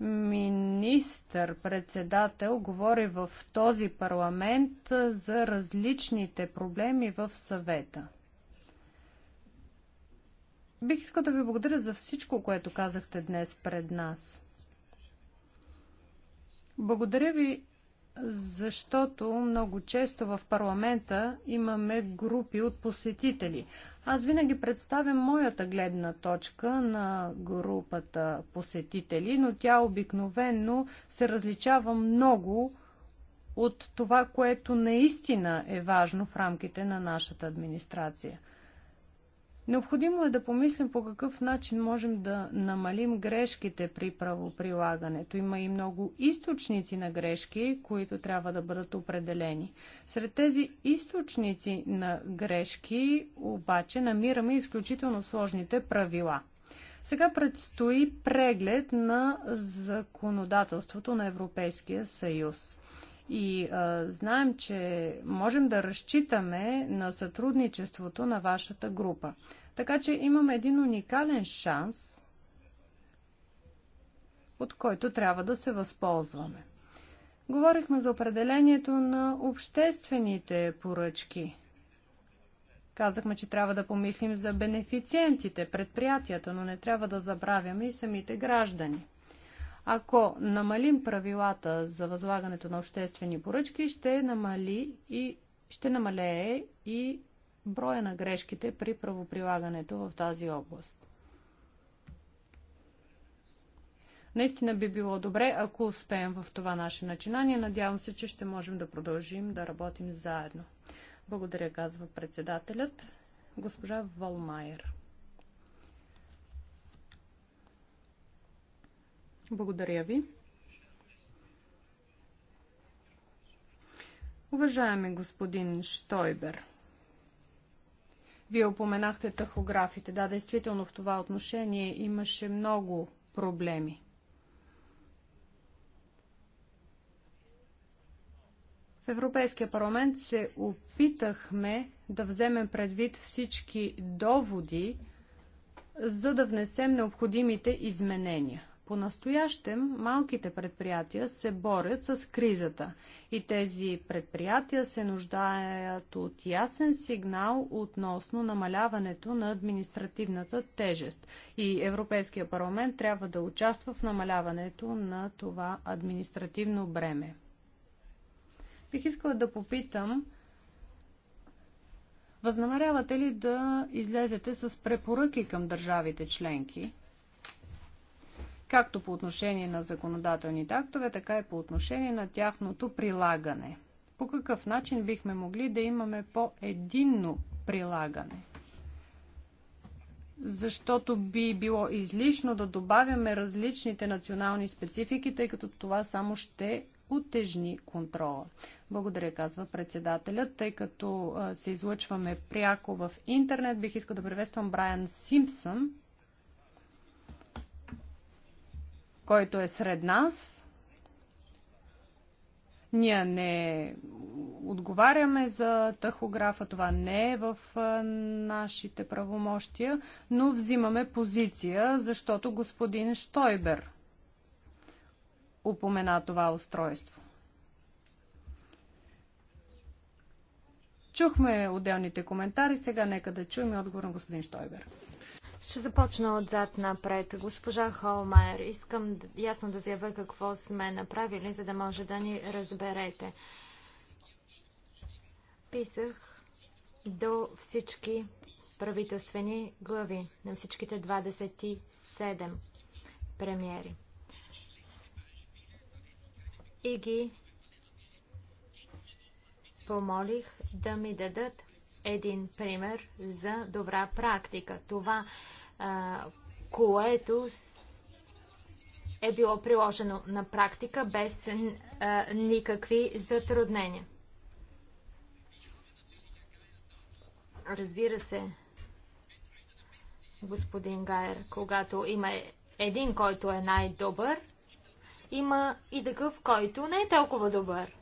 министър-председател говори в този парламент за различните проблеми в съвета. Бих искал да ви благодаря за всичко, което казахте днес пред нас. Благодаря ви, защото много често в парламента имаме групи от посетители. Аз винаги представям моята гледна точка на групата посетители, но тя обикновенно се различава много от това, което наистина е важно в рамките на нашата администрация – Необходимо е да помислим по какъв начин можем да намалим грешките при правоприлагането. Има и много източници на грешки, които трябва да бъдат определени. Сред тези източници на грешки обаче намираме изключително сложните правила. Сега предстои преглед на законодателството на Европейския съюз. И а, знаем, че можем да разчитаме на сътрудничеството на вашата група. Така че имаме един уникален шанс, от който трябва да се възползваме. Говорихме за определението на обществените поръчки. Казахме, че трябва да помислим за бенефициентите, предприятията, но не трябва да забравяме и самите граждани. Ако намалим правилата за възлагането на обществени поръчки, ще намали и ще намалее и броя на грешките при правоприлагането в тази област. Наистина би било добре, ако успеем в това наше начинание. Надявам се, че ще можем да продължим да работим заедно. Благодаря, казва председателят, госпожа Волмайер. Благодаря ви. Уважаеми господин Штойбер, вие упоменахте тахографите. Да, действително в това отношение имаше много проблеми. В Европейския парламент се опитахме да вземем предвид всички доводи, за да внесем необходимите изменения. По-настоящем малките предприятия се борят с кризата и тези предприятия се нуждаят от ясен сигнал относно намаляването на административната тежест. И Европейския парламент трябва да участва в намаляването на това административно бреме. Бих искала да попитам, възнамерявате ли да излезете с препоръки към държавите членки? както по отношение на законодателните актове, така и по отношение на тяхното прилагане. По какъв начин бихме могли да имаме по-единно прилагане? Защото би било излишно да добавяме различните национални специфики, тъй като това само ще утежни контрола. Благодаря, казва председателят. Тъй като се излъчваме пряко в интернет, бих искал да приветствам Брайан Симпсън, който е сред нас. Ние не отговаряме за тахографа, това не е в нашите правомощия, но взимаме позиция, защото господин Штойбер упомена това устройство. Чухме отделните коментари, сега нека да чуем отговор на господин Штойбер. Ще започна отзад напред. Госпожа Холмайер, искам ясно да заявя какво сме направили, за да може да ни разберете. Писах до всички правителствени глави на всичките 27 премиери. И ги помолих да ми дадат един пример за добра практика. Това е което е било приложено на практика без никакви затруднения. Разбира се, господин Гайер, когато има един, който е най-добър, има и такъв, който не е толкова добър.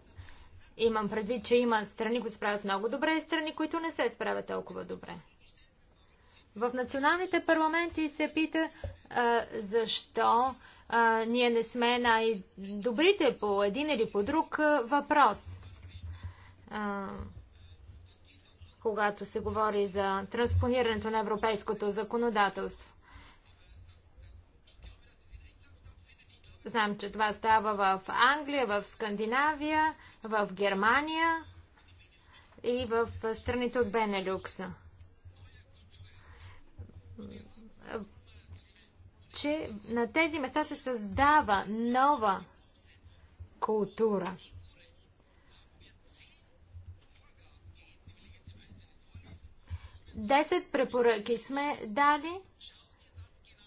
Имам предвид, че има страни, които справят много добре и страни, които не се справят толкова добре. В националните парламенти се пита защо ние не сме най-добрите по един или по друг въпрос. когато се говори за транспонирането на европейското законодателство. Знам, че това става в Англия, в Скандинавия, в Германия и в страните от Бенелюкса. че на тези места се създава нова култура. Десет препоръки сме дали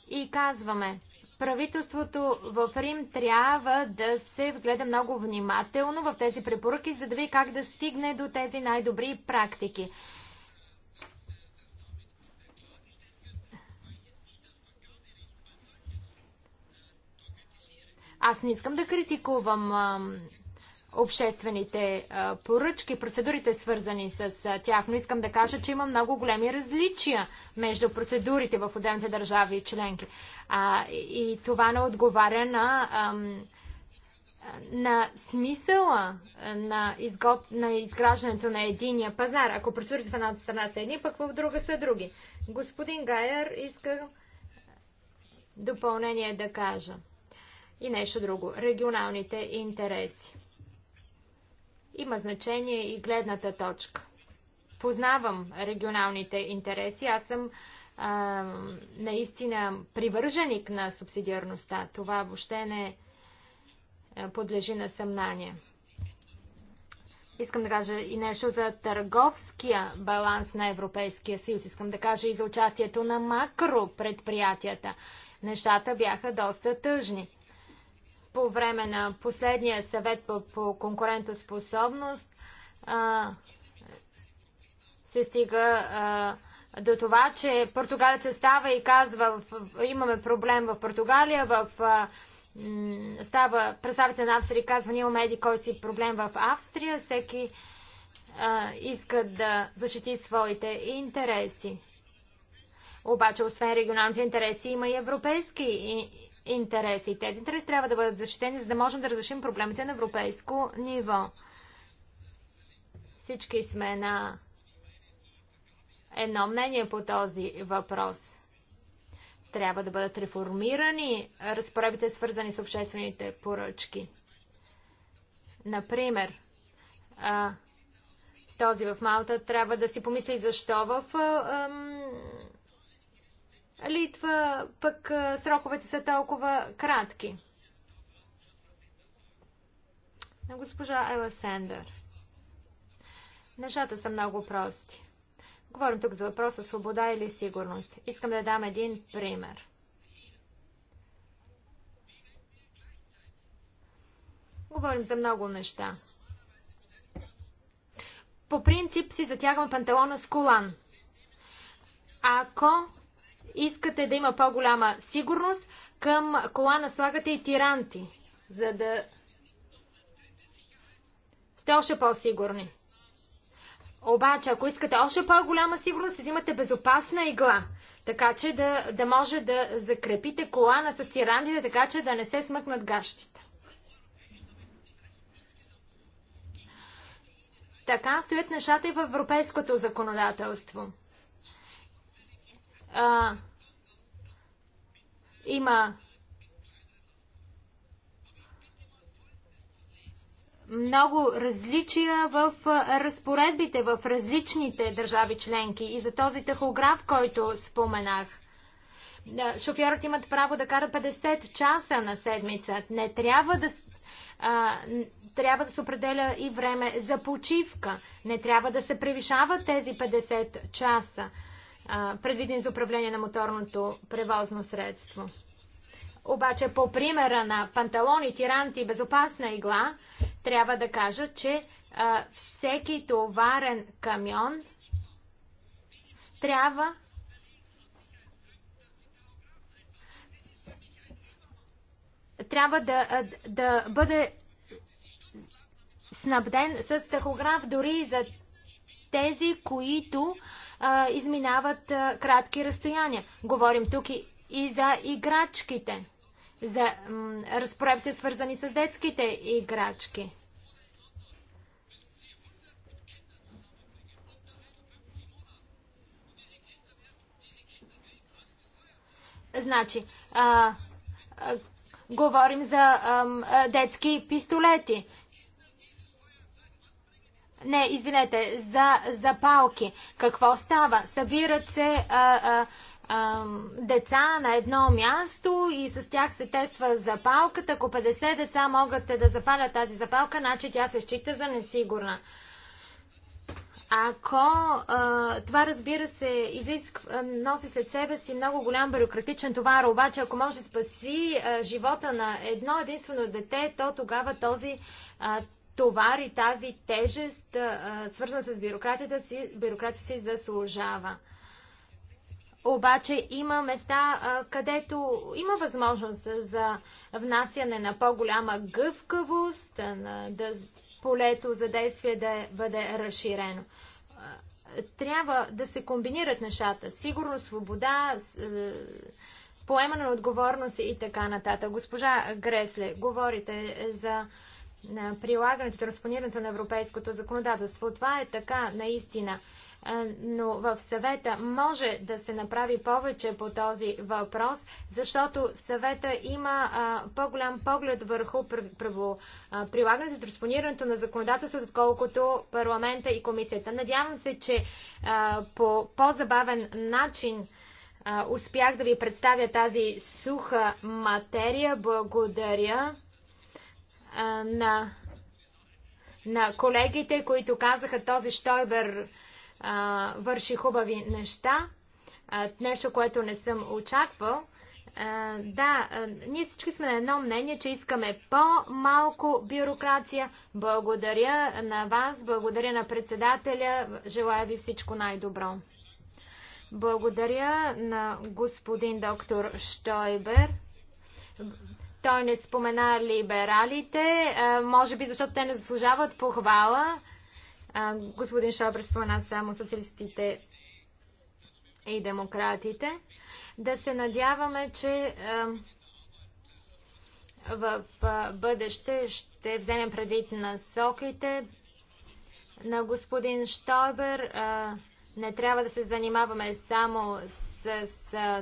и казваме, правителството в Рим трябва да се вгледа много внимателно в тези препоръки, за да види как да стигне до тези най-добри практики. Аз не искам да критикувам а, обществените а, поръчки, процедурите свързани с а, тях, но искам да кажа, че има много големи различия между процедурите в отделните държави и членки. А, и, и това не отговаря на, ам, на смисъла на, изгод... на изграждането на единия пазар. Ако процедурите в едната страна са едни, пък в друга са други. Господин Гайер иска допълнение да кажа. И нещо друго. Регионалните интереси. Има значение и гледната точка. Познавам регионалните интереси. Аз съм а, наистина привърженик на субсидиарността. Това въобще не е, подлежи на съмнание. Искам да кажа и нещо за търговския баланс на Европейския съюз. Искам да кажа и за участието на макропредприятията. Нещата бяха доста тъжни по време на последния съвет по, по конкурентоспособност а, се стига а, до това, че португалец става и казва, имаме проблем в Португалия, в а, става представител на Австрия и казва, нямаме имаме кой си проблем в Австрия, всеки а, иска да защити своите интереси. Обаче, освен регионалните интереси, има и европейски интереси. Тези интереси трябва да бъдат защитени, за да можем да разрешим проблемите на европейско ниво. Всички сме на едно мнение по този въпрос. Трябва да бъдат реформирани разпоредбите, свързани с обществените поръчки. Например, този в Малта трябва да си помисли защо в Литва пък сроковете са толкова кратки. На госпожа Ела Сендър. Нещата са много прости. Говорим тук за въпроса свобода или сигурност. Искам да дам един пример. Говорим за много неща. По принцип си затягам панталона с колан. Ако Искате да има по-голяма сигурност, към кола наслагате и тиранти, за да сте още по-сигурни. Обаче, ако искате още по-голяма сигурност, взимате безопасна игла, така че да, да може да закрепите колана с тирантите, така че да не се смъкнат гащите. Така стоят нещата и в европейското законодателство а, има много различия в разпоредбите в различните държави членки и за този тахограф, който споменах. Шофьорът имат право да кара 50 часа на седмица. Не трябва да а, трябва да се определя и време за почивка. Не трябва да се превишават тези 50 часа а, предвиден за управление на моторното превозно средство. Обаче по примера на панталони, тиранти и безопасна игла, трябва да кажа, че а, всеки товарен камион трябва трябва да, да бъде снабден с тахограф дори за тези, които а, изминават а, кратки разстояния. Говорим тук и, и за играчките, за разпоредбите свързани с детските играчки. Значи, а, а, говорим за а, детски пистолети. Не, извинете, за запалки. Какво става? Събират се а, а, а, деца на едно място и с тях се тества запалката. Ако 50 деца могат да запалят тази запалка, значи тя се счита за несигурна. Ако а, това разбира се изисква, носи след себе си много голям бюрократичен товар, обаче ако може да спаси а, живота на едно единствено дете, то тогава този а, товар и тази тежест, свързана с бюрокрацията си, бюрокрацията си заслужава. Обаче има места, където има възможност за внасяне на по-голяма гъвкавост, да полето за действие да бъде разширено. Трябва да се комбинират нещата. Сигурност, свобода, поемане на отговорност и така нататък. Госпожа Гресле, говорите за на прилагането, транспонирането на европейското законодателство. Това е така, наистина. Но в съвета може да се направи повече по този въпрос, защото съвета има по-голям поглед върху правоприлагането, транспонирането на законодателството, отколкото парламента и комисията. Надявам се, че по по-забавен начин успях да ви представя тази суха материя. Благодаря а, на, на колегите, които казаха този Штойбер а, върши хубави неща, а, нещо, което не съм очаквал. А, да, а, ние всички сме на едно мнение, че искаме по-малко бюрокрация. Благодаря на вас, благодаря на председателя. Желая ви всичко най-добро. Благодаря на господин доктор Штойбер. Той не спомена либералите, може би защото те не заслужават похвала. Господин Шобър спомена само социалистите и демократите. Да се надяваме, че в бъдеще ще вземем предвид насоките на господин Штойбер. Не трябва да се занимаваме само с с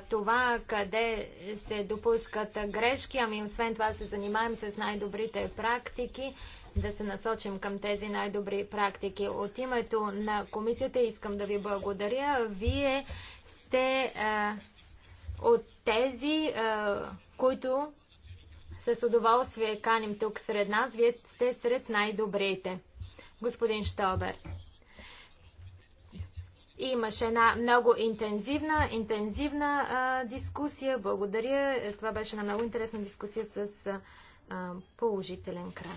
това къде се допускат грешки, ами освен това се занимаем с най-добрите практики, да се насочим към тези най-добри практики. От името на комисията искам да ви благодаря. Вие сте а, от тези, а, които с удоволствие каним тук сред нас. Вие сте сред най-добрите. Господин Штобер. Имаше една много интензивна, интензивна а, дискусия. Благодаря. Това беше една много интересна дискусия с а, положителен край.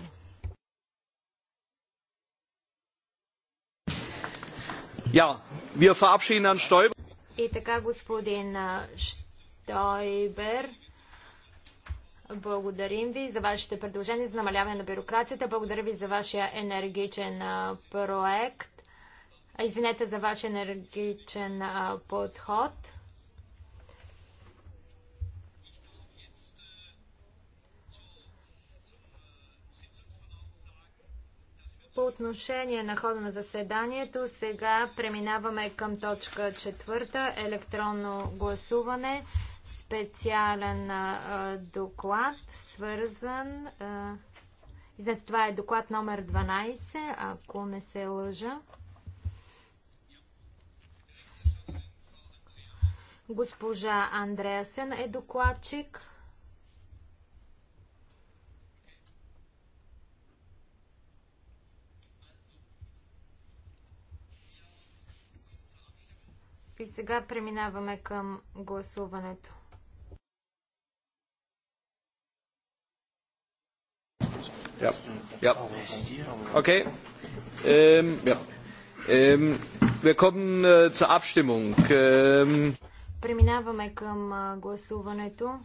Ja, wir verabschieden Herrn Stoiber. И така, господин Штойбер, благодарим ви за вашите предложения за намаляване на бюрокрацията. Благодаря ви за вашия енергичен проект извинете за ваш енергичен подход. По отношение на хода на заседанието, сега преминаваме към точка четвърта електронно гласуване. Специален а, доклад, свързан. А, това е доклад номер 12, ако не се лъжа. Госпожа Андреасен е докладчик. И сега преминаваме към гласуването. Ja, ja. Okay. Ähm, ja. Ähm, wir kommen äh, zur Abstimmung. Ähm Преминаваме към гласуването.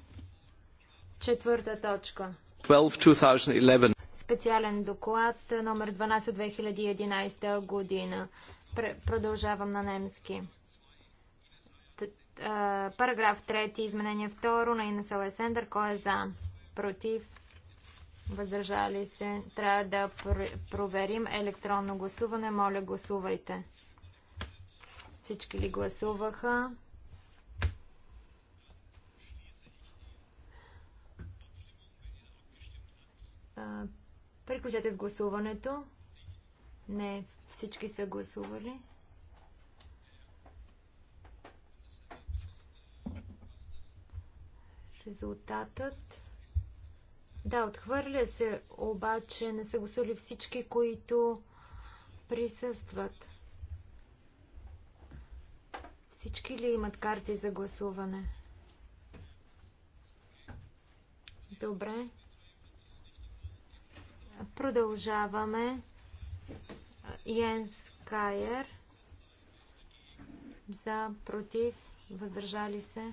Четвърта точка. 12, Специален доклад номер 12 от 2011 година. Продължавам на немски. Параграф 3, изменение 2 на Инесел Есендър. Кой е за? Против? Въздържали се? Трябва да проверим електронно гласуване. Моля, гласувайте. Всички ли гласуваха? приключете с гласуването. Не всички са гласували. Резултатът. Да, отхвърля се, обаче не са гласували всички, които присъстват. Всички ли имат карти за гласуване? Добре. Продължаваме. Йенс Кайер за, против, въздържали се.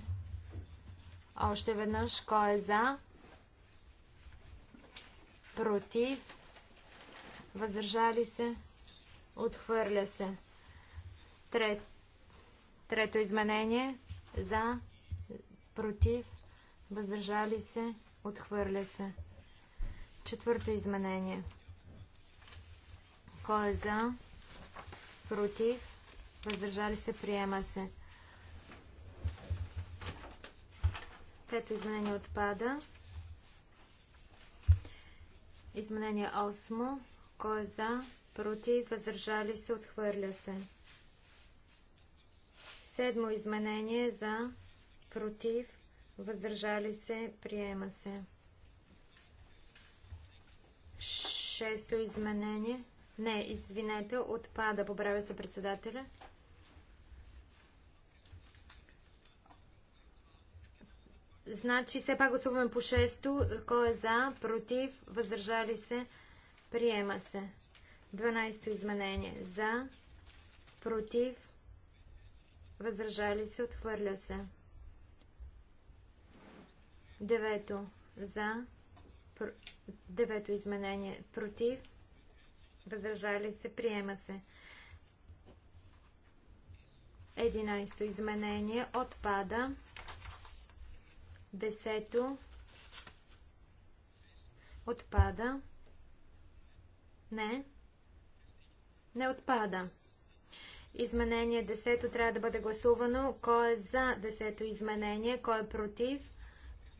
Още веднъж, кой е за? Против, въздържали се, отхвърля се. Трет, трето изменение, за, против, въздържали се, отхвърля се. Четвърто изменение. Кой е за? Против? Въздържали се? Приема се. Пето изменение отпада. Изменение 8. Кой е за? Против? Въздържали се? Отхвърля се. Седмо изменение за? Против? Въздържали се? Приема се. Шесто изменение. Не, извинете, отпада. Поправя се председателя. Значи, все пак гласуваме по 6 Кой е за, против, въздържали се, приема се. Дванайсто изменение. За, против, въздържали се, отхвърля се. Девето, За, Девето изменение. Против. Въздържали се. Приема се. Единайсто изменение. Отпада. Десето. Отпада. Не. Не отпада. Изменение десето трябва да бъде гласувано. Кой е за десето изменение? Кой е против?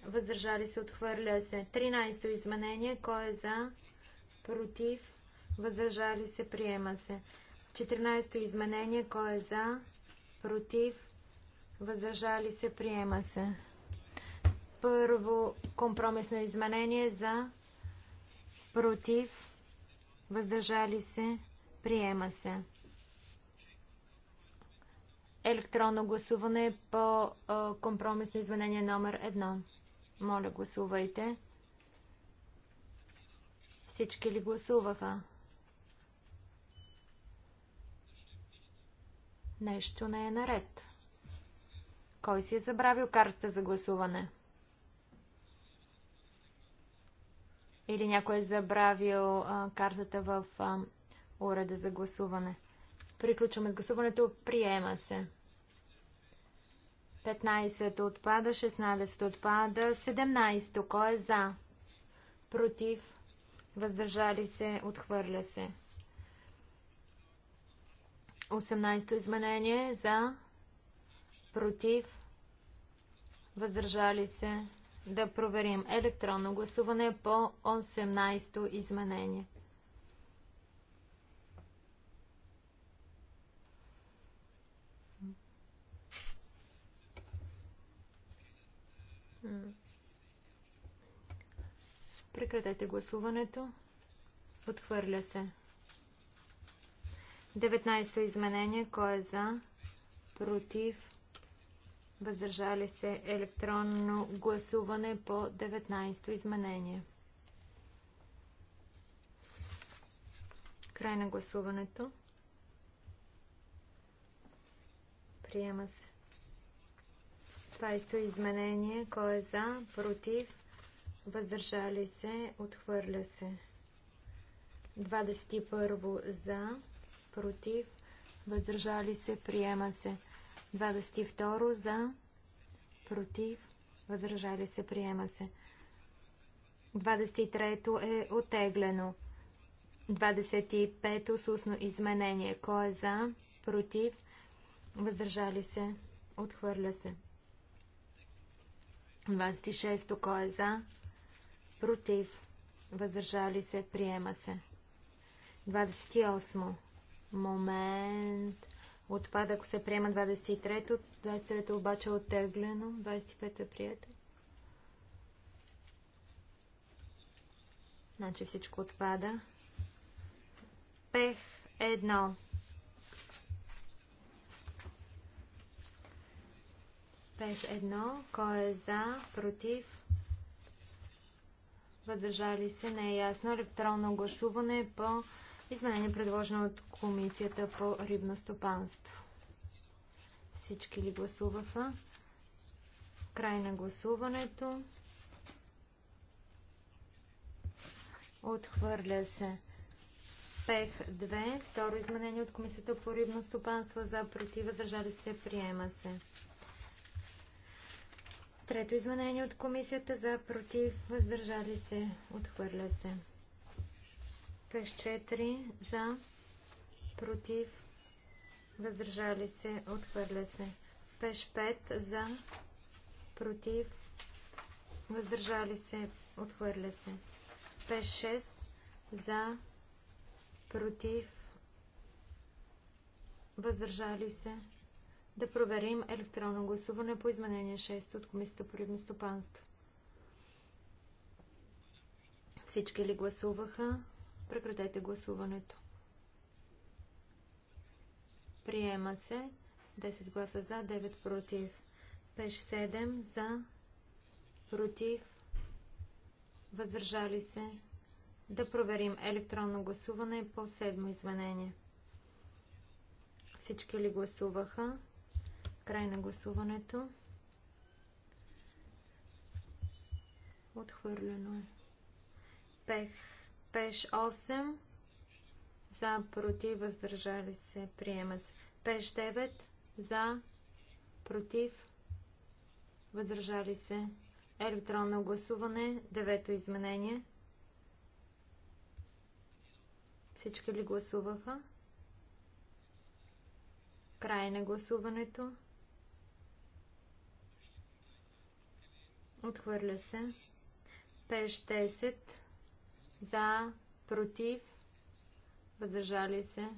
въздържали се, отхвърля се. 13-то изменение, кой е за, против, въздържали се, приема се. 14-то изменение, кой е за, против, въздържали се, приема се. Първо компромисно изменение за, против, въздържали се, приема се. Електронно гласуване по компромисно изменение номер 1. Моля, гласувайте. Всички ли гласуваха? Нещо не е наред. Кой си е забравил картата за гласуване? Или някой е забравил а, картата в а, уреда за гласуване? Приключваме с гласуването. Приема се. 15 отпада, 16 отпада, 17. Кой е за? Против? Въздържали се? Отхвърля се. 18 изменение за? Против? Въздържали се? Да проверим. Електронно гласуване по 18 изменение. Прекратете гласуването. Отхвърля се. 19-то изменение. Кой е за? Против? Въздържали се електронно гласуване по 19-то изменение. Край на гласуването. Приема се. 20-то изменение. Кой е за? Против? Въздържали се? Отхвърля се. 21 за? Против? Въздържали се? Приема се. 22 за? Против? Въздържали се? Приема се. 23 е отеглено. 25 с устно изменение. Кой е за? Против? Въздържали се? Отхвърля се. 26 кой е за? Против. Въздържали се. Приема се. 28 момент. Отпада, ако се приема 23-то. 23-то обаче е оттеглено. 25-то е прието. Значи всичко отпада. Пех едно. Пеш Кой е за? Против? Въздържали се? Не е ясно. Електронно гласуване по изменение предложено от Комисията по рибно стопанство. Всички ли гласуваха? Край на гласуването. Отхвърля се. Пех 2. Второ изменение от Комисията по рибно стопанство за против. Въздържали се. Приема се. Трето изменение от комисията за против, въздържали се, отхвърля се. 4 за против, въздържали се, отхвърля се. Пеш 5 за против, въздържали се, отхвърля се. Пеш 6 за против, въздържали се, да проверим електронно гласуване по изменение 6 от Комисията по рибно стопанство. Всички ли гласуваха? Прекратете гласуването. Приема се 10 гласа за, 9 против. Пеш 7 за, против, въздържали се. Да проверим електронно гласуване по седмо изменение. Всички ли гласуваха? Край на гласуването. Отхвърлено е. Пех. Пеш 8. За, против, въздържали се. Приема се. Пеш 9. За, против, въздържали се. Електронно гласуване. Девето изменение. Всички ли гласуваха? Край на гласуването. Отхвърля се. Пеш 10. За. Против. Въздържали се.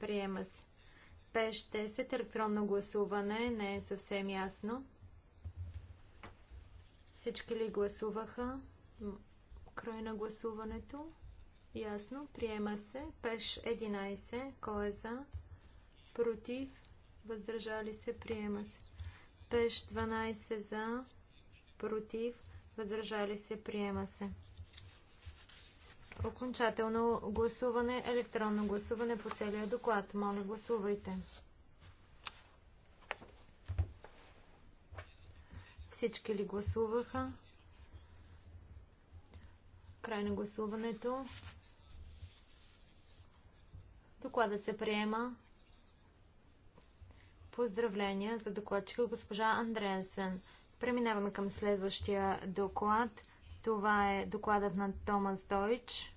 Приема се. Пеш 10. Електронно гласуване. Не е съвсем ясно. Всички ли гласуваха? Край на гласуването. Ясно. Приема се. Пеш 11. Кой е за? Против. Въздържали се. Приема се. Пеш 12 за против, въздържали се, приема се. Окончателно гласуване, електронно гласуване по целия доклад. Моля, гласувайте. Всички ли гласуваха? Край на гласуването. Докладът се приема. Поздравления за докладчика госпожа Андреасен. Преминаваме към следващия доклад. Това е докладът на Томас Дойч.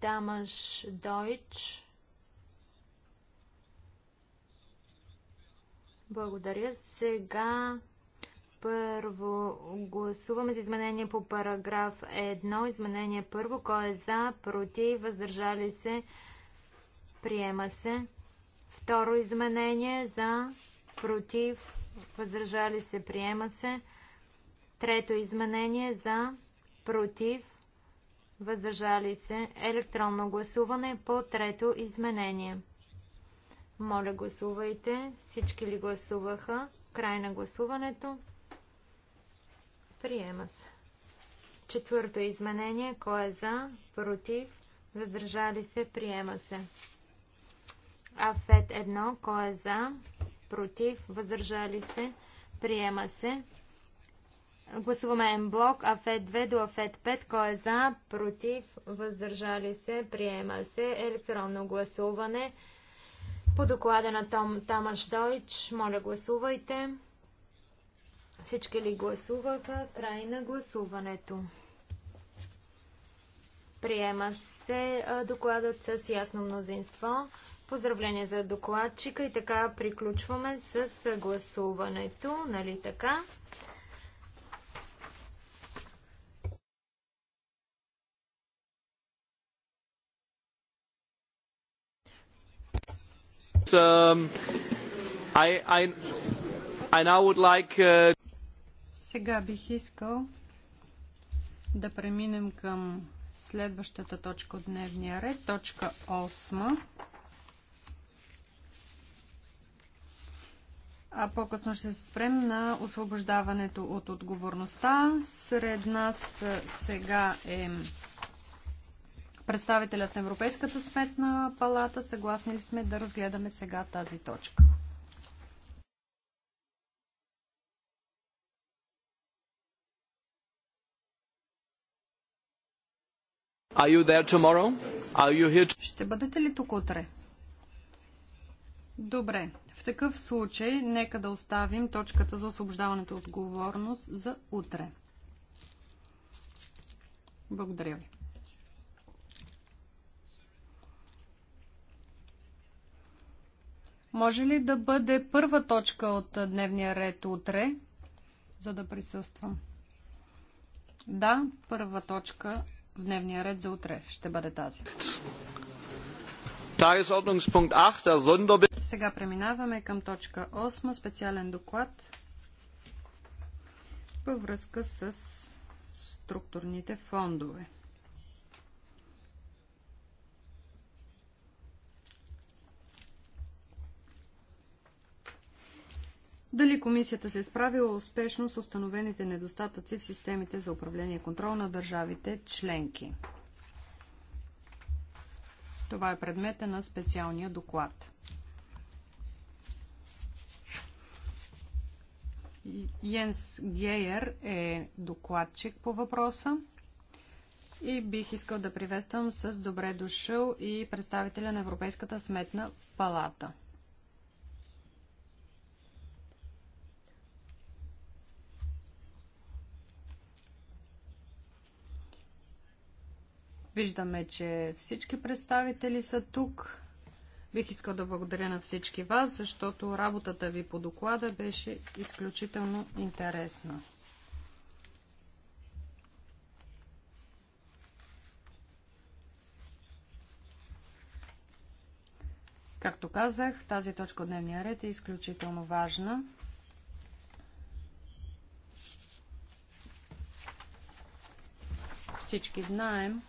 Тамаш Дойч. Благодаря. Сега първо гласуваме за изменение по параграф 1. Изменение първо. Кой е за, против, въздържали се, приема се. Второ изменение за против, въздържали се, приема се. Трето изменение за против, въздържали се, електронно гласуване по трето изменение. Моля гласувайте. Всички ли гласуваха? Край на гласуването. Приема се. Четвърто изменение. Кой е за? Против? Въздържали се? Приема се. Афет 1. Кой е за? Против? Въздържали се? Приема се. Гласуваме М-блок, Афет 2 до Афет 5. Кой е за? Против? Въздържали се? Приема се. Електронно гласуване. По доклада на Том, Тамаш Дойч, моля гласувайте. Всички ли гласуваха? Край на гласуването. Приема се докладът с ясно мнозинство. Поздравление за докладчика и така приключваме с гласуването, нали така? Um, uh, Сега бих искал да преминем към следващата точка от дневния ред, точка 8. А по-късно ще се спрем на освобождаването от отговорността. Сред нас сега е представителят на Европейската сметна палата. Съгласни ли сме да разгледаме сега тази точка? Are you there tomorrow? Are you here? Ще бъдете ли тук утре? Добре. В такъв случай, нека да оставим точката за освобождаването от отговорност за утре. Благодаря ви. Може ли да бъде първа точка от дневния ред утре, за да присъствам? Да, първа точка в дневния ред за утре ще бъде тази. Tagesordnungspunkt 8, der сега преминаваме към точка 8, специален доклад във връзка с структурните фондове. Дали комисията се е справила успешно с установените недостатъци в системите за управление и контрол на държавите членки? Това е предмета на специалния доклад. Йенс Гейер е докладчик по въпроса и бих искал да приветствам с добре дошъл и представителя на Европейската сметна палата. Виждаме, че всички представители са тук. Бих искал да благодаря на всички вас, защото работата ви по доклада беше изключително интересна. Както казах, тази точка от дневния ред е изключително важна. Всички знаем,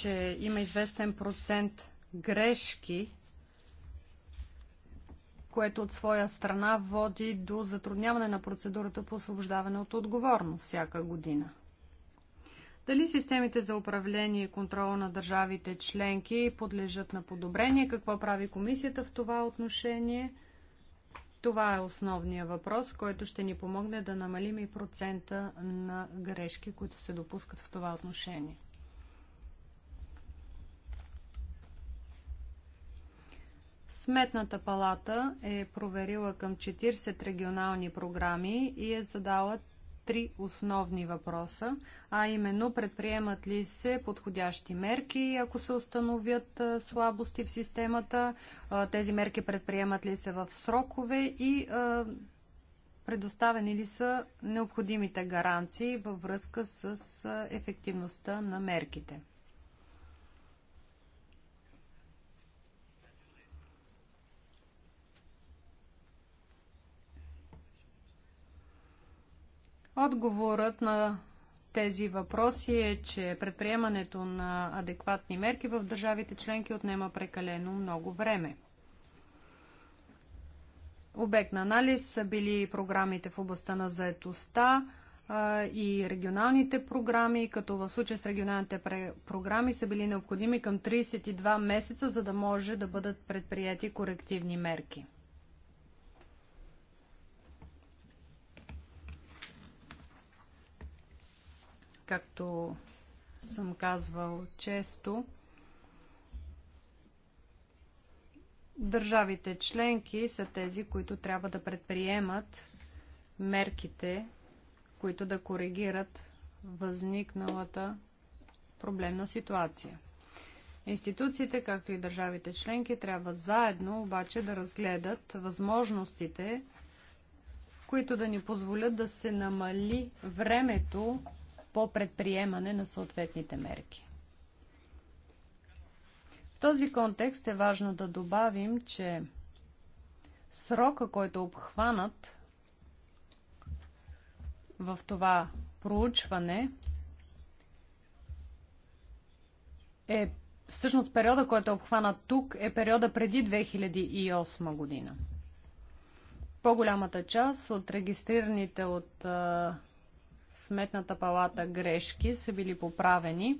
че има известен процент грешки, което от своя страна води до затрудняване на процедурата по освобождаване от отговорност всяка година. Дали системите за управление и контрол на държавите членки подлежат на подобрение? Какво прави комисията в това отношение? Това е основният въпрос, който ще ни помогне да намалим и процента на грешки, които се допускат в това отношение. Сметната палата е проверила към 40 регионални програми и е задала три основни въпроса, а именно предприемат ли се подходящи мерки, ако се установят слабости в системата, тези мерки предприемат ли се в срокове и предоставени ли са необходимите гаранции във връзка с ефективността на мерките. Отговорът на тези въпроси е, че предприемането на адекватни мерки в държавите членки отнема прекалено много време. Обект на анализ са били програмите в областта на заетостта и регионалните програми, като в случая с регионалните програми са били необходими към 32 месеца, за да може да бъдат предприяти корективни мерки. Както съм казвал често, държавите членки са тези, които трябва да предприемат мерките, които да коригират възникналата проблемна ситуация. Институциите, както и държавите членки, трябва заедно обаче да разгледат възможностите, които да ни позволят да се намали времето, по предприемане на съответните мерки. В този контекст е важно да добавим, че срока, който е обхванат в това проучване, е всъщност периода, който е обхванат тук, е периода преди 2008 година. По-голямата част от регистрираните от а, Сметната палата грешки са били поправени.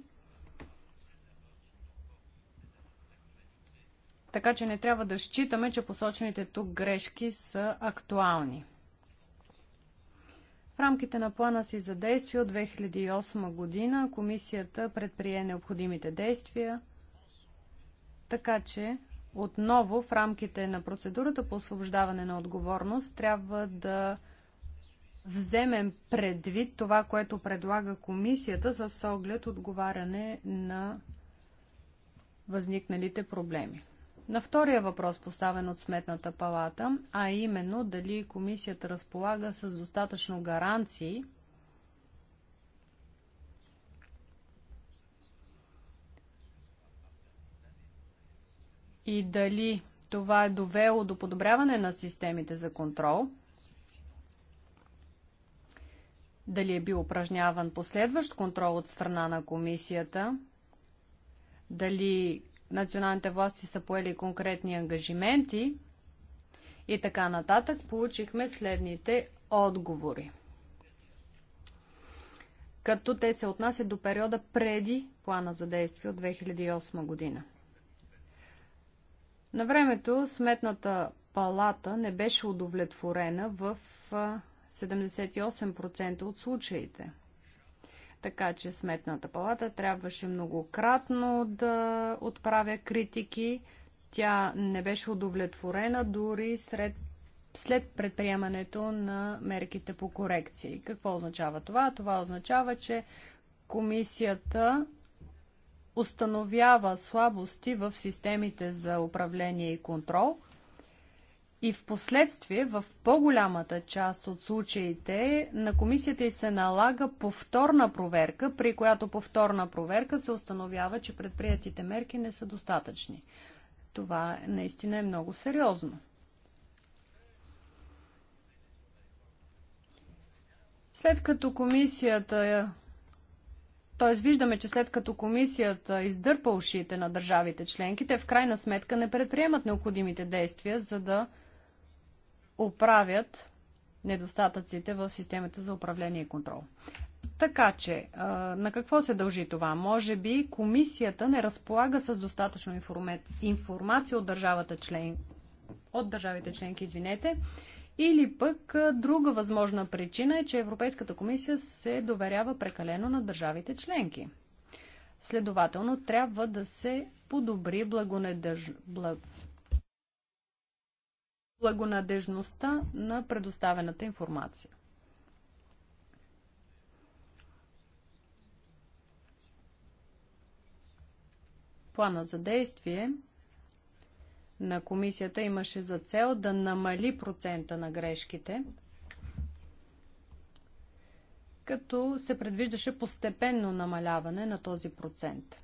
Така че не трябва да считаме, че посочените тук грешки са актуални. В рамките на плана си за действие от 2008 година комисията предприе необходимите действия, така че отново в рамките на процедурата по освобождаване на отговорност трябва да вземем предвид това, което предлага комисията с оглед отговаряне на възникналите проблеми. На втория въпрос, поставен от Сметната палата, а именно дали комисията разполага с достатъчно гаранции и дали това е довело до подобряване на системите за контрол – дали е бил упражняван последващ контрол от страна на комисията, дали националните власти са поели конкретни ангажименти и така нататък, получихме следните отговори. Като те се отнасят до периода преди плана за действие от 2008 година. На времето Сметната палата не беше удовлетворена в 78% от случаите. Така че Сметната палата трябваше многократно да отправя критики. Тя не беше удовлетворена дори сред след предприемането на мерките по корекции. Какво означава това? Това означава, че комисията установява слабости в системите за управление и контрол и в последствие, в по-голямата част от случаите, на комисията й се налага повторна проверка, при която повторна проверка се установява, че предприятите мерки не са достатъчни. Това наистина е много сериозно. След като комисията т.е. виждаме, че след като комисията издърпа ушите на държавите членки, те в крайна сметка не предприемат необходимите действия, за да оправят недостатъците в системата за управление и контрол. Така че, на какво се дължи това? Може би комисията не разполага с достатъчно информация от държавата член, от държавите членки, извинете, или пък друга възможна причина е, че Европейската комисия се доверява прекалено на държавите членки. Следователно, трябва да се подобри благонадеж благонадежността на предоставената информация. Плана за действие на комисията имаше за цел да намали процента на грешките, като се предвиждаше постепенно намаляване на този процент.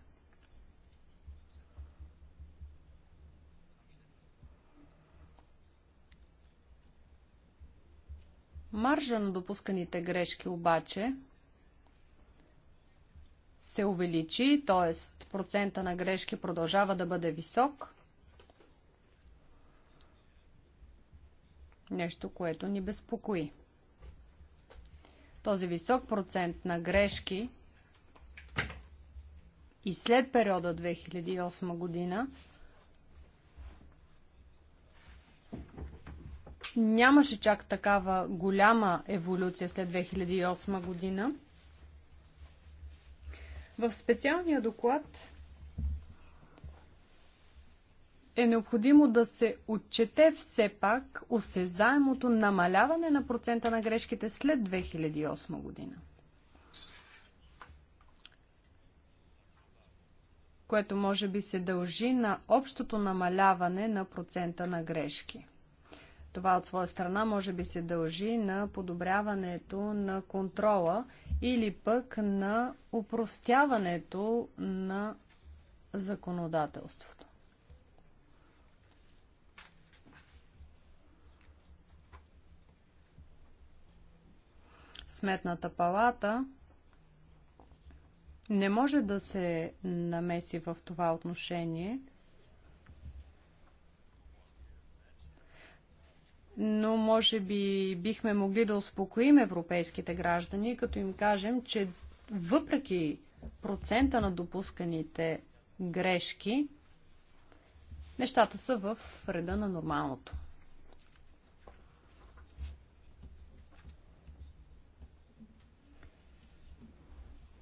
Маржа на допусканите грешки обаче се увеличи, т.е. процента на грешки продължава да бъде висок. Нещо, което ни безпокои. Този висок процент на грешки и след периода 2008 година нямаше чак такава голяма еволюция след 2008 година. В специалния доклад е необходимо да се отчете все пак осезаемото намаляване на процента на грешките след 2008 година. което може би се дължи на общото намаляване на процента на грешки – това от своя страна може би се дължи на подобряването на контрола или пък на упростяването на законодателството. Сметната палата не може да се намеси в това отношение – но може би бихме могли да успокоим европейските граждани, като им кажем, че въпреки процента на допусканите грешки, нещата са в реда на нормалното.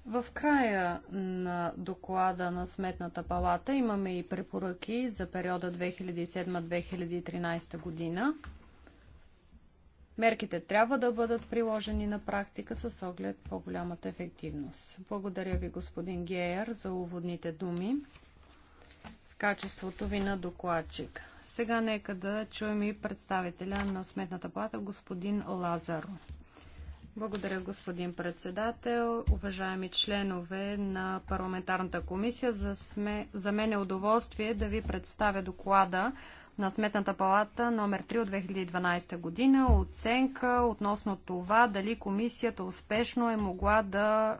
В края на доклада на Сметната палата имаме и препоръки за периода 2007-2013 година. Мерките трябва да бъдат приложени на практика с оглед по-голямата ефективност. Благодаря ви, господин Геер, за уводните думи в качеството ви на докладчик. Сега нека да чуем и представителя на Сметната плата, господин Лазаро. Благодаря, господин председател. Уважаеми членове на парламентарната комисия, за, сме... за мен е удоволствие да ви представя доклада на Сметната палата номер 3 от 2012 година оценка относно това дали комисията успешно е могла да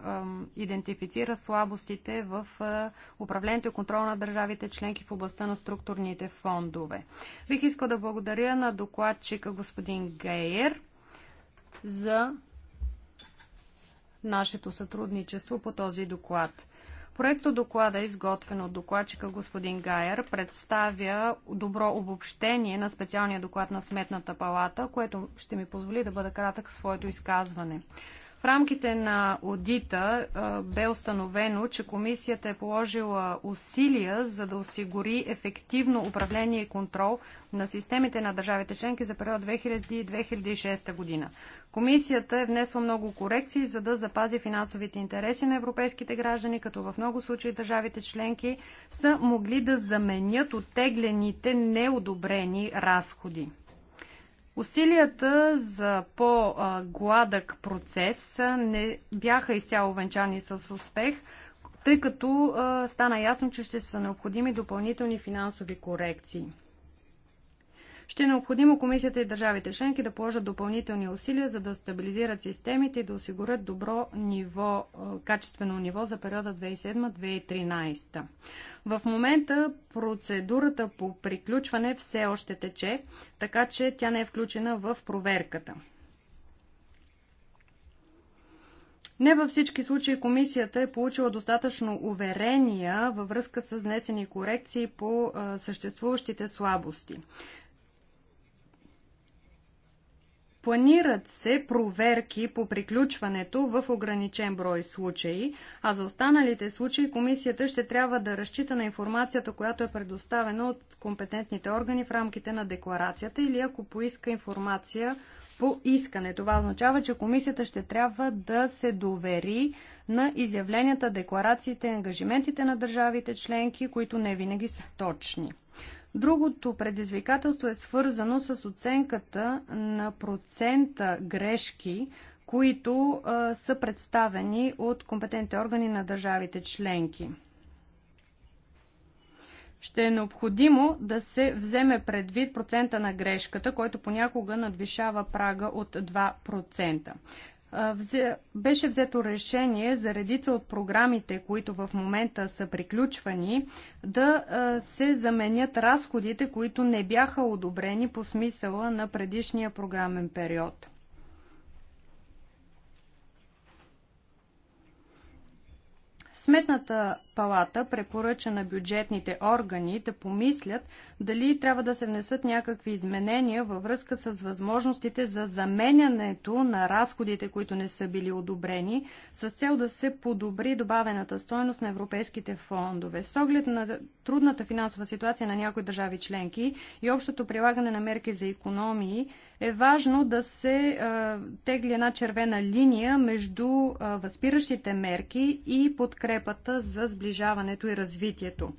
идентифицира слабостите в е, управлението и контрол на държавите членки в областта на структурните фондове. Бих искал да благодаря на докладчика господин Гейер за нашето сътрудничество по този доклад. Проекто доклада, изготвен от докладчика господин Гайер, представя добро обобщение на специалния доклад на Сметната палата, което ще ми позволи да бъда кратък в своето изказване. В рамките на Одита бе установено, че комисията е положила усилия за да осигури ефективно управление и контрол на системите на държавите членки за период 2000-2006 година. Комисията е внесла много корекции, за да запази финансовите интереси на европейските граждани, като в много случаи държавите членки са могли да заменят оттеглените неодобрени разходи. Усилията за по-гладък процес не бяха изцяло венчани с успех, тъй като стана ясно, че ще са необходими допълнителни финансови корекции. Ще е необходимо комисията и държавите членки да положат допълнителни усилия, за да стабилизират системите и да осигурят добро ниво, качествено ниво за периода 2007-2013. В момента процедурата по приключване все още тече, така че тя не е включена в проверката. Не във всички случаи комисията е получила достатъчно уверения във връзка с внесени корекции по съществуващите слабости. Планират се проверки по приключването в ограничен брой случаи, а за останалите случаи комисията ще трябва да разчита на информацията, която е предоставена от компетентните органи в рамките на декларацията или ако поиска информация по искане. Това означава, че комисията ще трябва да се довери на изявленията, декларациите и ангажиментите на държавите членки, които не винаги са точни. Другото предизвикателство е свързано с оценката на процента грешки, които а, са представени от компетентните органи на държавите членки. Ще е необходимо да се вземе предвид процента на грешката, който понякога надвишава прага от 2% беше взето решение за редица от програмите, които в момента са приключвани, да се заменят разходите, които не бяха одобрени по смисъла на предишния програмен период. Сметната палата препоръча на бюджетните органи да помислят дали трябва да се внесат някакви изменения във връзка с възможностите за заменянето на разходите, които не са били одобрени, с цел да се подобри добавената стойност на европейските фондове. С оглед на трудната финансова ситуация на някои държави членки и общото прилагане на мерки за економии, е важно да се а, е, тегли една червена линия между а, е, възпиращите мерки и подкрепата за сближаването и развитието.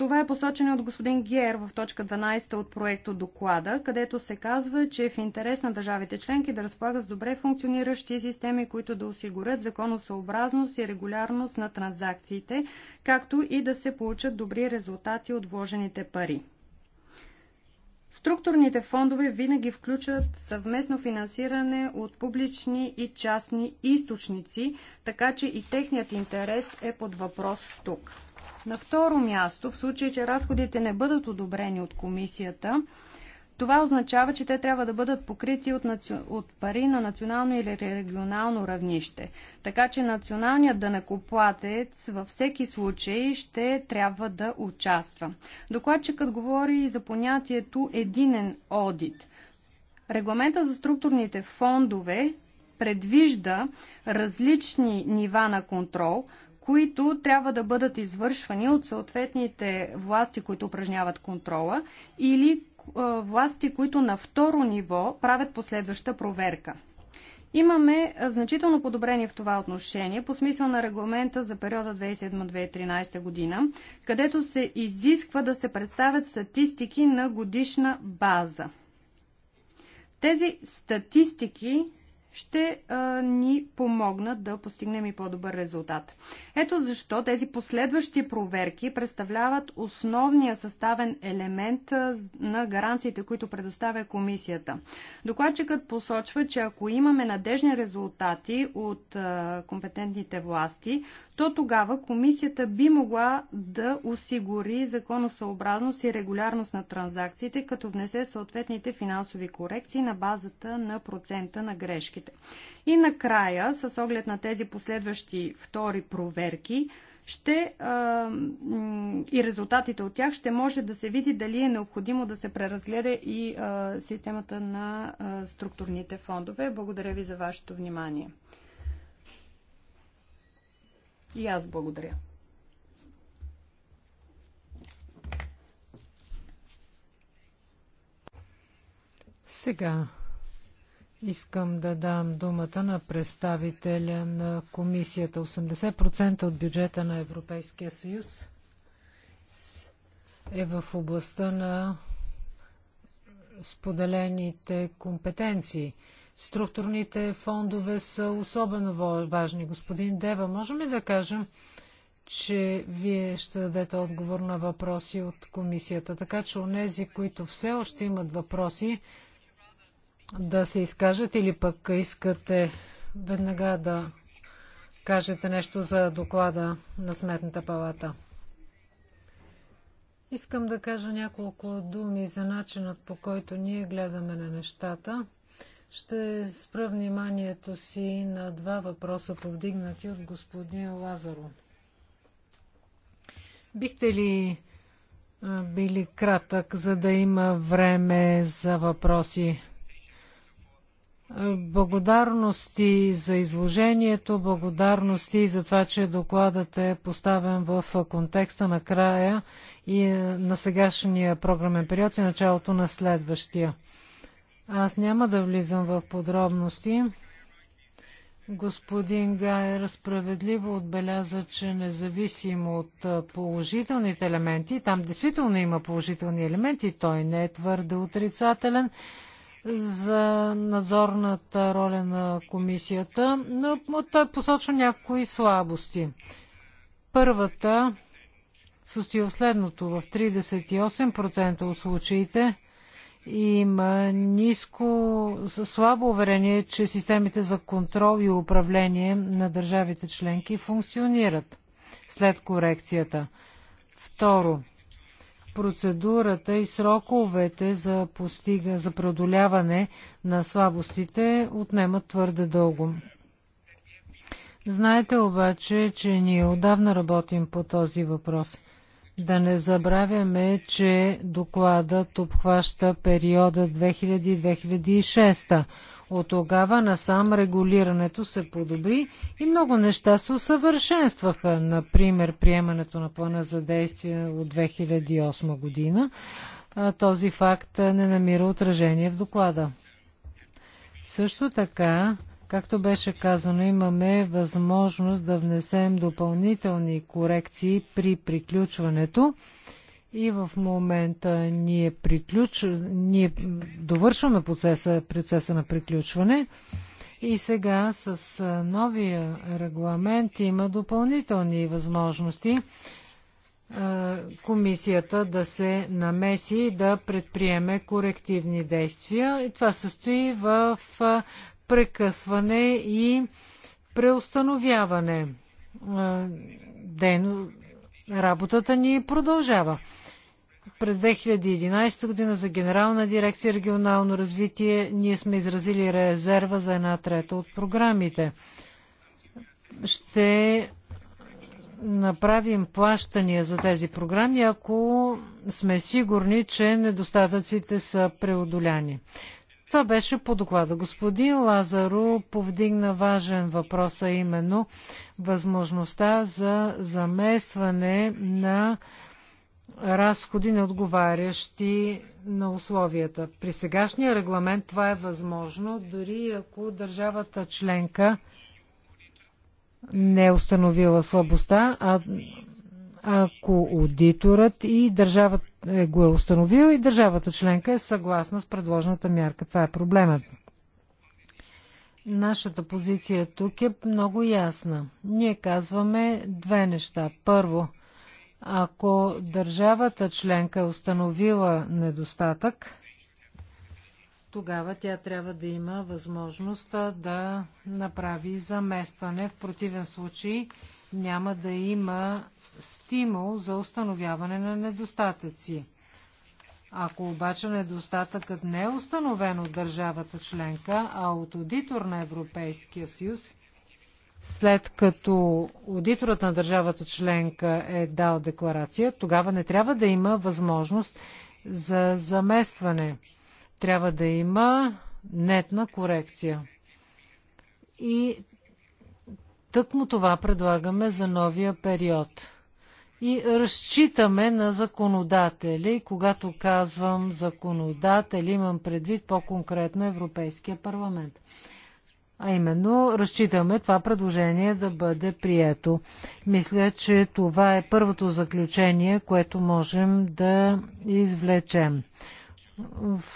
Това е посочено от господин Гер в точка 12 от проекта доклада, където се казва, че е в интерес на държавите членки да разполагат с добре функциониращи системи, които да осигурят законосъобразност и регулярност на транзакциите, както и да се получат добри резултати от вложените пари. Структурните фондове винаги включат съвместно финансиране от публични и частни източници, така че и техният интерес е под въпрос тук. На второ място, в случай, че разходите не бъдат одобрени от комисията, това означава, че те трябва да бъдат покрити от, наци... от пари на национално или регионално равнище. Така че националният дънакоплатец във всеки случай ще трябва да участва. Докладчикът говори и за понятието единен одит. Регламента за структурните фондове предвижда различни нива на контрол, които трябва да бъдат извършвани от съответните власти, които упражняват контрола, или власти, които на второ ниво правят последваща проверка. Имаме значително подобрение в това отношение по смисъл на регламента за периода 2007-2013 година, където се изисква да се представят статистики на годишна база. Тези статистики ще а, ни помогнат да постигнем и по-добър резултат. Ето защо тези последващи проверки представляват основния съставен елемент а, на гаранциите, които предоставя комисията. Докладчикът посочва, че ако имаме надежни резултати от а, компетентните власти, то тогава комисията би могла да осигури законосъобразност и регулярност на транзакциите, като внесе съответните финансови корекции на базата на процента на грешките. И накрая, с оглед на тези последващи втори проверки, ще, а, и резултатите от тях ще може да се види дали е необходимо да се преразгледа и а, системата на а, структурните фондове. Благодаря ви за вашето внимание. И аз благодаря. Сега искам да дам думата на представителя на комисията. 80% от бюджета на Европейския съюз е в областта на споделените компетенции. Структурните фондове са особено важни. Господин Дева, можем ли да кажем, че вие ще дадете отговор на въпроси от комисията, така че онези, които все още имат въпроси, да се изкажат или пък искате веднага да кажете нещо за доклада на Сметната палата. Искам да кажа няколко думи за начинът по който ние гледаме на нещата. Ще спра вниманието си на два въпроса, повдигнати от господин Лазаро. Бихте ли били кратък, за да има време за въпроси? Благодарности за изложението, благодарности за това, че докладът е поставен в контекста на края и на сегашния програмен период и началото на следващия. Аз няма да влизам в подробности. Господин Гайер справедливо отбеляза, че независимо от положителните елементи, там действително има положителни елементи, той не е твърде отрицателен за надзорната роля на комисията, но той посочва някои слабости. Първата състои в следното. В 38% от случаите има ниско, слабо уверение, че системите за контрол и управление на държавите членки функционират след корекцията. Второ, процедурата и сроковете за, постига, за преодоляване на слабостите отнемат твърде дълго. Знаете обаче, че ние отдавна работим по този въпрос. Да не забравяме, че докладът обхваща периода 2000-2006. От тогава насам регулирането се подобри и много неща се усъвършенстваха. Например, приемането на плана за действие от 2008 година. Този факт не намира отражение в доклада. Също така Както беше казано, имаме възможност да внесем допълнителни корекции при приключването. И в момента ние, приключ... ние довършваме процеса, процеса на приключване. И сега с новия регламент има допълнителни възможности комисията да се намеси и да предприеме корективни действия. И това състои в прекъсване и преустановяване. Ден, работата ни продължава. През 2011 година за Генерална дирекция регионално развитие ние сме изразили резерва за една трета от програмите. Ще направим плащания за тези програми, ако сме сигурни, че недостатъците са преодоляни. Това беше по доклада. Господин Лазаро повдигна важен въпрос, а именно възможността за заместване на разходи, не отговарящи на условията. При сегашния регламент това е възможно, дори ако държавата членка не е установила слабостта, а ако аудиторът и държавата е го е установил и държавата членка е съгласна с предложената мярка. Това е проблемът. Нашата позиция тук е много ясна. Ние казваме две неща. Първо, ако държавата членка е установила недостатък, тогава тя трябва да има възможност да направи заместване. В противен случай няма да има стимул за установяване на недостатъци. Ако обаче недостатъкът не е установен от държавата членка, а от аудитор на Европейския съюз, след като аудиторът на държавата членка е дал декларация, тогава не трябва да има възможност за заместване. Трябва да има нетна корекция. И тъкмо това предлагаме за новия период. И разчитаме на законодатели. Когато казвам законодатели, имам предвид по-конкретно Европейския парламент. А именно, разчитаме това предложение да бъде прието. Мисля, че това е първото заключение, което можем да извлечем.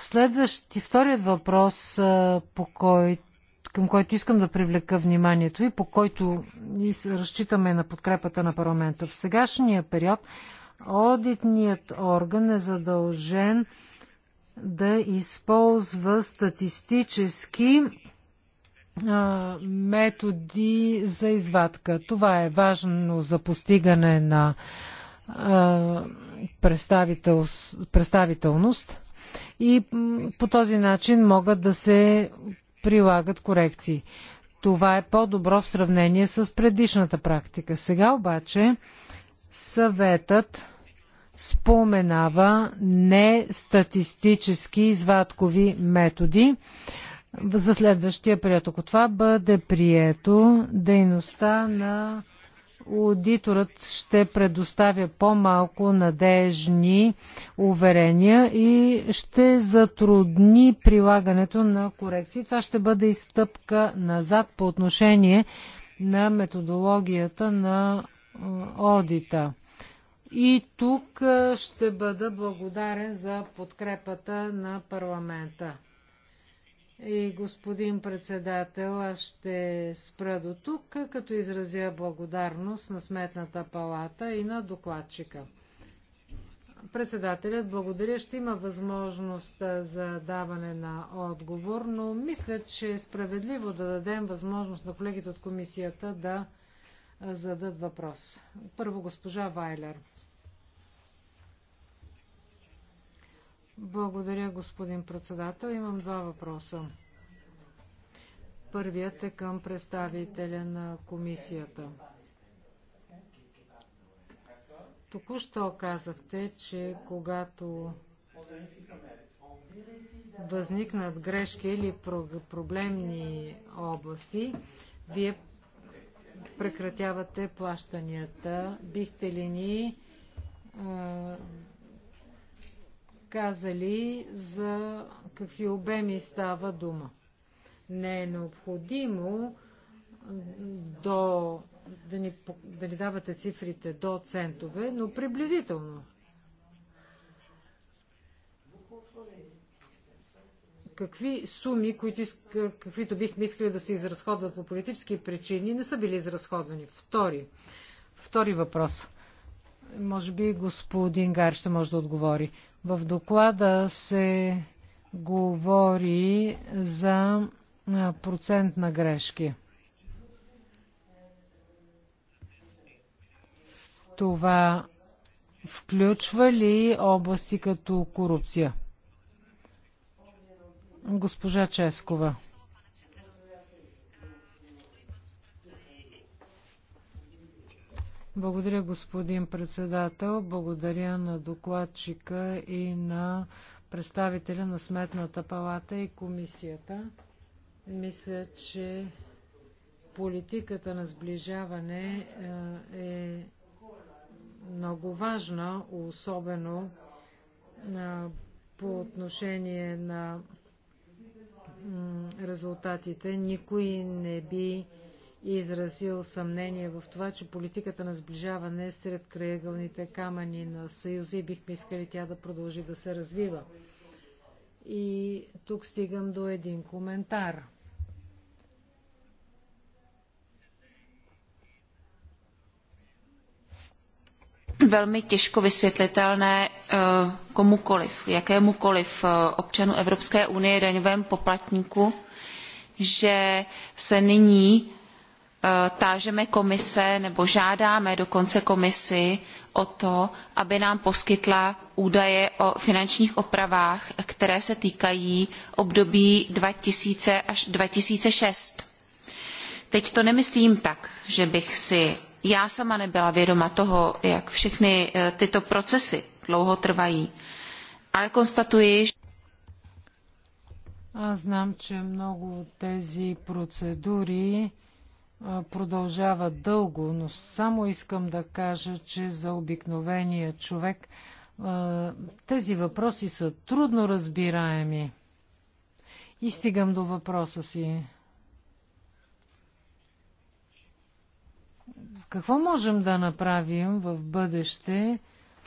Следващи, вторият въпрос, по който към който искам да привлека вниманието и по който разчитаме на подкрепата на парламента. В сегашния период одитният орган е задължен да използва статистически а, методи за извадка. Това е важно за постигане на а, представител, представителност и по този начин могат да се прилагат корекции. Това е по-добро в сравнение с предишната практика. Сега обаче съветът споменава не статистически извадкови методи за следващия период. Ако това бъде прието, дейността на аудиторът ще предоставя по-малко надежни уверения и ще затрудни прилагането на корекции. Това ще бъде и стъпка назад по отношение на методологията на одита. И тук ще бъда благодарен за подкрепата на парламента. И господин председател, аз ще спра до тук, като изразя благодарност на Сметната палата и на докладчика. Председателят, благодаря. Ще има възможност за даване на отговор, но мисля, че е справедливо да дадем възможност на колегите от комисията да зададат въпрос. Първо госпожа Вайлер. Благодаря, господин председател. Имам два въпроса. Първият е към представителя на комисията. Току-що казахте, че когато възникнат грешки или проблемни области, вие прекратявате плащанията. Бихте ли ни казали за какви обеми става дума. Не е необходимо до, да, ни, да ни давате цифрите до центове, но приблизително. Какви суми, които, каквито бихме искали да се изразходват по политически причини, не са били изразходвани. Втори, втори въпрос. Може би господин Гар ще може да отговори. В доклада се говори за процент на грешки. Това включва ли области като корупция? Госпожа Ческова. Благодаря, господин председател. Благодаря на докладчика и на представителя на Сметната палата и комисията. Мисля, че политиката на сближаване е, е много важна, особено по отношение на резултатите. Никой не би изразил съмнение в това, че политиката на сближаване е сред краегълните камъни на Съюза и бихме искали тя да продължи да се развива. И тук стигам до един коментар. velmi těžko vysvětlitelné eh, komukoliv, jakémukoliv eh, občanu Evropské unie, daňovém poplatníku, že se nyní tážeme komise nebo žádáme dokonce komisi o to, aby nám poskytla údaje o finančních opravách, které se týkají období 2000 až 2006. Teď to nemyslím tak, že bych si já sama nebyla vědoma toho, jak všechny tyto procesy dlouho trvají, ale konstatuji, že Аз знам, че много тези процедури продължава дълго, но само искам да кажа, че за обикновения човек тези въпроси са трудно разбираеми. И стигам до въпроса си. Какво можем да направим в бъдеще,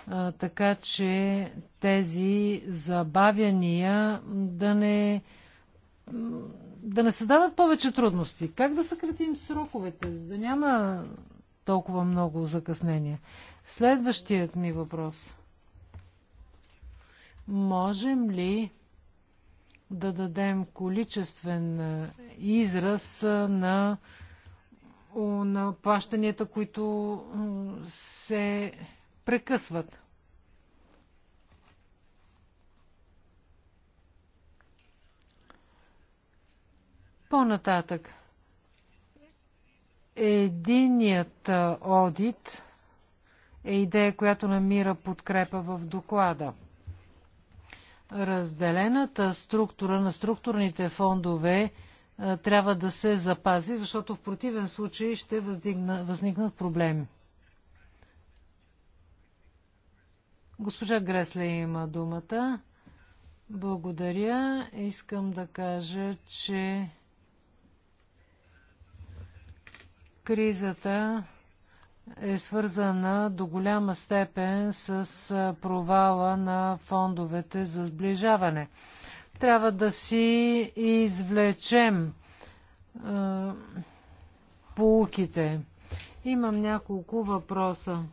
а, така че тези забавяния да не да не създават повече трудности. Как да съкратим сроковете, за да няма толкова много закъснения? Следващият ми въпрос. Можем ли да дадем количествен израз на, на плащанията, които се прекъсват? По-нататък. Единият одит е идея, която намира подкрепа в доклада. Разделената структура на структурните фондове трябва да се запази, защото в противен случай ще въздигна, възникнат проблеми. Госпожа Гресле има думата. Благодаря. Искам да кажа, че Кризата е свързана до голяма степен с провала на фондовете за сближаване. Трябва да си извлечем е, полуките. Имам няколко въпроса.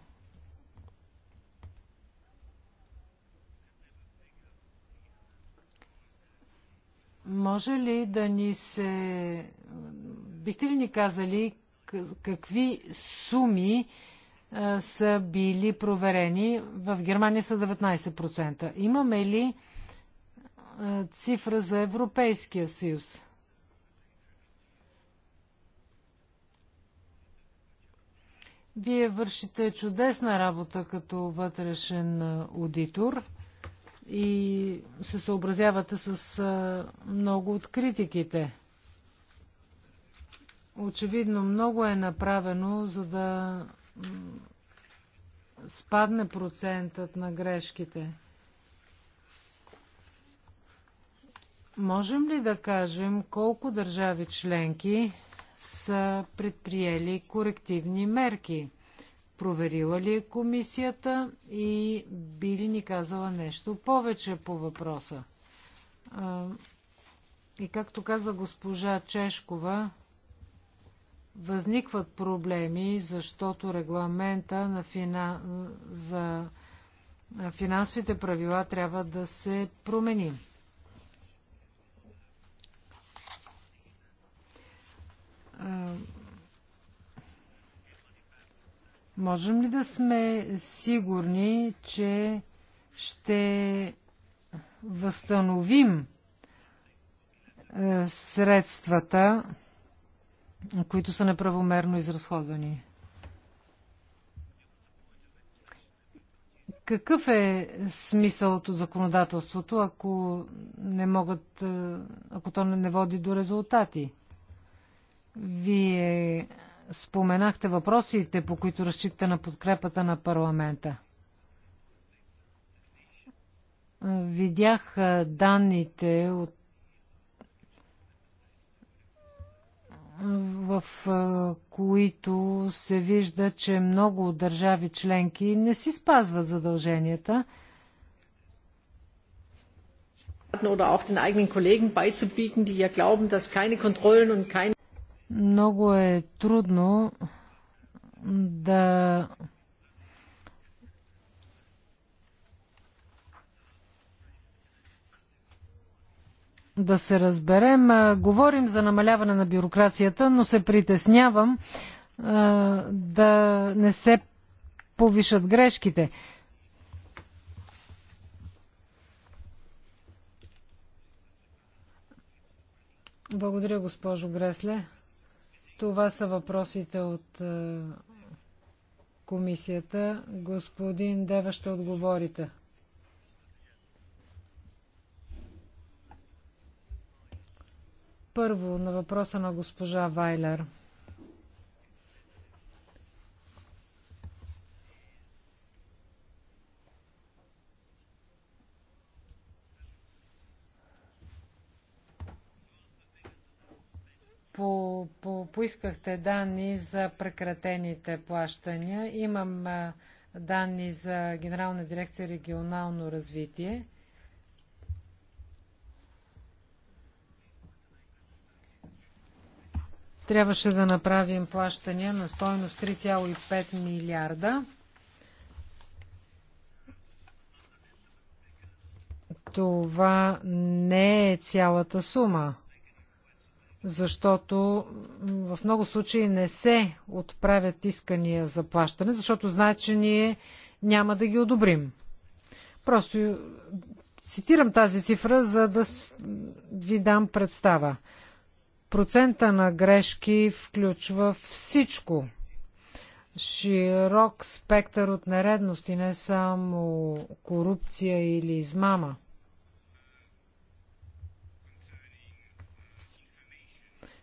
Може ли да ни се... Бихте ли ни казали какви суми са били проверени. В Германия са 19%. Имаме ли цифра за Европейския съюз? Вие вършите чудесна работа като вътрешен аудитор и се съобразявате с много от критиките. Очевидно много е направено, за да спадне процентът на грешките. Можем ли да кажем колко държави членки са предприели корективни мерки? Проверила ли е комисията и би ли ни казала нещо повече по въпроса? И както каза госпожа Чешкова, възникват проблеми, защото регламента на фина... за финансовите правила трябва да се промени. Можем ли да сме сигурни, че ще възстановим средствата, които са неправомерно изразходвани. Какъв е смисълът от законодателството, ако не могат, е, ако то не води до резултати? Вие споменахте въпросите, по които разчитате на подкрепата на парламента. Видях е, данните от в които се вижда, че много държави членки не си спазват задълженията. Oder auch den eigenen Kollegen beizubiegen, die ja glauben, dass keine Kontrollen und keine много е трудно да да се разберем. Говорим за намаляване на бюрокрацията, но се притеснявам да не се повишат грешките. Благодаря, госпожо Гресле. Това са въпросите от комисията. Господин Дева ще отговорите. Първо на въпроса на госпожа Вайлер. по, по, поискахте данни за прекратените плащания. Имам данни за Генерална дирекция регионално развитие. Трябваше да направим плащания на стойност 3,5 милиарда. Това не е цялата сума, защото в много случаи не се отправят искания за плащане, защото знаят, че ние няма да ги одобрим. Просто цитирам тази цифра, за да ви дам представа. Процента на грешки включва всичко. Широк спектър от нередности, не само корупция или измама.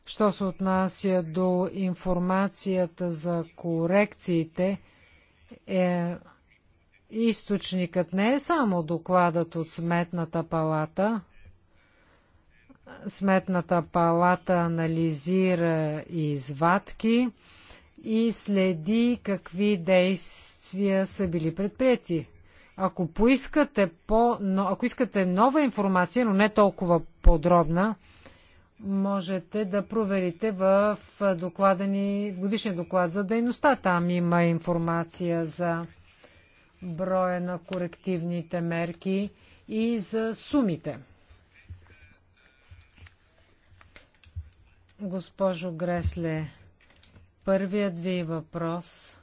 Що се отнася до информацията за корекциите, е, източникът не е само докладът от Сметната палата, Сметната палата анализира извадки и следи какви действия са били предприяти. Ако поискате, по, но, ако искате нова информация, но не толкова подробна, можете да проверите в доклада ни, в годишния доклад за дейността. Там има информация за броя на корективните мерки и за сумите. Госпожо Гресле, първият ви въпрос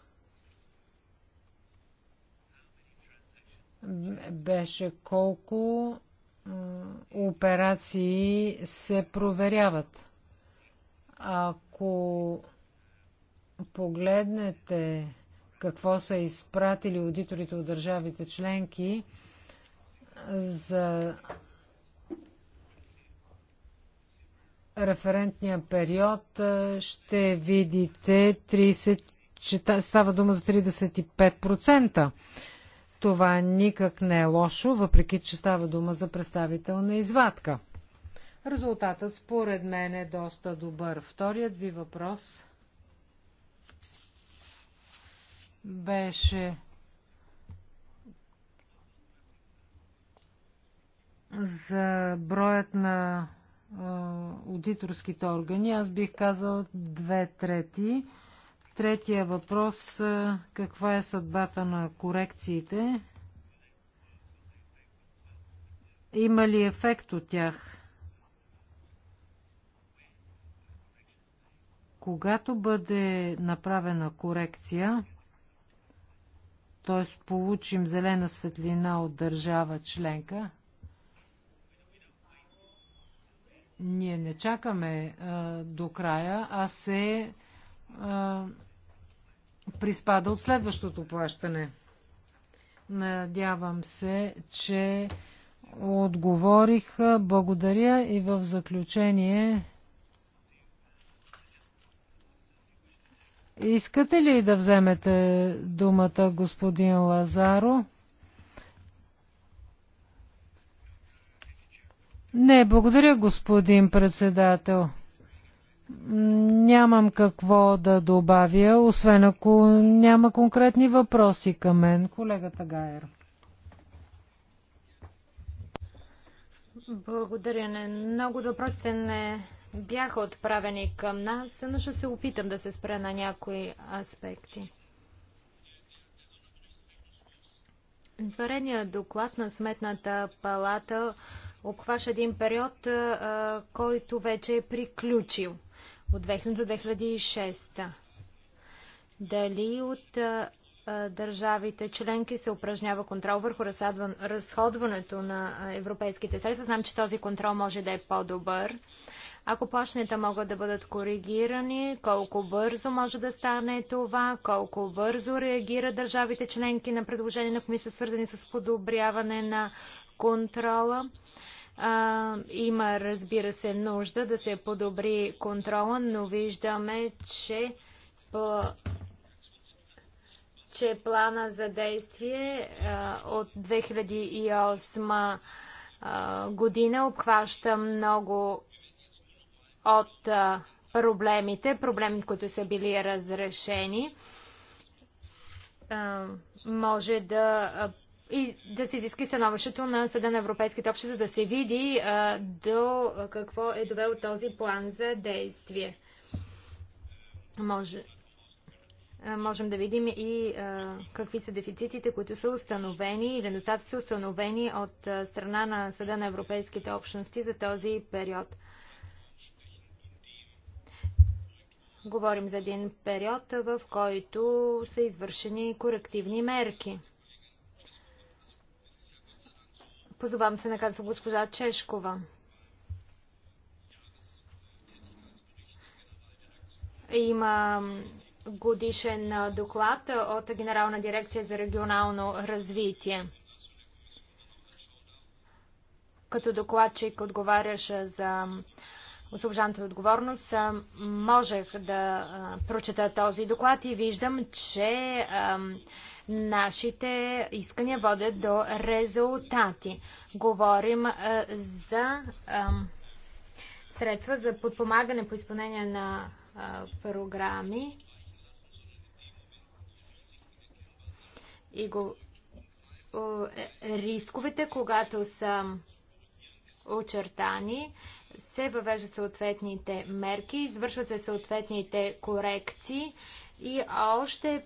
беше колко операции се проверяват. Ако погледнете какво са изпратили аудиторите от държавите членки за референтния период ще видите 30, става дума за 35%. Това никак не е лошо, въпреки че става дума за представителна извадка. Резултатът според мен е доста добър. Вторият ви въпрос беше за броят на аудиторските органи. Аз бих казал две трети. Третия въпрос – каква е съдбата на корекциите? Има ли ефект от тях? Когато бъде направена корекция, т.е. получим зелена светлина от държава членка, Ние не чакаме а, до края, а се а, приспада от следващото плащане. Надявам се, че отговорих. Благодаря и в заключение. Искате ли да вземете думата, господин Лазаро? Не, благодаря, господин председател. Нямам какво да добавя, освен ако няма конкретни въпроси към мен, колегата Гайер. Благодаря. Не. Много въпросите не бяха отправени към нас, но ще се опитам да се спра на някои аспекти. Изваредният доклад на Сметната палата обхваща един период, който вече е приключил от 2000 до 2006. Дали от държавите членки се упражнява контрол върху разходването на европейските средства. Знам, че този контрол може да е по-добър. Ако плащанията могат да бъдат коригирани, колко бързо може да стане това, колко бързо реагира държавите членки на предложения на комисия, свързани с подобряване на контрола. А, има, разбира се, нужда да се подобри контрола, но виждаме, че, по, че плана за действие а, от 2008 а, година обхваща много от а, проблемите, проблемите, които са били разрешени. А, може да и да се изиски становището на Съда на Европейските общи, за да се види а, до какво е довел този план за действие. Може, а, можем да видим и а, какви са дефицитите, които са установени или недостатъци са установени от а, страна на Съда на Европейските общности за този период. Говорим за един период, в който са извършени корективни мерки. Позовавам се на казва госпожа Чешкова. Има годишен доклад от Генерална дирекция за регионално развитие. Като докладчик отговаряш за освобождането отговорност, можех да прочета този доклад и виждам, че нашите искания водят до резултати. Говорим за средства за подпомагане по изпълнение на програми и го, е, рисковете, когато са очертани, се въвеждат съответните мерки, извършват се съответните корекции и още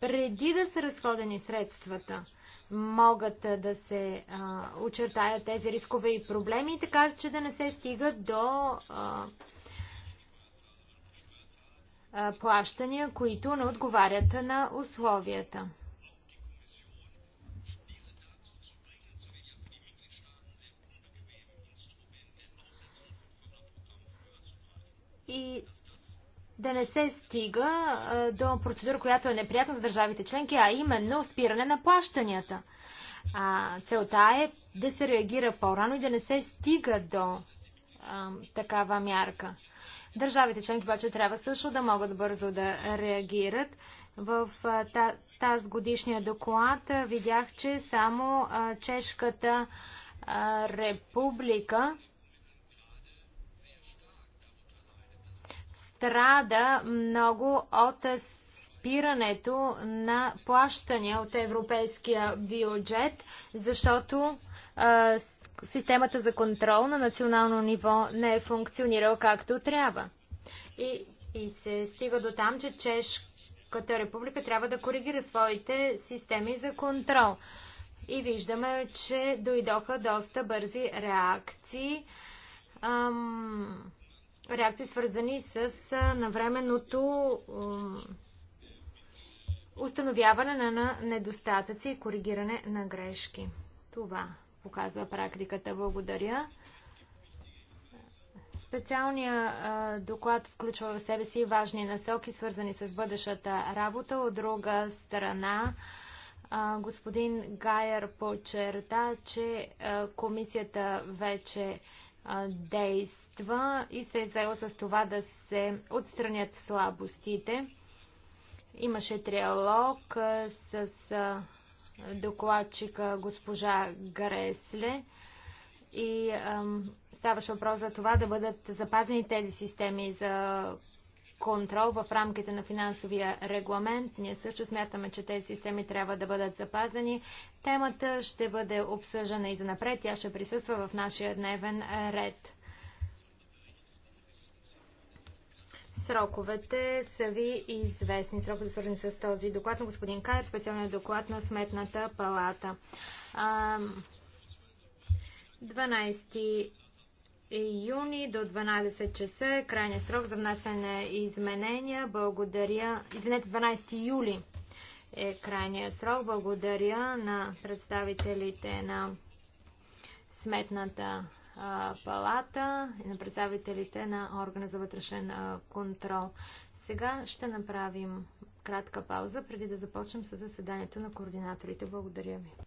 преди да са разходени средствата, могат да се а, очертаят тези рискове и проблеми, така че да не се стига до а, а, плащания, които не отговарят на условията. и да не се стига а, до процедура, която е неприятна за държавите членки, а именно спиране на плащанията. А, целта е да се реагира по-рано и да не се стига до а, такава мярка. Държавите членки обаче трябва също да могат бързо да реагират. В а, годишния доклад видях, че само а, Чешката а, република страда много от спирането на плащания от европейския бюджет, защото а, системата за контрол на национално ниво не е функционирала както трябва. И, и се стига до там, че Чешката република трябва да коригира своите системи за контрол. И виждаме, че дойдоха доста бързи реакции. Ам реакции, свързани с навременното установяване на недостатъци и коригиране на грешки. Това показва практиката. Благодаря. Специалният доклад включва в себе си важни насоки, свързани с бъдещата работа. От друга страна, господин Гайер подчерта, че комисията вече е действа и се е заела с това да се отстранят слабостите. Имаше триалог с докладчика госпожа Гресле и ставаше въпрос за това да бъдат запазени тези системи за контрол в рамките на финансовия регламент. Ние също смятаме, че тези системи трябва да бъдат запазени. Темата ще бъде обсъждана и за напред. Тя ще присъства в нашия дневен ред. Сроковете са ви известни. Сроковете свързани с този доклад на господин Кайер, специалният доклад на Сметната палата. 12 юни до 12 часа е крайният срок за внасяне изменения. Благодаря. Извинете, 12 юли е крайният срок. Благодаря на представителите на Сметната а, палата и на представителите на органа за вътрешен а, контрол. Сега ще направим кратка пауза, преди да започнем с заседанието на координаторите. Благодаря ви.